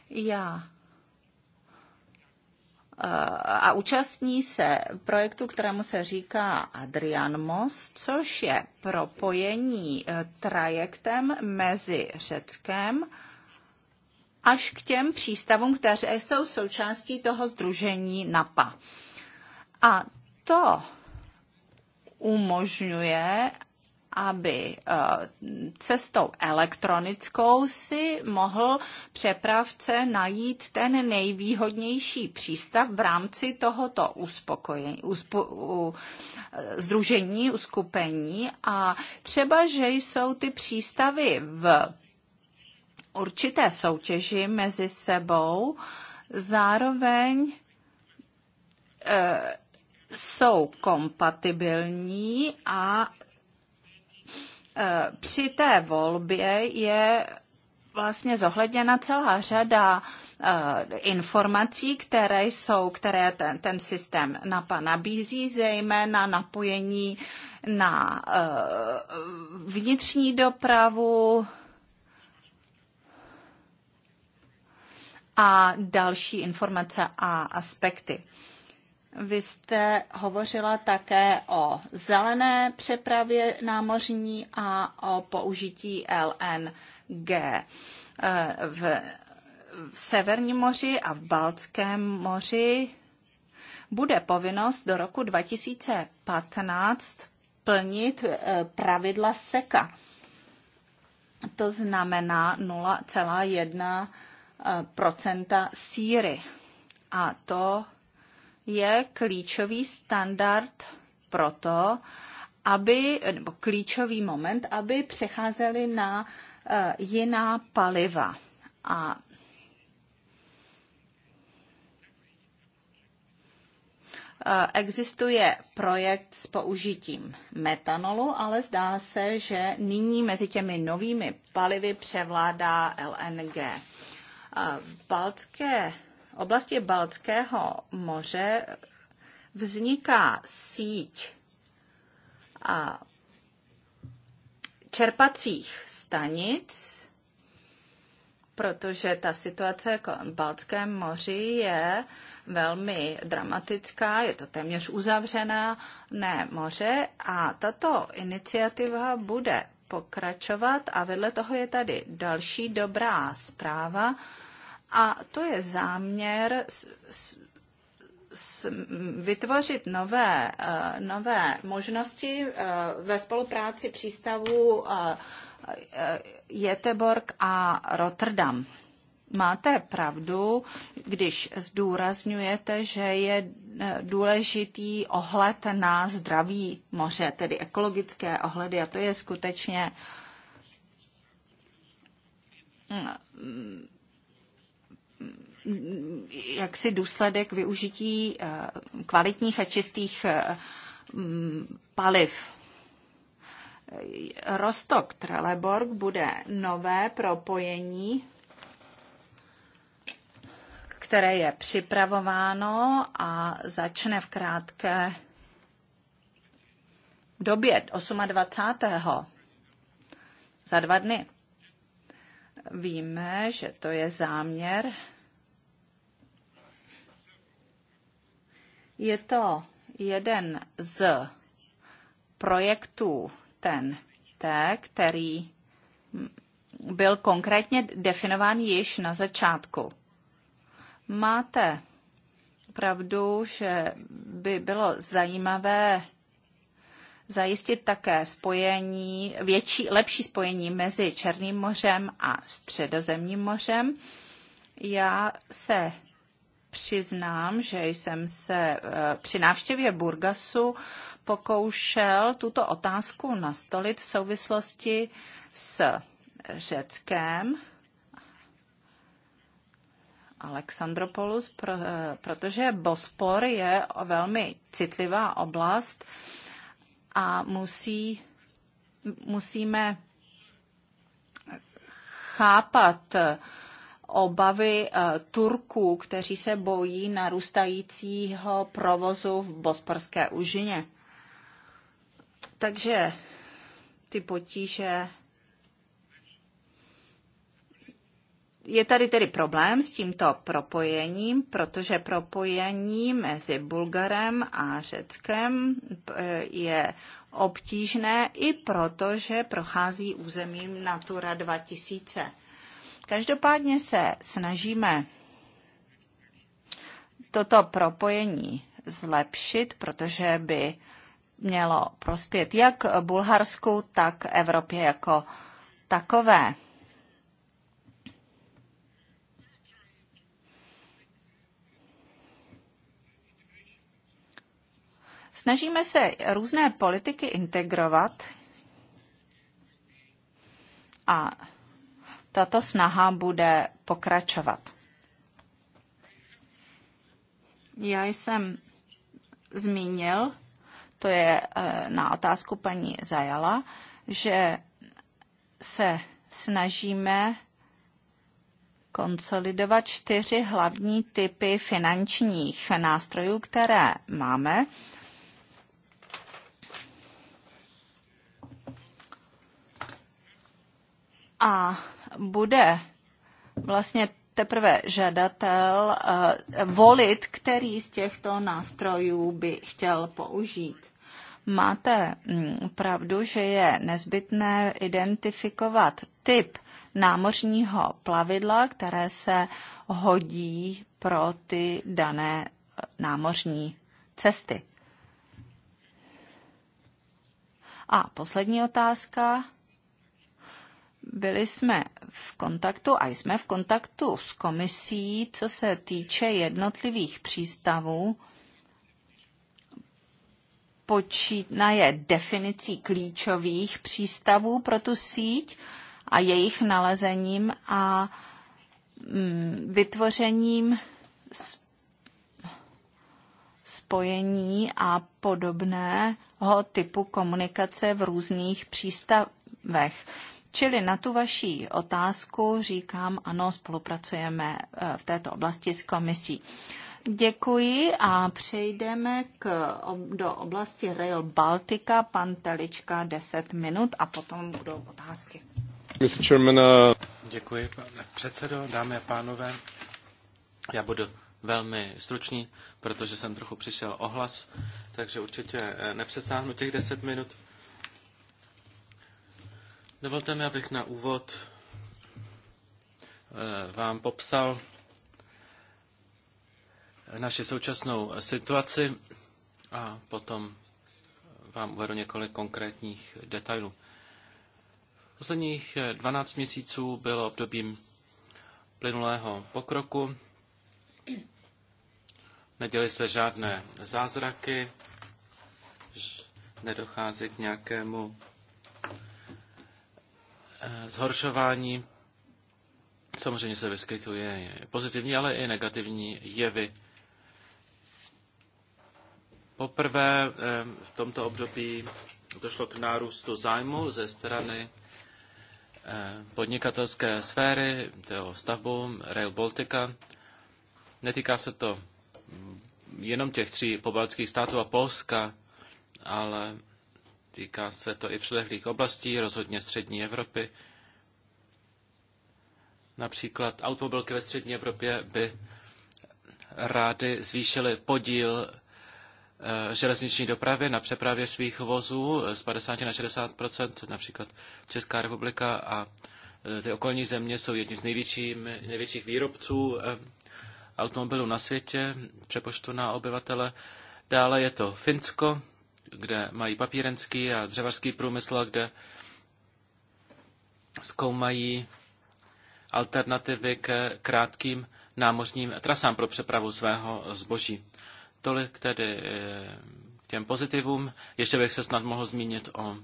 [SPEAKER 3] Já Eh, a účastní se projektu, kterému se říká Most, což je propojení eh, trajektem mezi Řeckem až k těm přístavům, které jsou součástí toho združení NAPA. A to umožňuje, aby eh, cestou elektronickou si mohl přepravce najít ten nejvýhodnější přístav v rámci tohoto uspokojení, uspo, u, združení, eh, uskupení a třeba, že jsou ty přístavy v určité soutěži mezi sebou, zároveň e, jsou kompatibilní a Eh, při té volbě je vlastně zohledněna celá řada eh, informací, které jsou, které ten, ten systém NAPA nabízí, zejména napojení na eh, vnitřní dopravu a další informace a aspekty. Vy jste hovořila také o zelené přepravě námořní a o použití LNG. V, v Severním moři a v Baltském moři bude povinnost do roku 2015 plnit eh, pravidla SECA. To znamená 0,1 eh, síry. A to je klíčový standard pro to, aby, nebo klíčový moment, aby přecházeli na eh, jiná paliva. A eh, Existuje projekt s použitím metanolu, ale zdá se, že nyní mezi těmi novými palivy převládá LNG. Eh, v Baltské oblasti Baltského moře vzniká síť a čerpacích stanic, protože ta situace kolem Baltském moři je velmi dramatická, je to téměř uzavřená ne moře a tato iniciativa bude pokračovat a vedle toho je tady další dobrá zpráva, a to je záměr s, s, s, vytvořit nové, uh, nové možnosti uh, ve spolupráci přístavů uh, eh, Jeteborg a Rotterdam. Máte pravdu, když zdůrazňujete, že je důležitý ohled na zdraví moře, tedy ekologické ohledy, a to je skutečně mm, jaksi důsledek využití eh, kvalitních a čistých eh, mm, paliv. Rostok Trelleborg bude nové propojení, které je připravováno a začne v krátké době 28. za dva dny. Víme, že to je záměr Je to jeden z projektů ten T, který byl konkrétně definován již na začátku. Máte pravdu, že by bylo zajímavé zajistit také spojení, větší, lepší spojení mezi Černým mořem a Středozemním mořem. Já se přiznám, že jsem se eh, při návštěvě Burgasu pokoušel tuto otázku nastolit v souvislosti s Řeckem, Alexandropolus, eh, protože Bospor je velmi citlivá oblast a musí, musíme chápat uh, obavy eh, Turků, kteří se bojí narůstajícího provozu v Bosporské úžině. Takže ty potíže. Je tady tedy problém s tímto propojením, protože propojení mezi Bulgarem a Řeckem eh, je obtížné i proto, že prochází územím Natura 2000 Každopádně se snažíme toto propojení zlepšit, protože by mělo prospět jak Bulharsku, tak Evropě jako takové. Snažíme se různé politiky integrovat a tato snaha bude pokračovat. Já jsem zmínil, to je eh, na otázku paní Zajala, že se snažíme konsolidovat čtyři hlavní typy finančních nástrojů, které máme. A bude vlastně teprve žadatel eh, volit, který z těchto nástrojů by chtěl použít. Máte mm, pravdu, že je nezbytné identifikovat typ námořního plavidla, které se hodí pro ty dané eh, námořní cesty. A poslední otázka byli jsme v kontaktu a jsme v kontaktu s komisí, co se týče jednotlivých přístavů, počínaje definicí klíčových přístavů pro tu síť a jejich nalezením a mm, vytvořením spojení a podobného typu komunikace v různých přístavech. Čili na tu vaši otázku říkám, ano, spolupracujeme eh, v této oblasti s komisí. Děkuji a přejdeme k, do oblasti Rail Baltica. Pan Telička 10 minut a potom budou otázky.
[SPEAKER 2] Eh. Děkuji, pane předsedo, dámy a pánové. Já budu velmi stručný, protože jsem trochu přišel ohlas, takže určitě eh, nepřesáhnu těch 10 minut. Dovolte mi, abych na úvod eh, vám popsal naši současnou situaci a potom vám uvedu několik konkrétních detailů. Posledních 12 eh, měsíců bylo obdobím plynulého pokroku. Neděly se žádné zázraky, nedochází k nějakému Eh, zhoršování. Samozřejmě se vyskytuje pozitivní, ale i negativní jevy. Poprvé eh, v tomto období došlo k nárůstu zájmu ze strany eh, podnikatelské sféry, toho stavbu Rail Baltica. Netýká se to jenom těch tří pobaltských států a Polska, ale Týká se to i přilehlých oblastí, rozhodně střední Evropy. Například automobilky ve střední Evropě by rády zvýšily podíl eh, železniční dopravy na přepravě svých vozů z 50 na 60 například Česká republika a eh, ty okolní země jsou jedni z největších výrobců eh, automobilů na světě, přepoštu na obyvatele. Dále je to Finsko, kde mají papírenský a dřevařský průmysl, kde zkoumají alternativy k krátkým námořním trasám pro přepravu svého zboží. Tolik tedy eh, těm pozitivům. Ještě bych se snad mohl zmínit o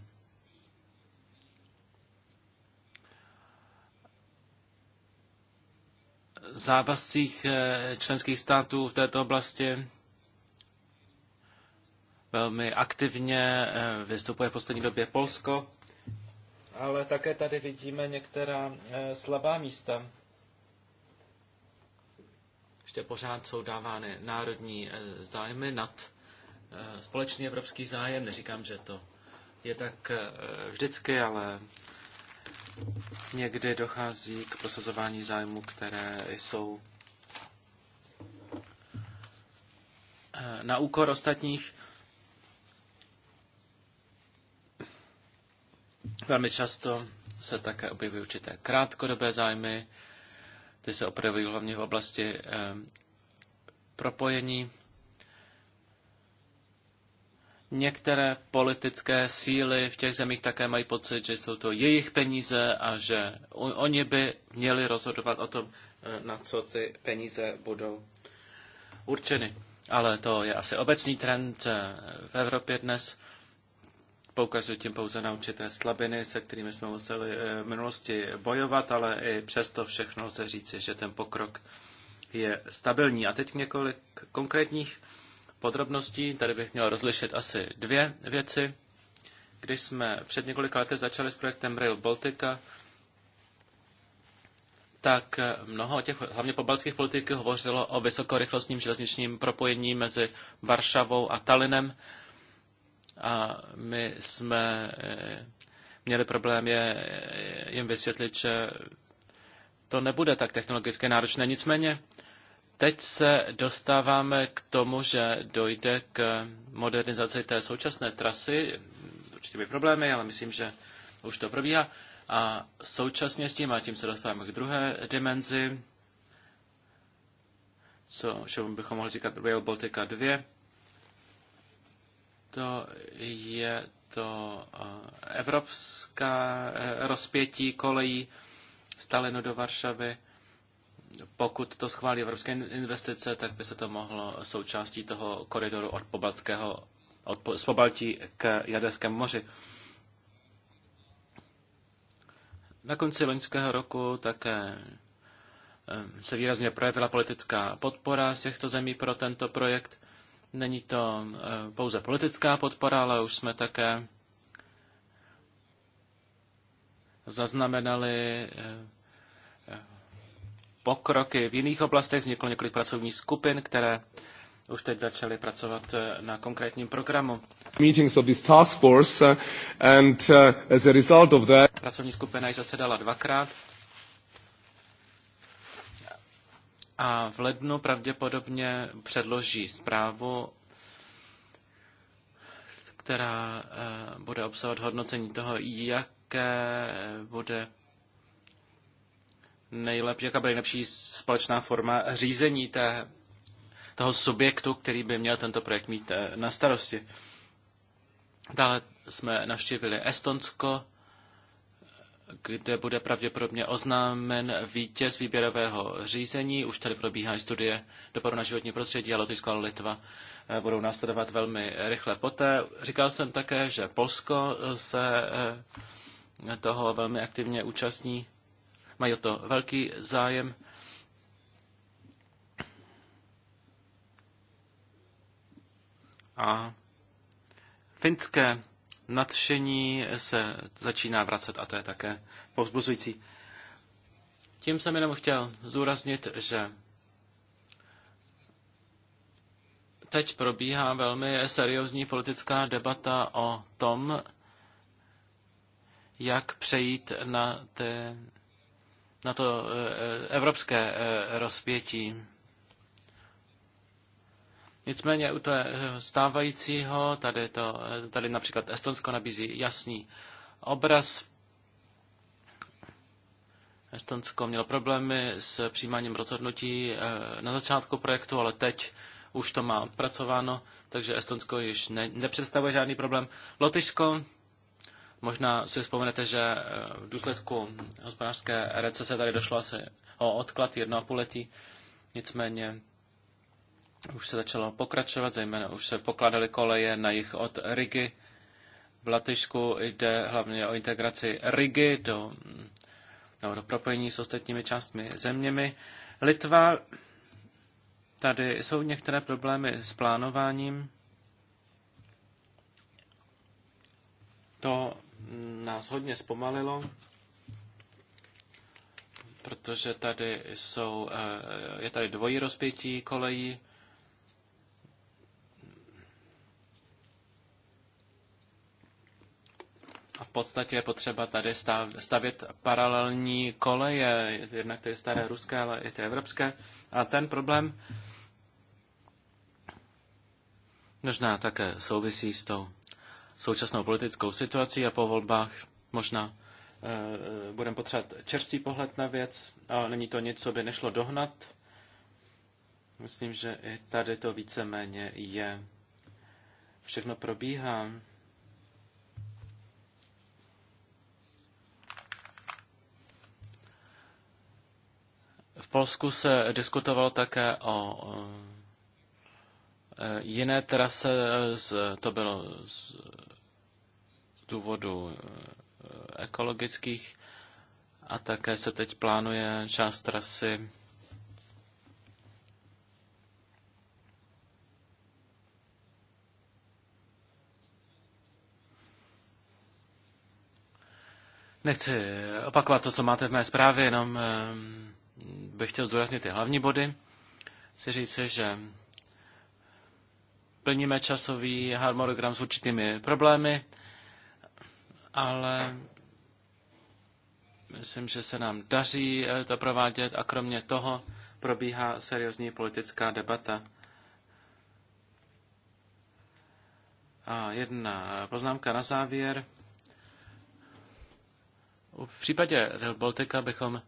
[SPEAKER 2] závazcích eh, členských států v této oblasti. Velmi aktivně eh, vystupuje v poslední době Polsko, ale také tady vidíme některá eh, slabá místa. Ještě pořád jsou dávány národní eh, zájmy nad společný evropský zájem. Neříkám, že to je tak vždycky, ale někdy dochází k prosazování zájmů, které jsou na úkor ostatních. Velmi často se také objevují určité krátkodobé zájmy, ty se opravují hlavně v oblasti eh, propojení. Některé politické síly v těch zemích také mají pocit, že jsou to jejich peníze a že oni by měli rozhodovat o tom, eh, na co ty peníze budou určeny. Ale to je asi obecný trend eh, v Evropě dnes poukazují tím pouze na určité slabiny, se kterými jsme museli eh, v minulosti bojovat, ale i přesto všechno se říci, že ten pokrok je stabilní. A teď několik konkrétních podrobností. Tady bych měl rozlišit asi dvě věci. Když jsme před několika lety začali s projektem Rail Baltica, tak eh, mnoho těch, hlavně pobaltských politiků, hovořilo o vysokorychlostním železničním propojení mezi Varšavou a Talinem a my jsme eh, měli problém je, eh, jim vysvětlit, že to nebude tak technologicky náročné. Nicméně teď se dostáváme k tomu, že dojde k modernizaci té současné trasy, by problémy, ale myslím, že už to probíhá. A současně s tím, a tím se dostáváme k druhé dimenzi, co bychom mohli říkat Rail Baltica 2, to je to eh, evropská eh, rozpětí kolejí Stalinu do Varšavy. Pokud to schválí evropské investice, tak by se to mohlo součástí toho koridoru od Pobaltského, od, po, z Pobaltí k Jaderskému moři. Na konci loňského roku také eh, se výrazně projevila politická podpora z těchto zemí pro tento projekt. Není to eh, pouze politická podpora, ale už jsme také zaznamenali eh, eh, pokroky v jiných oblastech. Vzniklo několik pracovních skupin, které už teď začaly pracovat na konkrétním programu.
[SPEAKER 4] Meetings of this task force and as a result of that...
[SPEAKER 2] Pracovní skupina již zasedala dvakrát a v lednu pravděpodobně předloží zprávu, která eh, bude obsahovat hodnocení toho, jaké bude nejlepší, jaká bude nejlepší společná forma řízení té, toho subjektu, který by měl tento projekt mít eh, na starosti. Dále jsme navštívili Estonsko, kde bude pravděpodobně oznámen vítěz výběrového řízení. Už tady probíhá studie dopadu na životní prostředí a Lotyšsko a Litva eh, budou následovat velmi rychle poté. Říkal jsem také, že Polsko se eh, toho velmi aktivně účastní. Mají o to velký zájem. A finské nadšení se začíná vracet a to je také povzbuzující. Tím jsem jenom chtěl zúraznit, že teď probíhá velmi seriózní politická debata o tom, jak přejít na, ty, na to eh, eh, evropské eh, rozpětí. Nicméně u toho eh, stávajícího, tady, to, eh, tady například Estonsko nabízí jasný obraz. Estonsko mělo problémy s přijímáním rozhodnutí eh, na začátku projektu, ale teď už to má pracováno, takže Estonsko již ne, nepředstavuje žádný problém. Lotyšsko, možná si vzpomenete, že v důsledku hospodářské recese tady došlo asi o odklad jednoho letí, nicméně už se začalo pokračovat, zejména už se pokladaly koleje na jich od Rigi. V Latyšku jde hlavně o integraci Rigi do, no, do propojení s ostatními částmi zeměmi. Litva, tady jsou některé problémy s plánováním. To nás hodně zpomalilo, protože tady jsou, eh, je tady dvojí rozpětí kolejí A v podstatě je potřeba tady stavět paralelní koleje, jednak ty staré ruské, ale i ty evropské. A ten problém možná také souvisí s tou současnou politickou situací a po volbách možná e, budeme potřebovat čerstvý pohled na věc, ale není to nic, co by nešlo dohnat. Myslím, že i tady to víceméně je. Všechno probíhá. V Polsku se diskutovalo také o e, jiné trase, to bylo z důvodu e, ekologických, a také se teď plánuje část trasy Nechci opakovat to, co máte v mé zprávě, jenom ehm, bych chtěl zdůraznit ty hlavní body. Chci říct, že plníme časový harmonogram s určitými problémy, ale myslím, že se nám daří eh, to provádět a kromě toho probíhá seriózní politická debata. A jedna poznámka na závěr. V případě Real Baltica bychom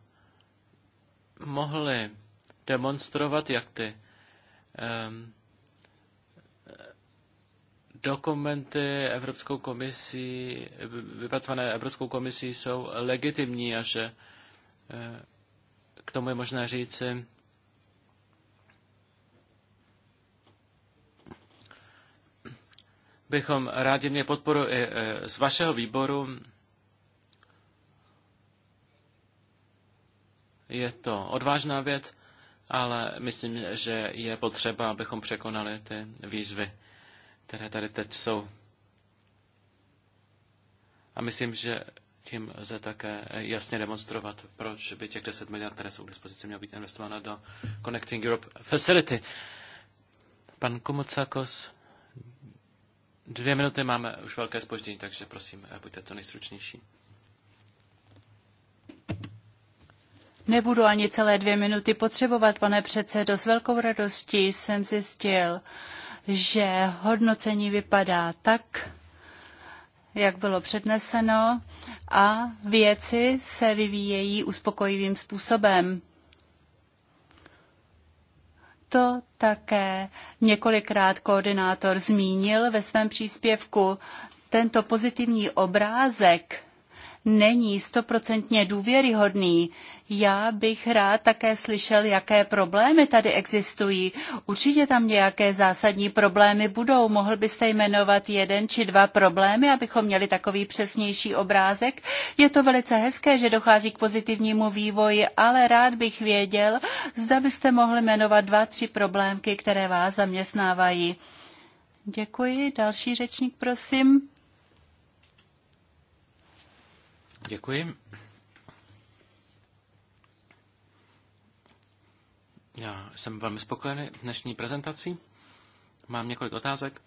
[SPEAKER 2] mohli demonstrovat, jak ty um, dokumenty Evropskou komisí, vypracované Evropskou komisí jsou legitimní a že eh, k tomu je možné říci, bychom rádi mě podporu i eh, z vašeho výboru, Je to odvážná věc, ale myslím, že je potřeba, abychom překonali ty výzvy, které tady teď jsou. A myslím, že tím lze také jasně demonstrovat, proč by těch 10 miliard, které jsou k dispozici, mělo být investováno do Connecting Europe Facility. Pan Kumocakos, dvě minuty máme už velké spoždění, takže prosím, buďte to nejstručnější.
[SPEAKER 4] Nebudu ani celé dvě minuty potřebovat, pane předsedo. S velkou radostí jsem zjistil, že hodnocení vypadá tak, jak bylo předneseno, a věci se vyvíjejí uspokojivým způsobem. To také několikrát koordinátor zmínil ve svém příspěvku. Tento pozitivní obrázek není stoprocentně důvěryhodný. Já bych rád také slyšel, jaké problémy tady existují. Určitě tam nějaké zásadní problémy budou. Mohl byste jmenovat jeden či dva problémy, abychom měli takový přesnější obrázek? Je to velice hezké, že dochází k pozitivnímu vývoji, ale rád bych věděl, zda byste mohli jmenovat dva, tři problémky, které vás zaměstnávají. Děkuji. Další řečník, prosím.
[SPEAKER 2] Děkuji. Já jsem velmi spokojený dnešní prezentací. Mám několik otázek.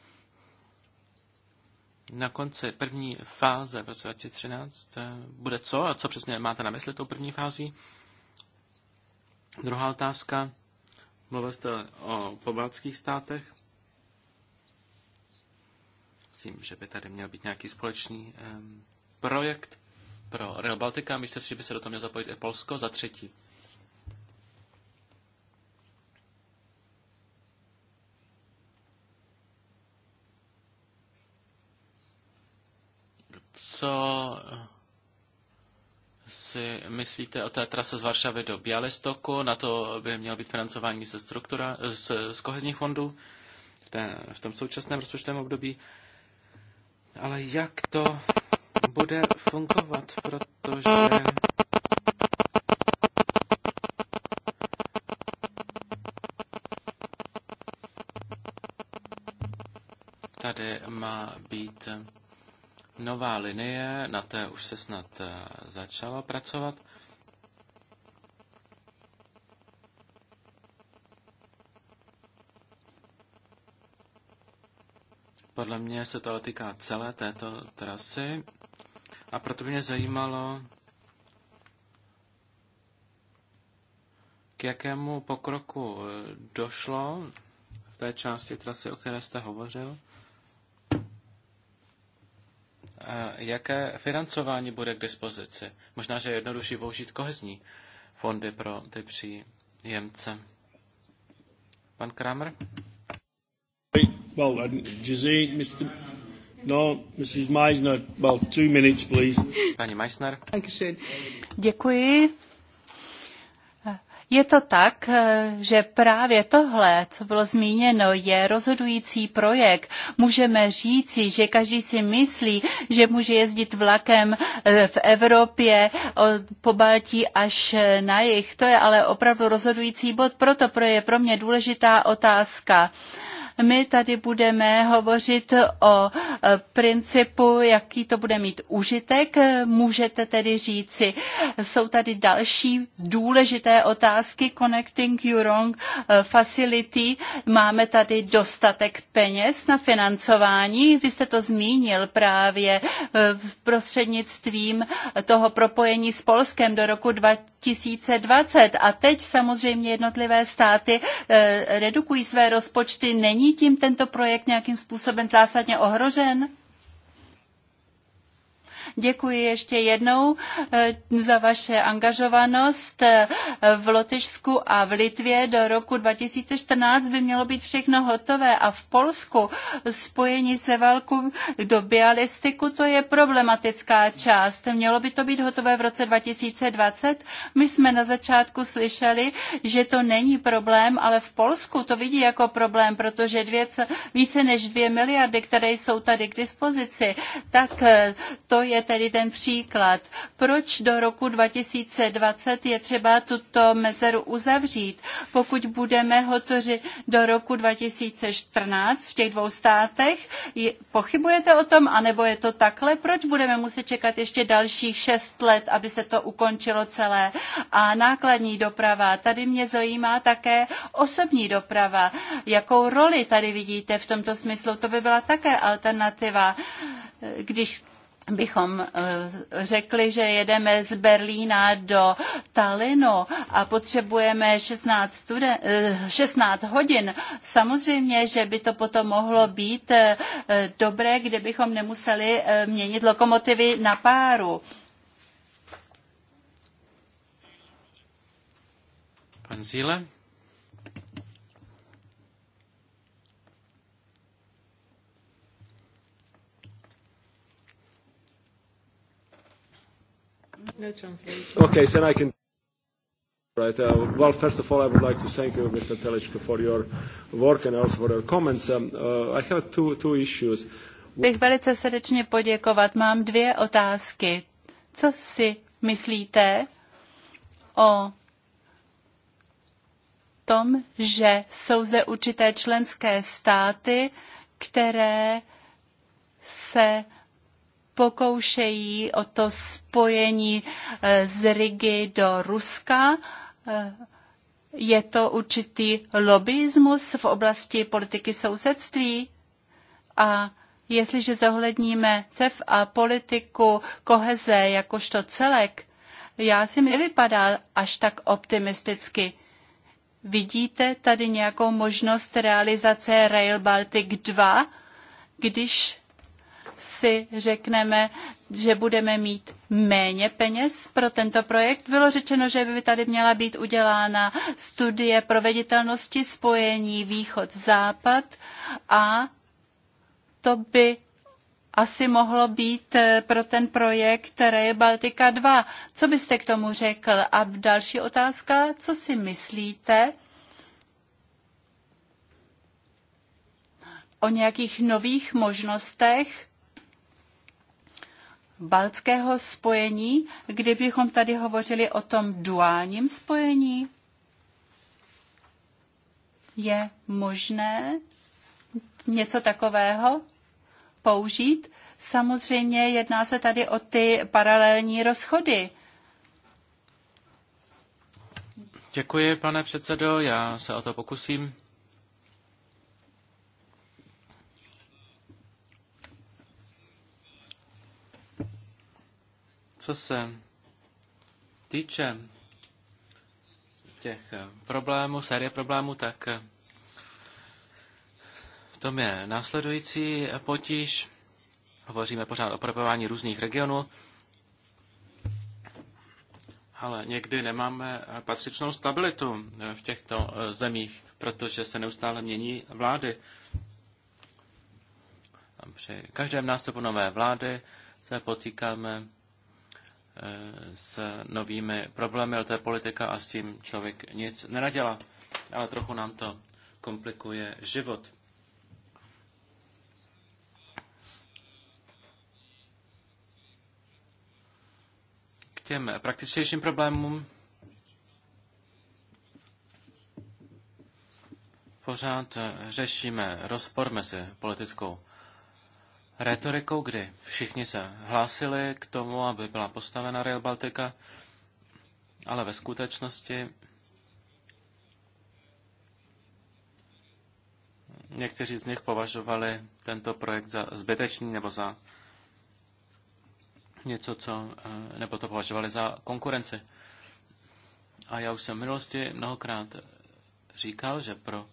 [SPEAKER 2] Na konci první fáze v roce 2013 eh, bude co? A co přesně máte na mysli tou první fází? Druhá otázka. Mluvil jste o pobaltských státech. Myslím, že by tady měl být nějaký společný eh, projekt pro Real Baltica. Myslíte si, že by se do toho měl zapojit i Polsko? Za třetí, Co si myslíte o té trase z Varšavy do Bialystoku? Na to by mělo být financování ze struktura, z, z kohezních fondů v, té, v tom současném rozpočtovém období. Ale jak to bude fungovat, protože tady má být nová linie, na té už se snad eh, začalo pracovat. Podle mě se to ale týká celé této trasy a proto by mě zajímalo, k jakému pokroku eh, došlo v té části trasy, o které jste hovořil jaké financování bude k dispozici? Možná, že je jednodušší použít kohezní fondy pro ty příjemce. Pan Kramer?
[SPEAKER 1] Well, Jazeen, uh, Mr. No, Mrs. Meisner, well, two minutes, please. Paní Meissner.
[SPEAKER 4] Děkuji. Je to tak, eh, že právě tohle, co bylo zmíněno, je rozhodující projekt. Můžeme říci, že každý si myslí, že může jezdit vlakem eh, v Evropě od, po Baltí až eh, na jich. To je ale opravdu rozhodující bod, proto pro je pro mě důležitá otázka. My tady budeme hovořit o eh, principu, jaký to bude mít užitek. Můžete tedy říci, jsou tady další důležité otázky Connecting Europe eh, Facility. Máme tady dostatek peněz na financování. Vy jste to zmínil právě eh, v prostřednictvím toho propojení s Polskem do roku 2020. A teď samozřejmě jednotlivé státy redukují své rozpočty. Není tím tento projekt nějakým způsobem zásadně ohrožen? Děkuji ještě jednou eh, za vaše angažovanost eh, v Lotyšsku a v Litvě. Do roku 2014 by mělo být všechno hotové a v Polsku spojení se válku do Bialistiku, to je problematická část. Mělo by to být hotové v roce 2020. My jsme na začátku slyšeli, že to není problém, ale v Polsku to vidí jako problém, protože dvě, více než dvě miliardy, které jsou tady k dispozici, tak eh, to je tedy ten příklad. Proč do roku 2020 je třeba tuto mezeru uzavřít? Pokud budeme hotoři do roku 2014 v těch dvou státech, pochybujete o tom, anebo je to takhle? Proč budeme muset čekat ještě dalších šest let, aby se to ukončilo celé? A nákladní doprava, tady mě zajímá také osobní doprava. Jakou roli tady vidíte v tomto smyslu? To by byla také alternativa, když bychom eh, řekli, že jedeme z Berlína do Talinu a potřebujeme 16, studen- 16 eh, hodin, samozřejmě, že by to potom mohlo být eh, dobré, kdybychom nemuseli měnit lokomotivy na páru.
[SPEAKER 2] Pan Zíle? No translation.
[SPEAKER 1] Okay, then I can. Right. Uh, well, first of all, I would like to thank you, Mr. Telichka, for your work and also for your comments. Um, uh, I have two, two issues.
[SPEAKER 4] Bych velice srdečně poděkovat. Mám dvě otázky. Co si myslíte o tom, že jsou zde určité členské státy, které se pokoušejí o to spojení eh, z Rigi do Ruska. Eh, je to určitý lobbyismus v oblasti politiky sousedství a jestliže zohledníme CEF a politiku koheze jakožto celek, já si mi nevypadá až tak optimisticky. Vidíte tady nějakou možnost realizace Rail Baltic 2, když si řekneme, že budeme mít méně peněz pro tento projekt. Bylo řečeno, že by tady měla být udělána studie proveditelnosti spojení východ-západ a to by asi mohlo být eh, pro ten projekt Rail Baltica 2. Co byste k tomu řekl? A další otázka, co si myslíte o nějakých nových možnostech baltského spojení, kdybychom tady hovořili o tom duálním spojení? Je možné něco takového použít? Samozřejmě jedná se tady o ty paralelní rozchody.
[SPEAKER 2] Děkuji, pane předsedo, já se o to pokusím. Co se týče těch problémů, série problémů, tak v tom je následující potíž. Hovoříme pořád o propování různých regionů, ale někdy nemáme patřičnou stabilitu v těchto zemích, protože se neustále mění vlády. Při každém nástupu nové vlády se potýkáme Eh, s novými problémy, ale to je politika a s tím člověk nic nenadělá. Ale trochu nám to komplikuje život. K těm praktičtějším problémům pořád řešíme rozpor mezi politickou retorikou, kdy všichni se hlásili k tomu, aby byla postavena Rail Baltica, ale ve skutečnosti někteří z nich považovali tento projekt za zbytečný nebo za něco, co, eh, nebo to považovali za konkurenci. A já už jsem v minulosti mnohokrát říkal, že pro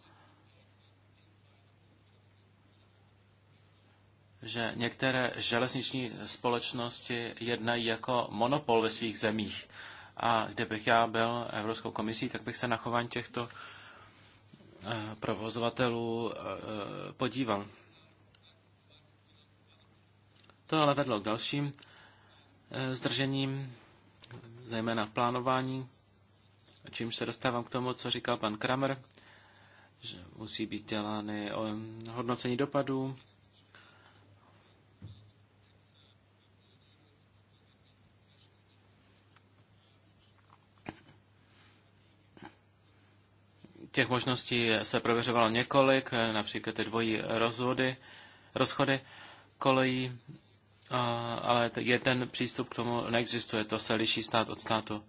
[SPEAKER 2] že některé železniční společnosti jednají jako monopol ve svých zemích. A kdybych já byl Evropskou komisí, tak bych se na chování těchto eh, provozovatelů eh, podíval. To ale vedlo k dalším eh, zdržením, zejména v plánování, čímž se dostávám k tomu, co říkal pan Kramer, že musí být dělány hodnocení dopadů, Těch možností se prověřovalo několik, například ty dvojí rozvody, rozchody kolejí, ale jeden přístup k tomu neexistuje, to se liší stát od státu.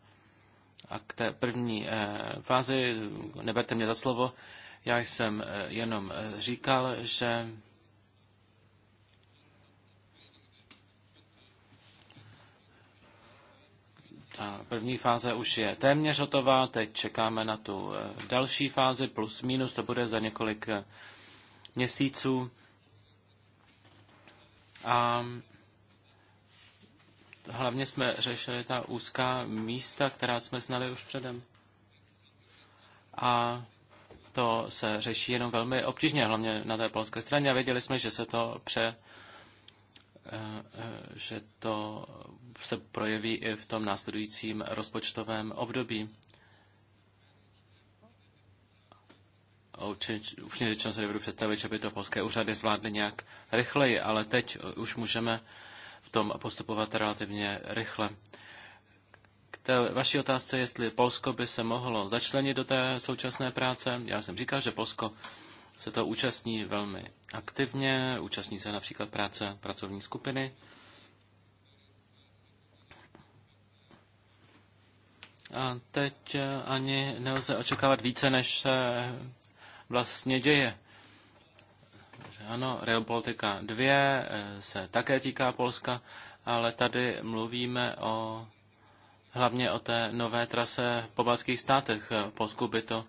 [SPEAKER 2] A k té první e, fázi, neberte mě za slovo, já jsem e, jenom e, říkal, že Ta první fáze už je téměř hotová, teď čekáme na tu eh, další fázi, plus minus, to bude za několik eh, měsíců. A hlavně jsme řešili ta úzká místa, která jsme znali už předem. A to se řeší jenom velmi obtížně, hlavně na té polské straně. A věděli jsme, že se to pře, eh, že to se projeví i v tom následujícím rozpočtovém období. Už mě řečeno se nebudu představit, že by to polské úřady zvládly nějak rychleji, ale teď už můžeme v tom postupovat relativně rychle. K té vaší otázce, jestli Polsko by se mohlo začlenit do té současné práce, já jsem říkal, že Polsko se to účastní velmi aktivně, účastní se například práce pracovní skupiny, A teď eh, ani nelze očekávat více, než se eh, vlastně děje. Ano, Realpolitika 2 eh, se také týká Polska, ale tady mluvíme o hlavně o té nové trase v pobaltských státech. V Polsku by to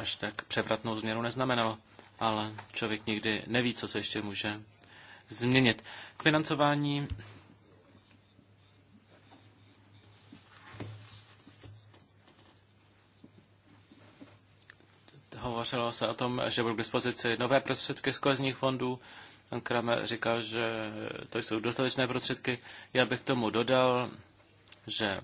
[SPEAKER 2] až tak převratnou změnu neznamenalo, ale člověk nikdy neví, co se ještě může změnit. K financování Hovořilo se o tom, že budou k dispozici nové prostředky z kohezních fondů. Pan Kramer říkal, že to jsou dostatečné prostředky. Já bych k tomu dodal, že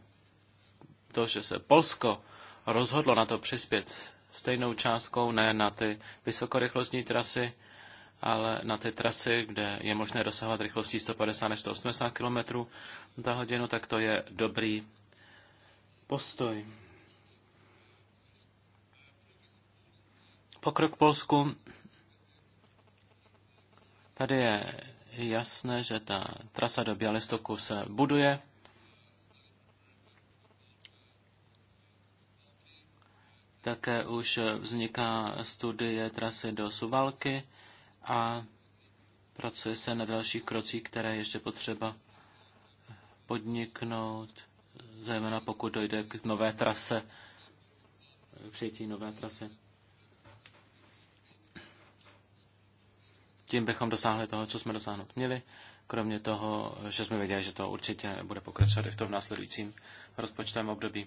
[SPEAKER 2] to, že se Polsko rozhodlo na to přispět stejnou částkou, ne na ty vysokorychlostní trasy, ale na ty trasy, kde je možné dosahovat rychlostí 150 až 180 km za hodinu, tak to je dobrý postoj. Pokrok Polsku. Tady je jasné, že ta trasa do Bělistoku se buduje. Také už vzniká studie trasy do Suvalky a pracuje se na dalších krocích, které ještě potřeba podniknout, zejména pokud dojde k nové trase, přijetí nové trasy. Tím bychom dosáhli toho, co jsme dosáhnout měli, kromě toho, že jsme věděli, že to určitě bude pokračovat i v tom následujícím rozpočtovém období.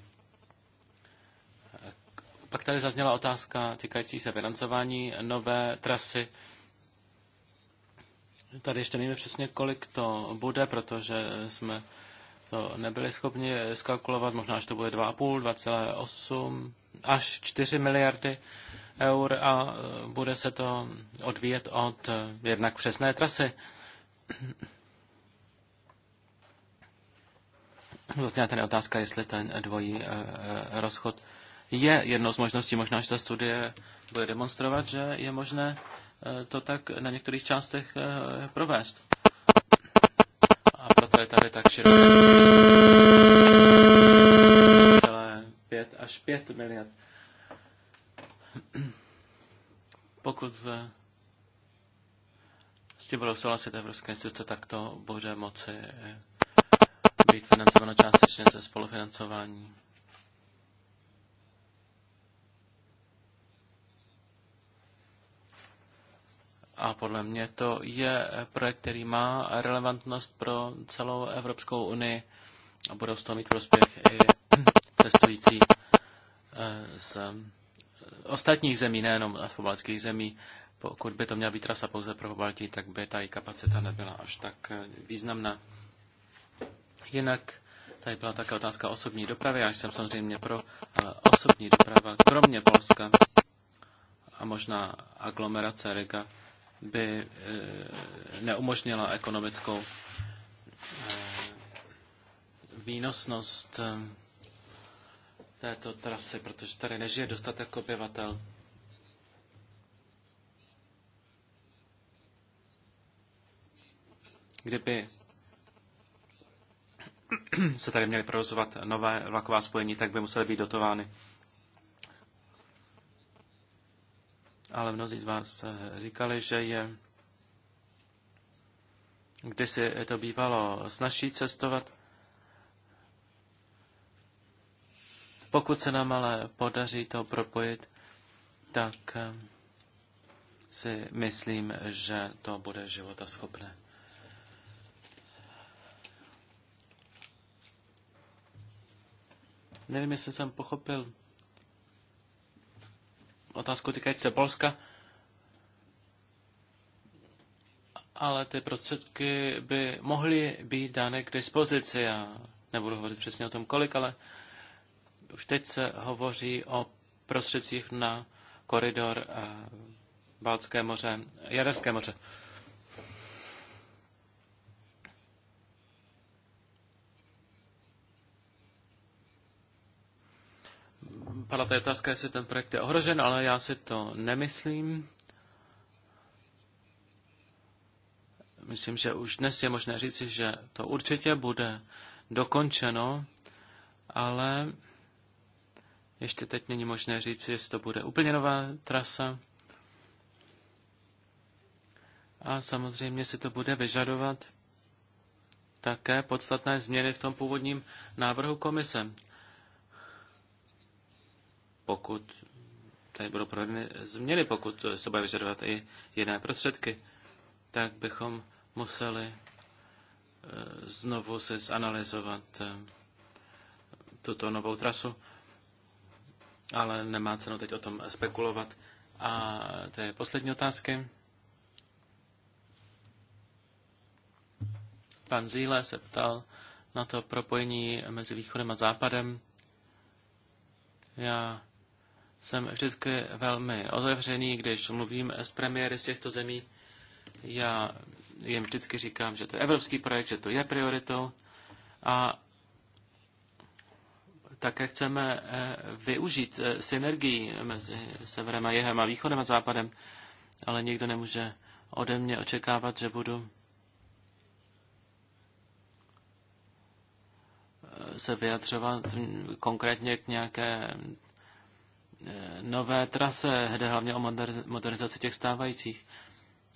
[SPEAKER 2] Pak tady zazněla otázka týkající se financování nové trasy. Tady ještě nevíme přesně, kolik to bude, protože jsme to nebyli schopni zkalkulovat. Možná, že to bude 2,5, 2,8 až 4 miliardy eur a e, bude se to odvíjet od e, jednak přesné trasy. Vlastně tady je otázka, jestli ten dvojí e, rozchod je jednou z možností. Možná, že ta studie bude demonstrovat, že je možné to tak na některých částech provést. A proto je tady tak široké 5 až 5 miliard. Pokud eh, s tím budou souhlasit Evropské instituce, tak to bude moci eh, být financováno částečně ze spolufinancování. A podle mě to je eh, projekt, který má relevantnost pro celou Evropskou unii a budou z toho mít prospěch i cestující z ostatních zemí, nejenom pobaltských zemí. Pokud by to měla být trasa pouze pro Pobaltí, tak by ta její kapacita nebyla až tak eh, významná. Jinak tady byla také otázka osobní dopravy. Já jsem samozřejmě pro, ale osobní doprava, kromě Polska a možná aglomerace Riga, by e, neumožnila ekonomickou e, výnosnost e, této trasy, protože tady nežije dostatek obyvatel. Kdyby se tady měly provozovat nové vlaková spojení, tak by musely být dotovány. Ale mnozí z vás eh, říkali, že je kdysi to bývalo snažší cestovat. Pokud se nám ale podaří to propojit, tak eh, si myslím, že to bude života schopné. Nevím, jestli jsem pochopil otázku týkající se Polska, ale ty prostředky by mohly být dány k dispozici. Já nebudu hovořit přesně o tom, kolik, ale už teď se hovoří o prostředcích na koridor eh, Balcké moře, Jaderské moře. Padla tady otázka, jestli ten projekt je ohrožen, ale já si to nemyslím. Myslím, že už dnes je možné říci, že to určitě bude dokončeno, ale ještě teď není možné říct, jestli to bude úplně nová trasa. A samozřejmě si to bude vyžadovat také podstatné změny v tom původním návrhu komise. Pokud tady budou provedeny změny, pokud se bude vyžadovat i jiné prostředky, tak bychom museli eh, znovu se zanalizovat eh, tuto novou trasu ale nemá cenu teď o tom spekulovat. A to je poslední otázky. Pan Zíle se ptal na to propojení mezi východem a západem. Já jsem vždycky velmi otevřený, když mluvím s premiéry z těchto zemí. Já jim vždycky říkám, že to je evropský projekt, že to je prioritou a také chceme eh, využít eh, synergii mezi severem a jihem a východem a západem, ale nikdo nemůže ode mě očekávat, že budu eh, se vyjadřovat konkrétně k nějaké nové trase, jde hlavně o modernizaci těch stávajících.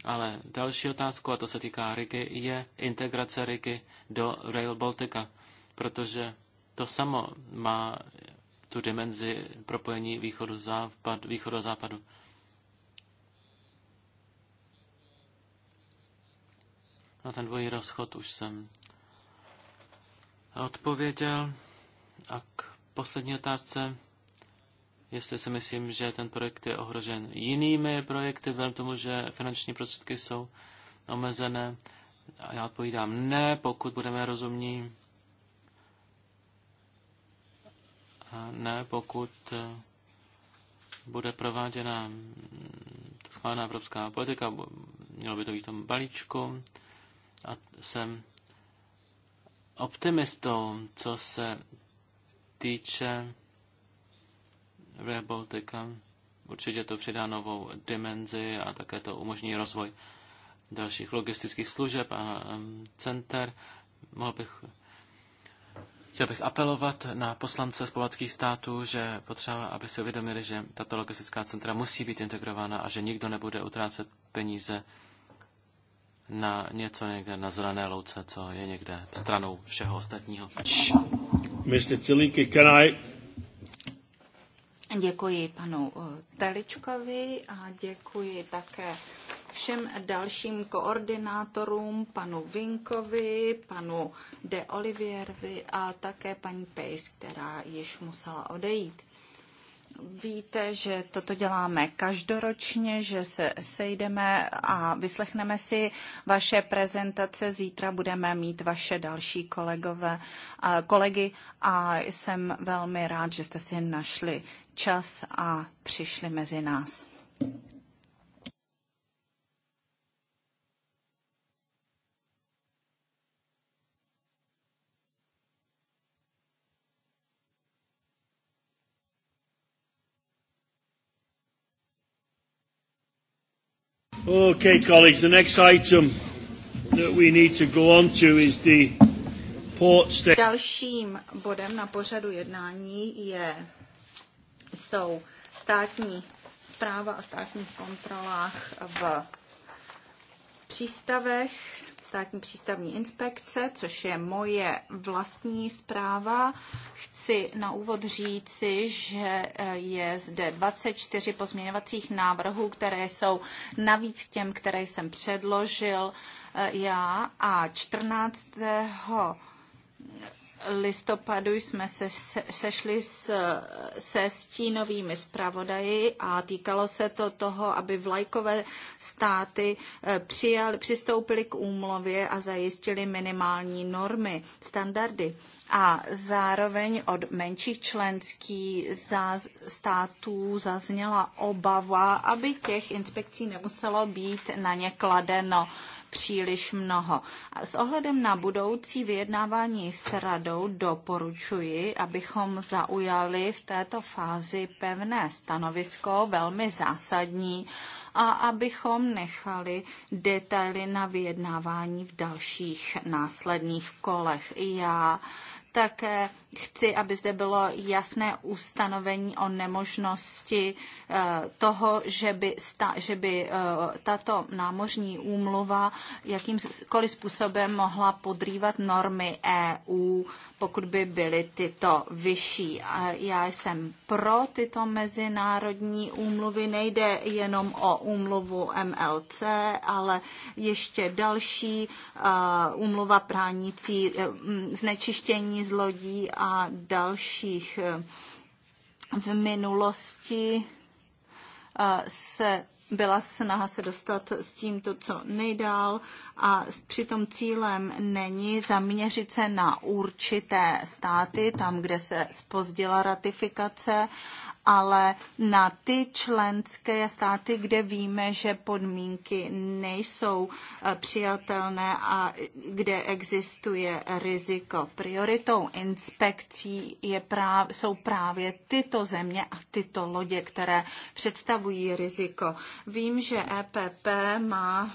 [SPEAKER 2] Ale další otázku, a to se týká Riky, je integrace Riky do Rail Baltica, protože to samo má tu dimenzi propojení východu, západ, východu a západu. Na ten dvojí rozchod už jsem odpověděl. A k poslední otázce, jestli si myslím, že ten projekt je ohrožen jinými projekty, vzhledem tomu, že finanční prostředky jsou omezené. A já odpovídám ne, pokud budeme rozumní a ne pokud eh, bude prováděna mm, schválená evropská politika, mělo by to být v tom balíčku a jsem optimistou, co se týče Reaboltika. Určitě to přidá novou dimenzi a také to umožní rozvoj dalších logistických služeb a center. Mohl bych Chtěl bych apelovat na poslance z povodských států, že potřeba, aby si uvědomili, že tato logistická centra musí být integrována a že nikdo nebude utrácet peníze na něco někde na zelené louce, co je někde stranou všeho ostatního.
[SPEAKER 1] Mr. Tilinky,
[SPEAKER 3] can I... Děkuji panu eh, Teličkovi a děkuji také všem dalším koordinátorům, panu Vinkovi, panu De Olivierovi a také paní Pejs, která již musela odejít. Víte, že toto děláme každoročně, že se sejdeme a vyslechneme si vaše prezentace. Zítra budeme mít vaše další kolegové, kolegy a jsem velmi rád, že jste si našli čas a přišli mezi nás.
[SPEAKER 1] Okay, colleagues, the next item that we need to go on to is the port state.
[SPEAKER 3] Dalším bodem na pořadu jednání je, jsou státní zpráva o státních kontrolách v přístavech státní přístavní inspekce, což je moje vlastní zpráva. Chci na úvod říci, že e, je zde 24 pozměňovacích návrhů, které jsou navíc k těm, které jsem předložil e, já a 14 listopadu jsme se sešli s, se stínovými zpravodaji a týkalo se to toho, aby vlajkové státy eh, přijali, přistoupili k úmluvě a zajistili minimální normy, standardy a zároveň od menších členských států zazněla obava, aby těch inspekcí nemuselo být na ně kladeno příliš mnoho. S ohledem na budoucí vyjednávání s radou doporučuji, abychom zaujali v této fázi pevné stanovisko, velmi zásadní, a abychom nechali detaily na vyjednávání v dalších následných kolech. Já také chci, aby zde bylo jasné ustanovení o nemožnosti eh, toho, že by, sta, že by eh, tato námořní úmluva jakýmkoliv způsobem mohla podrývat normy EU, pokud by byly tyto vyšší. Já jsem pro tyto mezinárodní úmluvy. Nejde jenom o úmluvu MLC, ale ještě další eh, úmluva pránící znečištění z lodí a dalších. Eh, v minulosti eh, se byla snaha se dostat s tímto co nejdál a přitom cílem není zaměřit se na určité státy, tam, kde se spozdila ratifikace, ale na ty členské státy, kde víme, že podmínky nejsou eh, přijatelné a kde existuje riziko. Prioritou inspekcí je práv, jsou právě tyto země a tyto lodě, které představují riziko. Vím, že EPP má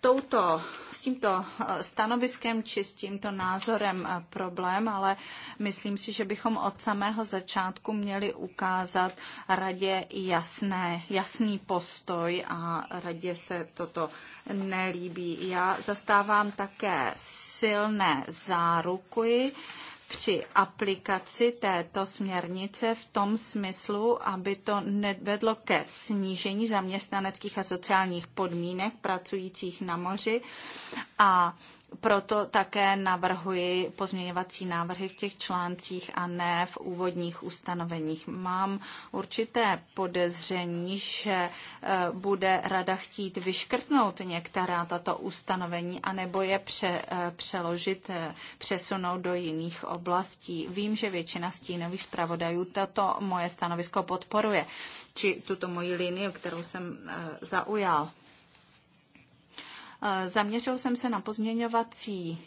[SPEAKER 3] touto, s tímto eh, stanoviskem či s tímto názorem eh, problém, ale myslím si, že bychom od samého začátku měli ukázat radě jasné, jasný postoj a radě se toto nelíbí. Já zastávám také silné záruky, při aplikaci této směrnice v tom smyslu, aby to nevedlo ke snížení zaměstnaneckých a sociálních podmínek pracujících na moři a proto také navrhuji pozměňovací návrhy v těch článcích a ne v úvodních ustanoveních. Mám určité podezření, že e, bude rada chtít vyškrtnout některá tato ustanovení anebo je pře, e, přeložit, e, přesunout do jiných oblastí. Vím, že většina stínových zpravodajů toto moje stanovisko podporuje, či tuto moji linii, kterou jsem zaujal. Zaměřil jsem se na pozměňovací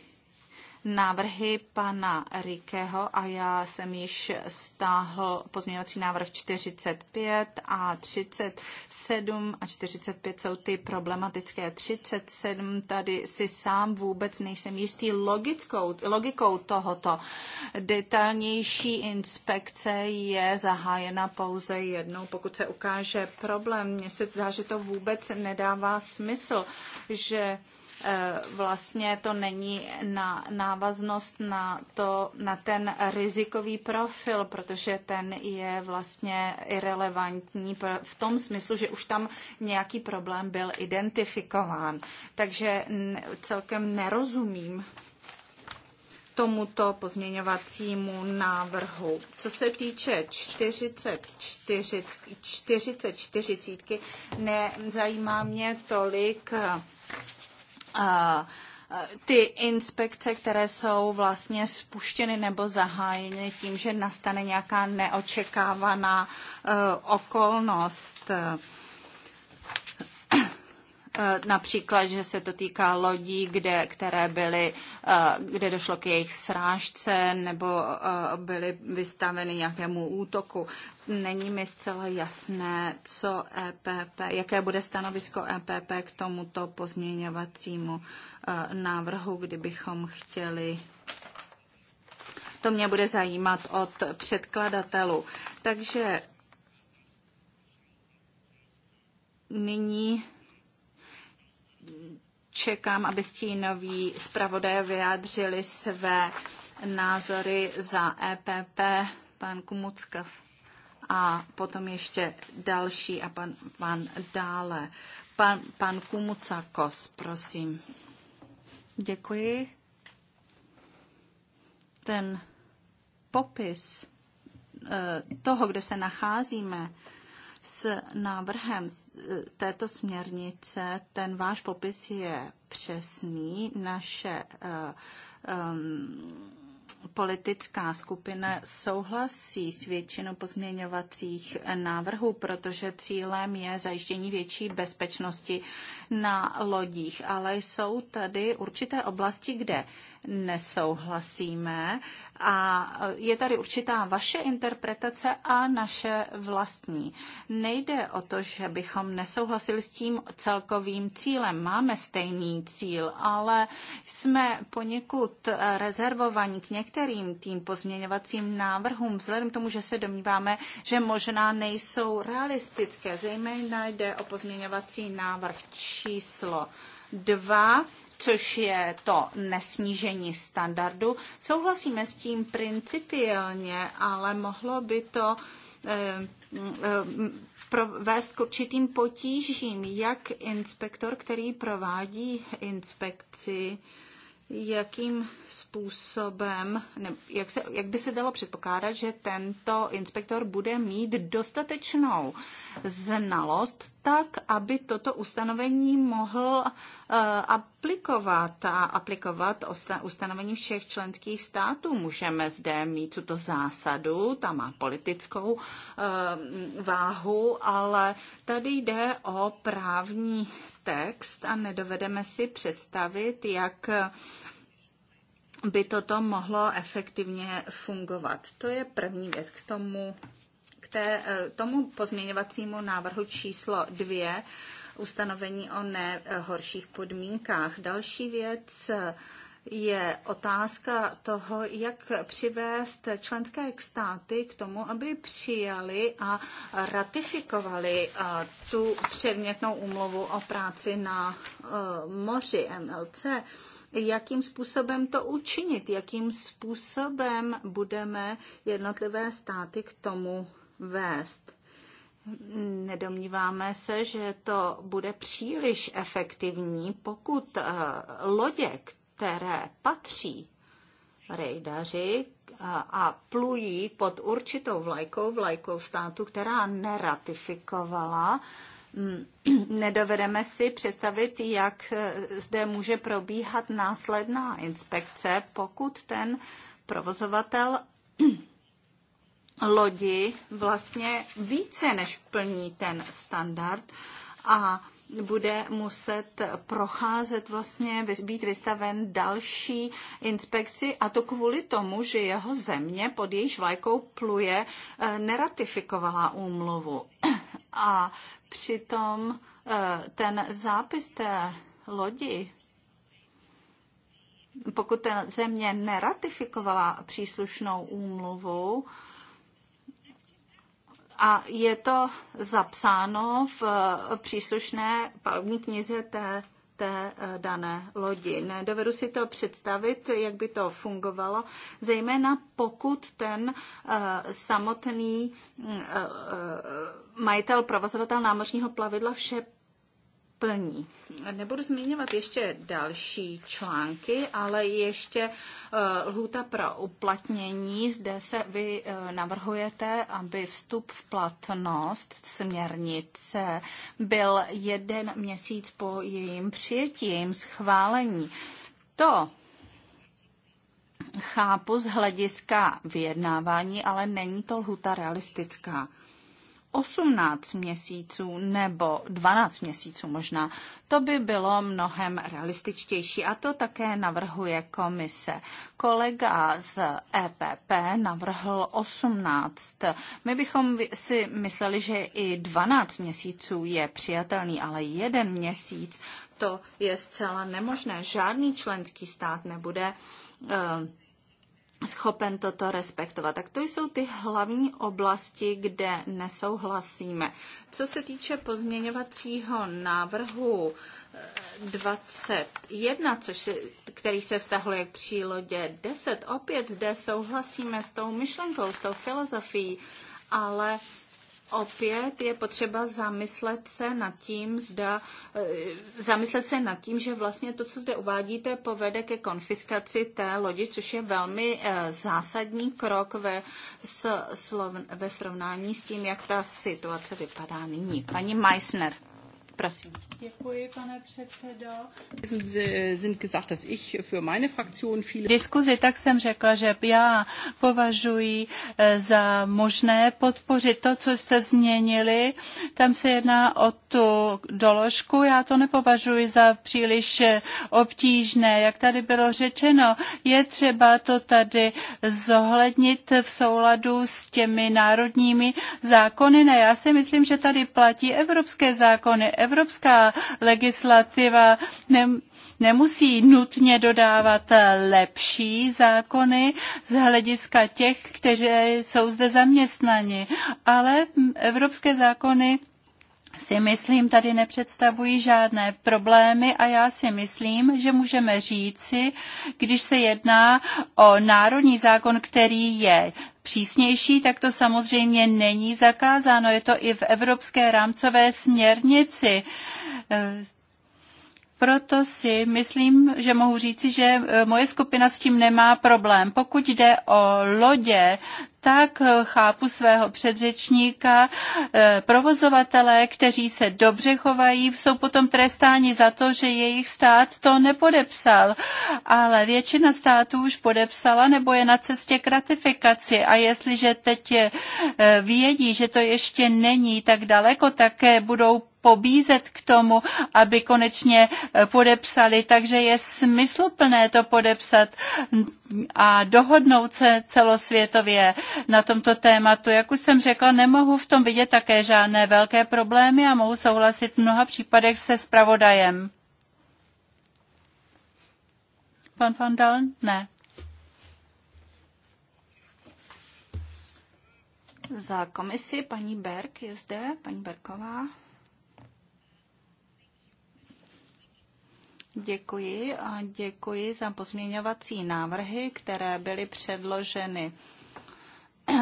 [SPEAKER 3] návrhy pana Rikeho a já jsem již stáhl pozměňovací návrh 45 a 37 a 45 jsou ty problematické. 37 tady si sám vůbec nejsem jistý logickou, logikou tohoto. Detailnější inspekce je zahájena pouze jednou, pokud se ukáže problém. Mně se zdá, že to vůbec nedává smysl, že Eh, vlastně to není na návaznost na, to, na ten rizikový profil, protože ten je vlastně irrelevantní v tom smyslu, že už tam nějaký problém byl identifikován. Takže celkem nerozumím tomuto pozměňovacímu návrhu. Co se týče 44, 44 nezajímá mě tolik ty inspekce, které jsou vlastně spuštěny nebo zahájeny tím, že nastane nějaká neočekávaná e, okolnost. Eh, například, že se to týká lodí, kde, které byly, eh, kde došlo k jejich srážce nebo eh, byly vystaveny nějakému útoku. Není mi zcela jasné, co EPP, jaké bude stanovisko EPP k tomuto pozměňovacímu návrhu, kdybychom chtěli to mě bude zajímat od předkladatelů. Takže nyní čekám, aby stínoví zpravodaje vyjádřili své názory za EPP, pan Kumucka a potom ještě další a pan, pan dále. Pan, pan Kumucakos, prosím. Děkuji. Ten popis eh, toho, kde se nacházíme, s návrhem e, této směrnice ten váš popis je přesný. Naše um, politická skupina souhlasí s většinou pozměňovacích návrhů, protože cílem je zajištění větší bezpečnosti na lodích, ale jsou tady určité oblasti, kde nesouhlasíme. A je tady určitá vaše interpretace a naše vlastní. Nejde o to, že bychom nesouhlasili s tím celkovým cílem. Máme stejný cíl, ale jsme poněkud rezervovaní k některým tým pozměňovacím návrhům, vzhledem k tomu, že se domníváme, že možná nejsou realistické. Zejména jde o pozměňovací návrh číslo dva, což je to nesnížení standardu. Souhlasíme s tím principiálně, ale mohlo by to eh, mm, eh, vést k určitým potížím, jak inspektor, který provádí inspekci, jakým způsobem, ne, jak, se, jak by se dalo předpokládat, že tento inspektor bude mít dostatečnou znalost tak, aby toto ustanovení mohl uh, aplikovat a aplikovat ustanovení všech členských států. Můžeme zde mít tuto zásadu, ta má politickou uh, váhu, ale Tady jde o právní text a nedovedeme si představit, jak by toto mohlo efektivně fungovat. To je první věc k tomu, k té, eh, tomu pozměňovacímu návrhu číslo dvě, ustanovení o nehorších eh, podmínkách. Další věc, je otázka toho, jak přivést členské státy k tomu, aby přijali a ratifikovali tu předmětnou úmluvu o práci na e, moři MLC jakým způsobem to učinit, jakým způsobem budeme jednotlivé státy k tomu vést. Nedomníváme se, že to bude příliš efektivní, pokud e, lodě, které patří rejdaři a plují pod určitou vlajkou, vlajkou státu, která neratifikovala mm, nedovedeme si představit, jak eh, zde může probíhat následná inspekce, pokud ten provozovatel lodi vlastně více než plní ten standard a bude muset procházet vlastně, být vystaven další inspekci a to kvůli tomu, že jeho země pod jejíž vlajkou pluje eh, neratifikovala úmluvu. A přitom eh, ten zápis té lodi pokud ta země neratifikovala příslušnou úmluvu, a je to zapsáno v eh, příslušné palubní knize té té eh, dané lodi. Nedovedu si to představit, jak by to fungovalo, zejména pokud ten eh, samotný mm, majitel, provozovatel námořního plavidla vše plní. Nebudu zmiňovat ještě další články, ale ještě eh, lhůta pro uplatnění. Zde se vy eh, navrhujete, aby vstup v platnost směrnice byl jeden měsíc po jejím přijetí, jejím schválení. To chápu z hlediska vyjednávání, ale není to lhuta realistická. 18 měsíců nebo 12 měsíců možná. To by bylo mnohem realističtější a to také navrhuje komise. Kolega z EPP navrhl 18. My bychom si mysleli, že i 12 měsíců je přijatelný, ale jeden měsíc to je zcela nemožné. Žádný členský stát nebude uh, schopen toto respektovat. Tak to jsou ty hlavní oblasti, kde nesouhlasíme. Co se týče pozměňovacího návrhu 21, eh, což se, který se vztahuje k přílodě 10, opět zde souhlasíme s tou myšlenkou, s tou filozofií, ale opět je potřeba zamyslet se nad tím, zda, eh, zamyslet se nad tím, že vlastně to, co zde uvádíte, povede ke konfiskaci té lodi, což je velmi eh, zásadní krok ve, s, slov, ve srovnání s tím, jak ta situace vypadá nyní. Paní Meissner, prosím.
[SPEAKER 4] Děkuji, äh, Diskuzi tak jsem řekla, že já považuji e, za možné podpořit to, co jste změnili. Tam se jedná o tu doložku. Já to nepovažuji za příliš e, obtížné. Jak tady bylo řečeno, je třeba to tady zohlednit v souladu s těmi národními zákony. Ne, já si myslím, že tady platí evropské zákony. Evropská legislativa nem, nemusí nutně dodávat lepší zákony z hlediska těch, kteří jsou zde zaměstnani, ale evropské zákony si myslím, tady nepředstavují žádné problémy a já si myslím, že můžeme říci, když se jedná o národní zákon, který je přísnější, tak to samozřejmě není zakázáno. Je to i v Evropské rámcové směrnici. Proto si myslím, že mohu říci, že moje skupina s tím nemá problém. Pokud jde o lodě, tak eh, chápu svého předřečníka, eh, provozovatele, kteří se dobře chovají, jsou potom trestáni za to, že jejich stát to nepodepsal. Ale většina států už podepsala nebo je na cestě k ratifikaci. A jestliže teď eh, vědí, že to ještě není tak daleko, také budou pobízet k tomu, aby konečně podepsali. Takže je smysluplné to podepsat a dohodnout se celosvětově na tomto tématu. Jak už jsem řekla, nemohu v tom vidět také žádné velké problémy a mohu souhlasit v mnoha případech se spravodajem. Pan Van Dal?
[SPEAKER 3] Ne. Za komisi paní Berg je zde, paní Berková. Děkuji a děkuji za pozměňovací návrhy, které byly předloženy.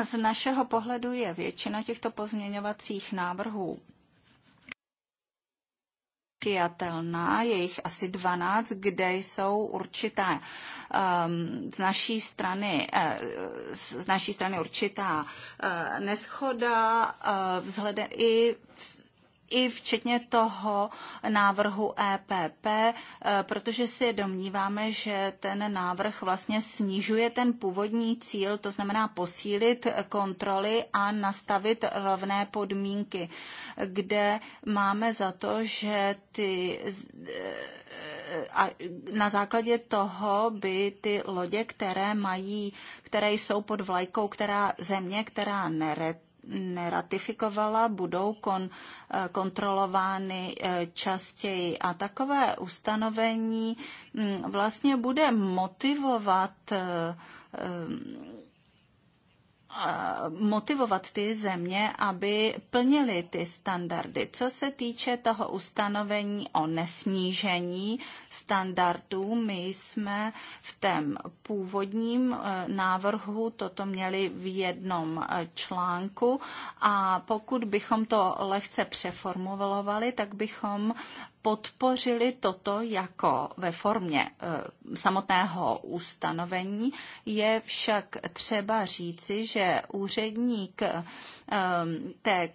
[SPEAKER 3] Z našeho pohledu je většina těchto pozměňovacích návrhů přijatelná, je jich asi 12, kde jsou určitá um, ehm, z naší strany, uh, z naší strany určitá uh, neschoda uh, vzhledem i v, i včetně toho návrhu EPP, eh, protože si domníváme, že ten návrh vlastně snižuje ten původní cíl, to znamená posílit kontroly a nastavit rovné podmínky, kde máme za to, že ty eh, a na základě toho by ty lodě, které mají, které jsou pod vlajkou která země, která neret, neratifikovala, budou kon, eh, kontrolovány eh, častěji. A takové ustanovení mm, vlastně bude motivovat eh, Eh, motivovat ty země, aby plnili ty standardy. Co se týče toho ustanovení o nesnížení standardů, my jsme v tom původním eh, návrhu toto měli v jednom eh, článku a pokud bychom to lehce přeformulovali, tak bychom podpořili toto jako ve formě eh, samotného ustanovení. Je však třeba říci, že úředník eh, té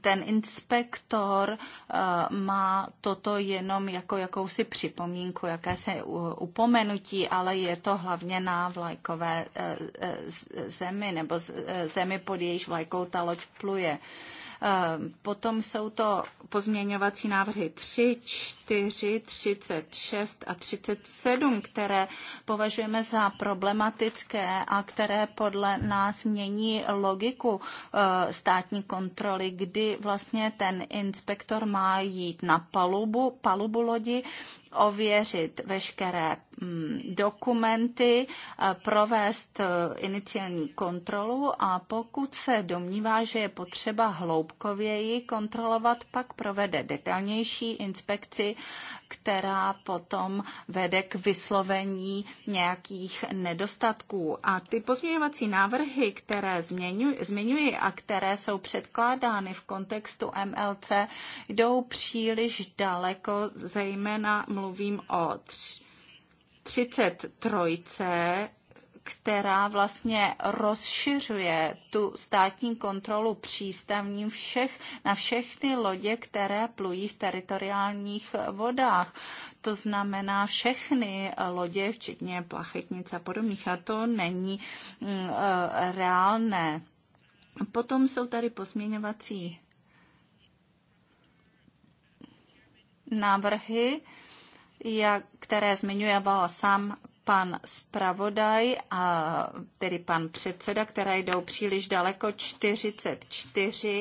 [SPEAKER 3] ten inspektor eh, má toto jenom jako jakousi připomínku, se upomenutí, ale je to hlavně na vlajkové zemi nebo zemi pod jejíž vlajkou ta loď pluje. Eh, potom jsou to pozměňovací návrhy 3, 4, 36 a 37, které považujeme za problematické a které podle nás mění logiku eh, státní kontroly, kdy vlastně ten inspektor má jít na palubu, palubu lodi, ověřit veškeré mm, dokumenty, eh, provést eh, iniciální kontrolu a pokud se domnívá, že je potřeba hloubkověji kontrolovat, pak provede detailnější inspekci která potom vede k vyslovení nějakých nedostatků. A ty pozměňovací návrhy, které zmiňuji a které jsou předkládány v kontextu MLC, jdou příliš daleko, zejména mluvím o 33 která vlastně rozšiřuje tu státní kontrolu přístavním všech, na všechny lodě, které plují v teritoriálních vodách. To znamená všechny lodě, včetně plachetnice a podobných. A to není mm, reálné. Potom jsou tady pozměňovací návrhy, jak, které zmiňoval sám pan zpravodaj a tedy pan předseda, které jdou příliš daleko, 44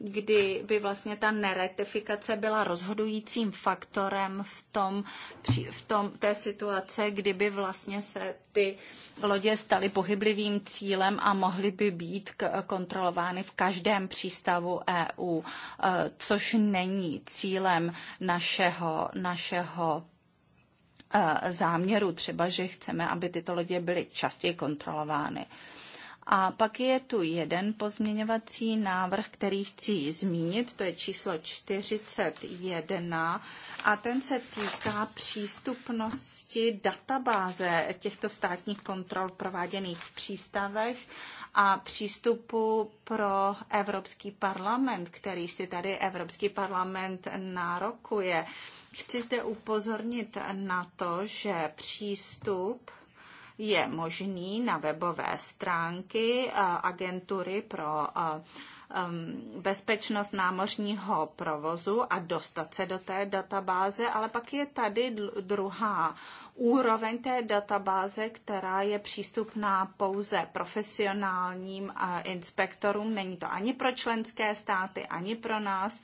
[SPEAKER 3] kdy by vlastně ta neretifikace byla rozhodujícím faktorem v, tom, v tom, té situace, kdyby vlastně se ty lodě staly pohyblivým cílem a mohly by být kontrolovány v každém přístavu EU, eh, což není cílem našeho, našeho Eh, záměru, třeba že chceme, aby tyto lodě byly častěji kontrolovány. A pak je tu jeden pozměňovací návrh, který chci zmínit, to je číslo 41 a ten se týká přístupnosti databáze těchto státních kontrol prováděných v přístavech a přístupu pro Evropský parlament, který si tady Evropský parlament nárokuje. Chci zde upozornit na to, že přístup je možný na webové stránky eh, agentury pro eh, bezpečnost námořního provozu a dostat se do té databáze, ale pak je tady druhá úroveň té databáze, která je přístupná pouze profesionálním eh, inspektorům. Není to ani pro členské státy, ani pro nás.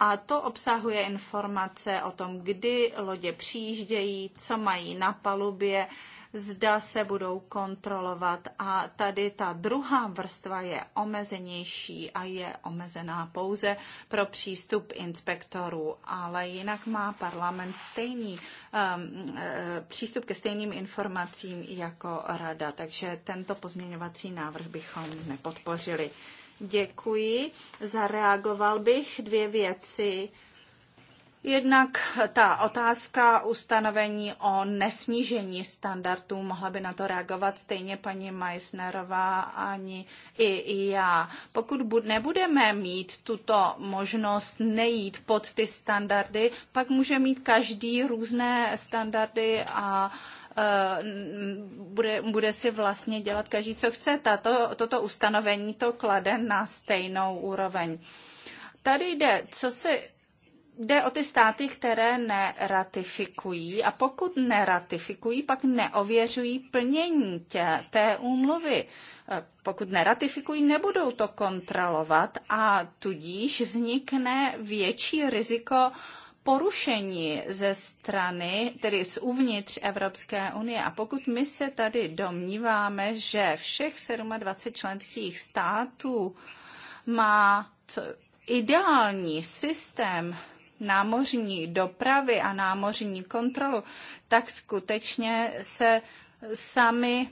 [SPEAKER 3] A to obsahuje informace o tom, kdy lodě přijíždějí, co mají na palubě, zda se budou kontrolovat. A tady ta druhá vrstva je omezenější a je omezená pouze pro přístup inspektorů, ale jinak má parlament stejný um, eh, přístup ke stejným informacím jako rada, takže tento pozměňovací návrh bychom nepodpořili. Děkuji. Zareagoval bych dvě věci Jednak ta otázka ustanovení o nesnížení standardů, mohla by na to reagovat stejně paní Meissnerová ani i, i já. Pokud bud, nebudeme mít tuto možnost nejít pod ty standardy, pak může mít každý různé standardy a e, bude, bude si vlastně dělat každý, co chce. Tato, toto ustanovení to klade na stejnou úroveň. Tady jde, co se jde o ty státy, které neratifikují a pokud neratifikují, pak neověřují plnění tě, té úmluvy. E, pokud neratifikují, nebudou to kontrolovat a tudíž vznikne větší riziko porušení ze strany, tedy z uvnitř Evropské unie. A pokud my se tady domníváme, že všech 27 členských států má co, ideální systém námořní dopravy a námořní kontrolu, tak skutečně se sami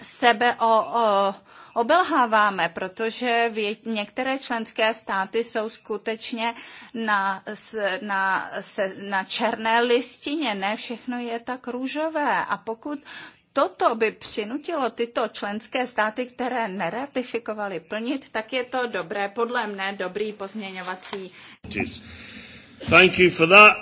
[SPEAKER 3] sebe o, o, obelháváme, protože vě, některé členské státy jsou skutečně na, na, se, na černé listině. Ne všechno je tak růžové. A pokud toto by přinutilo tyto členské státy, které neratifikovaly plnit, tak je to dobré, podle mne dobrý pozměňovací.
[SPEAKER 1] Thank you for that.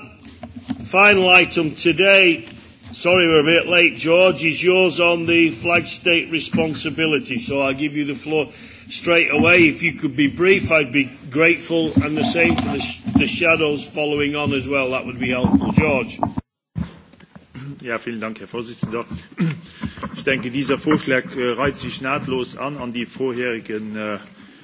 [SPEAKER 1] Final item today, sorry we're a bit late, George, is yours on the flag state responsibility. So I'll give you the floor straight away. If you could be brief, I'd be grateful. And the same for the, sh- the shadows following on as well. That would be helpful. George. Ja, vielen Dank, Herr Vorsitzender. Ich denke, dieser Vorschlag äh, reiht sich nahtlos an an die vorherigen äh,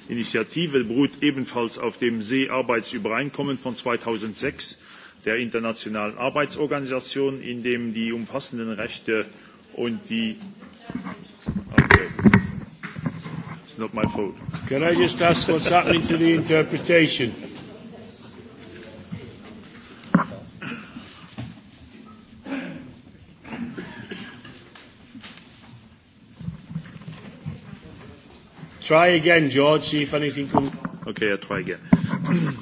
[SPEAKER 1] Initiative, beruht ebenfalls auf dem Seearbeitsübereinkommen von 2006 der Internationalen Arbeitsorganisation, in dem die umfassenden Rechte und die okay. It's not my fault. Can I just ask what's happening to the interpretation? Try again, George, see if anything comes. Okay, I try again.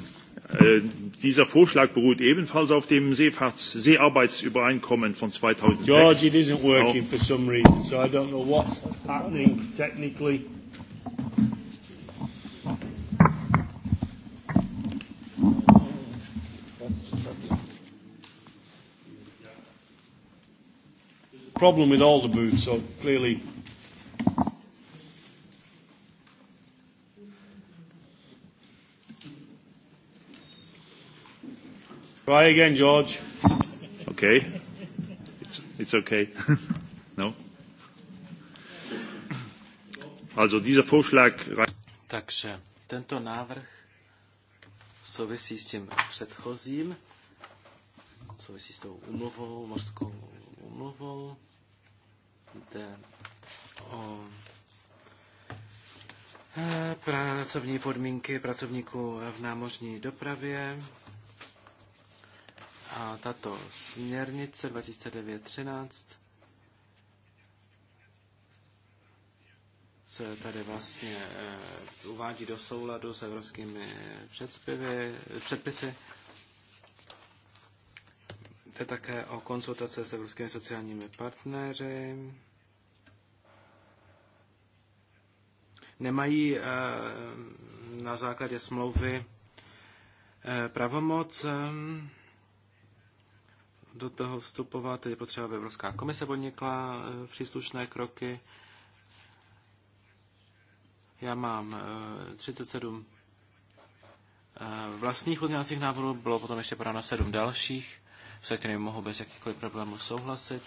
[SPEAKER 1] Äh, dieser Vorschlag beruht ebenfalls auf dem Seearbeitsübereinkommen von 2006. George, it isn't working oh. for some reason, so I don't know what's happening technically. problem with all the booths, so clearly Try again, George. Okay. It's, it's okay. no? Also dieser Vorschlag...
[SPEAKER 2] Takže tento návrh souvisí s tím předchozím, souvisí s tou umluvou, mořskou umluvou, jde o eh, pracovní podmínky pracovníků v námořní dopravě. A tato směrnice 2009-13 se tady vlastně eh, uvádí do souladu s evropskými předspěvy, předpisy. je také o konzultace s evropskými sociálními partnery. Nemají eh, na základě smlouvy eh, pravomoc do toho vstupovat, je potřeba, aby Evropská komise podnikla eh, příslušné kroky. Já mám 37 eh, eh, vlastních pozměňovacích návrhů, bylo potom ještě podáno 7 dalších, se kterými mohu bez jakýchkoliv problémů souhlasit.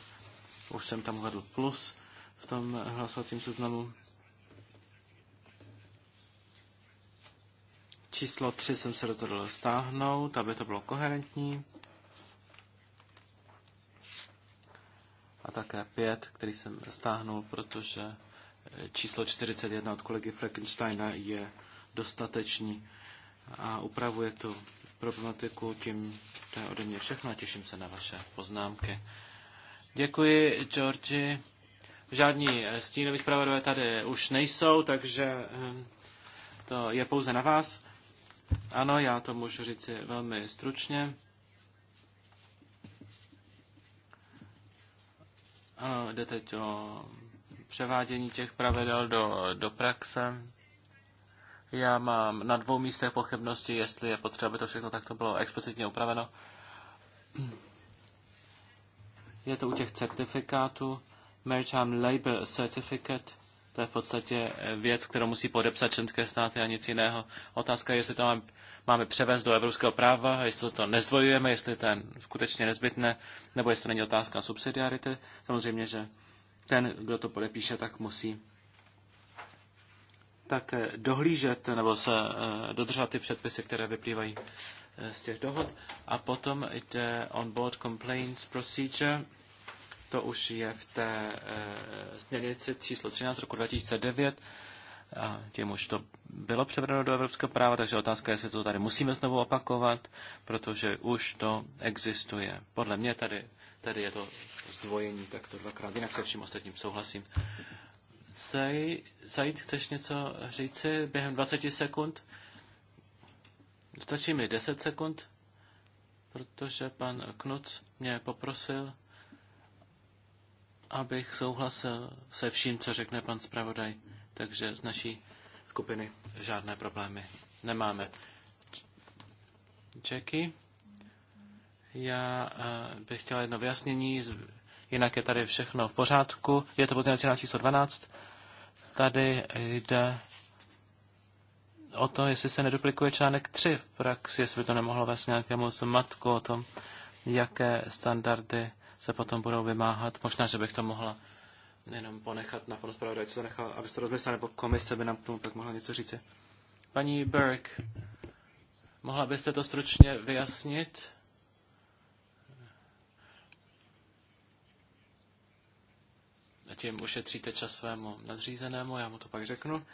[SPEAKER 2] Už jsem tam uvedl plus v tom hlasovacím seznamu. Číslo 3 jsem se rozhodl stáhnout, aby to bylo koherentní. a také 5, který jsem stáhnul, protože eh, číslo 41 od kolegy Frankensteina je dostatečný a upravuje tu problematiku. Tím to je ode mě všechno a těším se na vaše poznámky. Děkuji, Georgi. Žádní eh, stínoví zpravodové tady už nejsou, takže eh, to je pouze na vás. Ano, já to můžu říct velmi stručně. A jde teď o převádění těch pravidel do, do praxe. Já mám na dvou místech pochybnosti, jestli je potřeba, aby to všechno takto bylo explicitně upraveno. Je to u těch certifikátů. Maritime Labor Certificate, to je v podstatě věc, kterou musí podepsat členské státy a nic jiného. Otázka je, jestli to mám máme převést do evropského práva, jestli to nezdvojujeme, jestli to je skutečně nezbytné, nebo jestli to není otázka subsidiarity. Samozřejmě, že ten, kdo to podepíše, tak musí tak eh, dohlížet nebo se eh, dodržovat ty předpisy, které vyplývají eh, z těch dohod. A potom jde on board complaints procedure. To už je v té směrnici číslo 13 roku 2009 a tím už to bylo převedeno do evropského práva, takže otázka je, jestli to tady musíme znovu opakovat, protože už to existuje. Podle mě tady, tady je to zdvojení, tak to dvakrát, jinak se vším ostatním souhlasím. Zajít, chceš něco říci během 20 sekund? Stačí mi 10 sekund, protože pan Knut mě poprosil, abych souhlasil se vším, co řekne pan zpravodaj takže z naší skupiny žádné problémy nemáme. Jackie? Já eh, bych chtěla jedno vyjasnění, jinak je tady všechno v pořádku. Je to pozdělací číslo 12. Tady jde o to, jestli se neduplikuje článek 3 v praxi, jestli by to nemohlo vést nějakému zmatku o tom, jaké standardy se potom budou vymáhat. Možná, že bych to mohla jenom ponechat na panu zpravodajci, to nechal, abyste to rozmyslel, nebo komise by nám k tomu tak mohla něco říct. Paní Burke, mohla byste to stručně vyjasnit? A tím ušetříte čas svému nadřízenému, já mu to pak řeknu.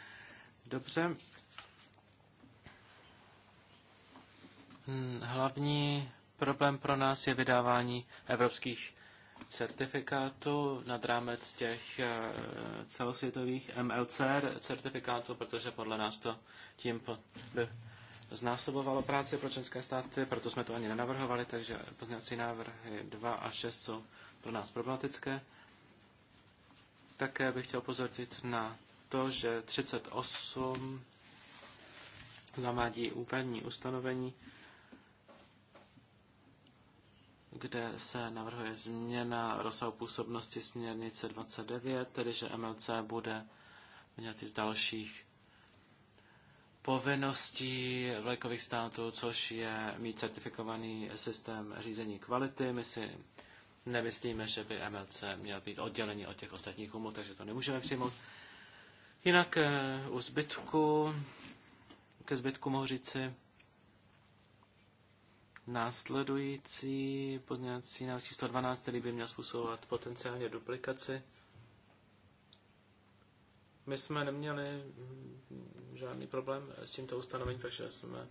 [SPEAKER 2] Dobře. Hm, hlavní problém pro nás je vydávání evropských certifikátu nad rámec těch eh, celosvětových MLC certifikátů, protože podle nás to tím by znásobovalo práci pro členské státy, proto jsme to ani nenavrhovali, takže pozměňovací návrhy 2 a 6 jsou pro nás problematické. Také bych chtěl pozornit na to, že 38 zavádí úpravní ustanovení, kde se navrhuje změna rozsahu působnosti směrnice 29, tedy že MLC bude měnit z dalších povinností vlekových států, což je mít certifikovaný systém řízení kvality. My si nemyslíme, že by MLC měl být oddělený od těch ostatních umů, takže to nemůžeme přijmout. Jinak eh, u zbytku, ke zbytku mohu říci, Následující pozměňovací návrh číslo 12, který by měl způsobovat potenciálně duplikaci. My jsme neměli mm, žádný problém s tímto ustanovením, takže jsme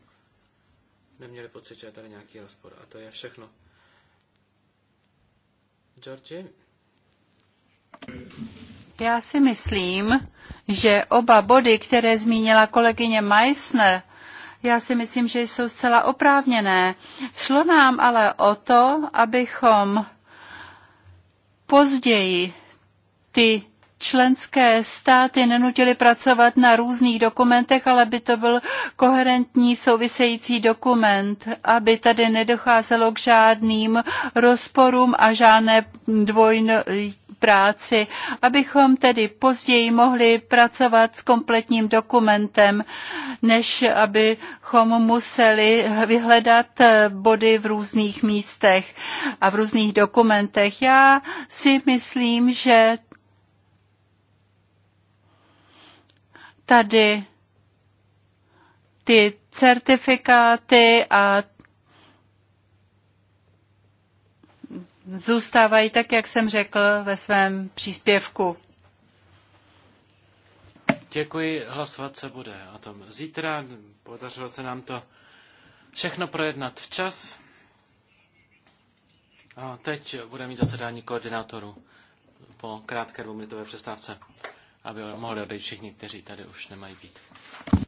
[SPEAKER 2] neměli pocit, že je tady nějaký rozpor. A to je všechno. Georgi?
[SPEAKER 4] Já si myslím, že oba body, které zmínila kolegyně Meissner, já si myslím, že jsou zcela oprávněné. Šlo nám ale o to, abychom později ty členské státy nenutili pracovat na různých dokumentech, ale by to byl koherentní související dokument, aby tady nedocházelo k žádným rozporům a žádné dvojno, práci, abychom tedy později mohli pracovat s kompletním dokumentem, než abychom museli vyhledat body v různých místech a v různých dokumentech. Já si myslím, že tady ty certifikáty a zůstávají tak, jak jsem řekl ve svém příspěvku.
[SPEAKER 2] Děkuji, hlasovat se bude o tom zítra. Podařilo se nám to všechno projednat včas. A teď bude mít zasedání koordinátorů po krátké dvouminutové přestávce, aby mohli odejít všichni, kteří tady už nemají být.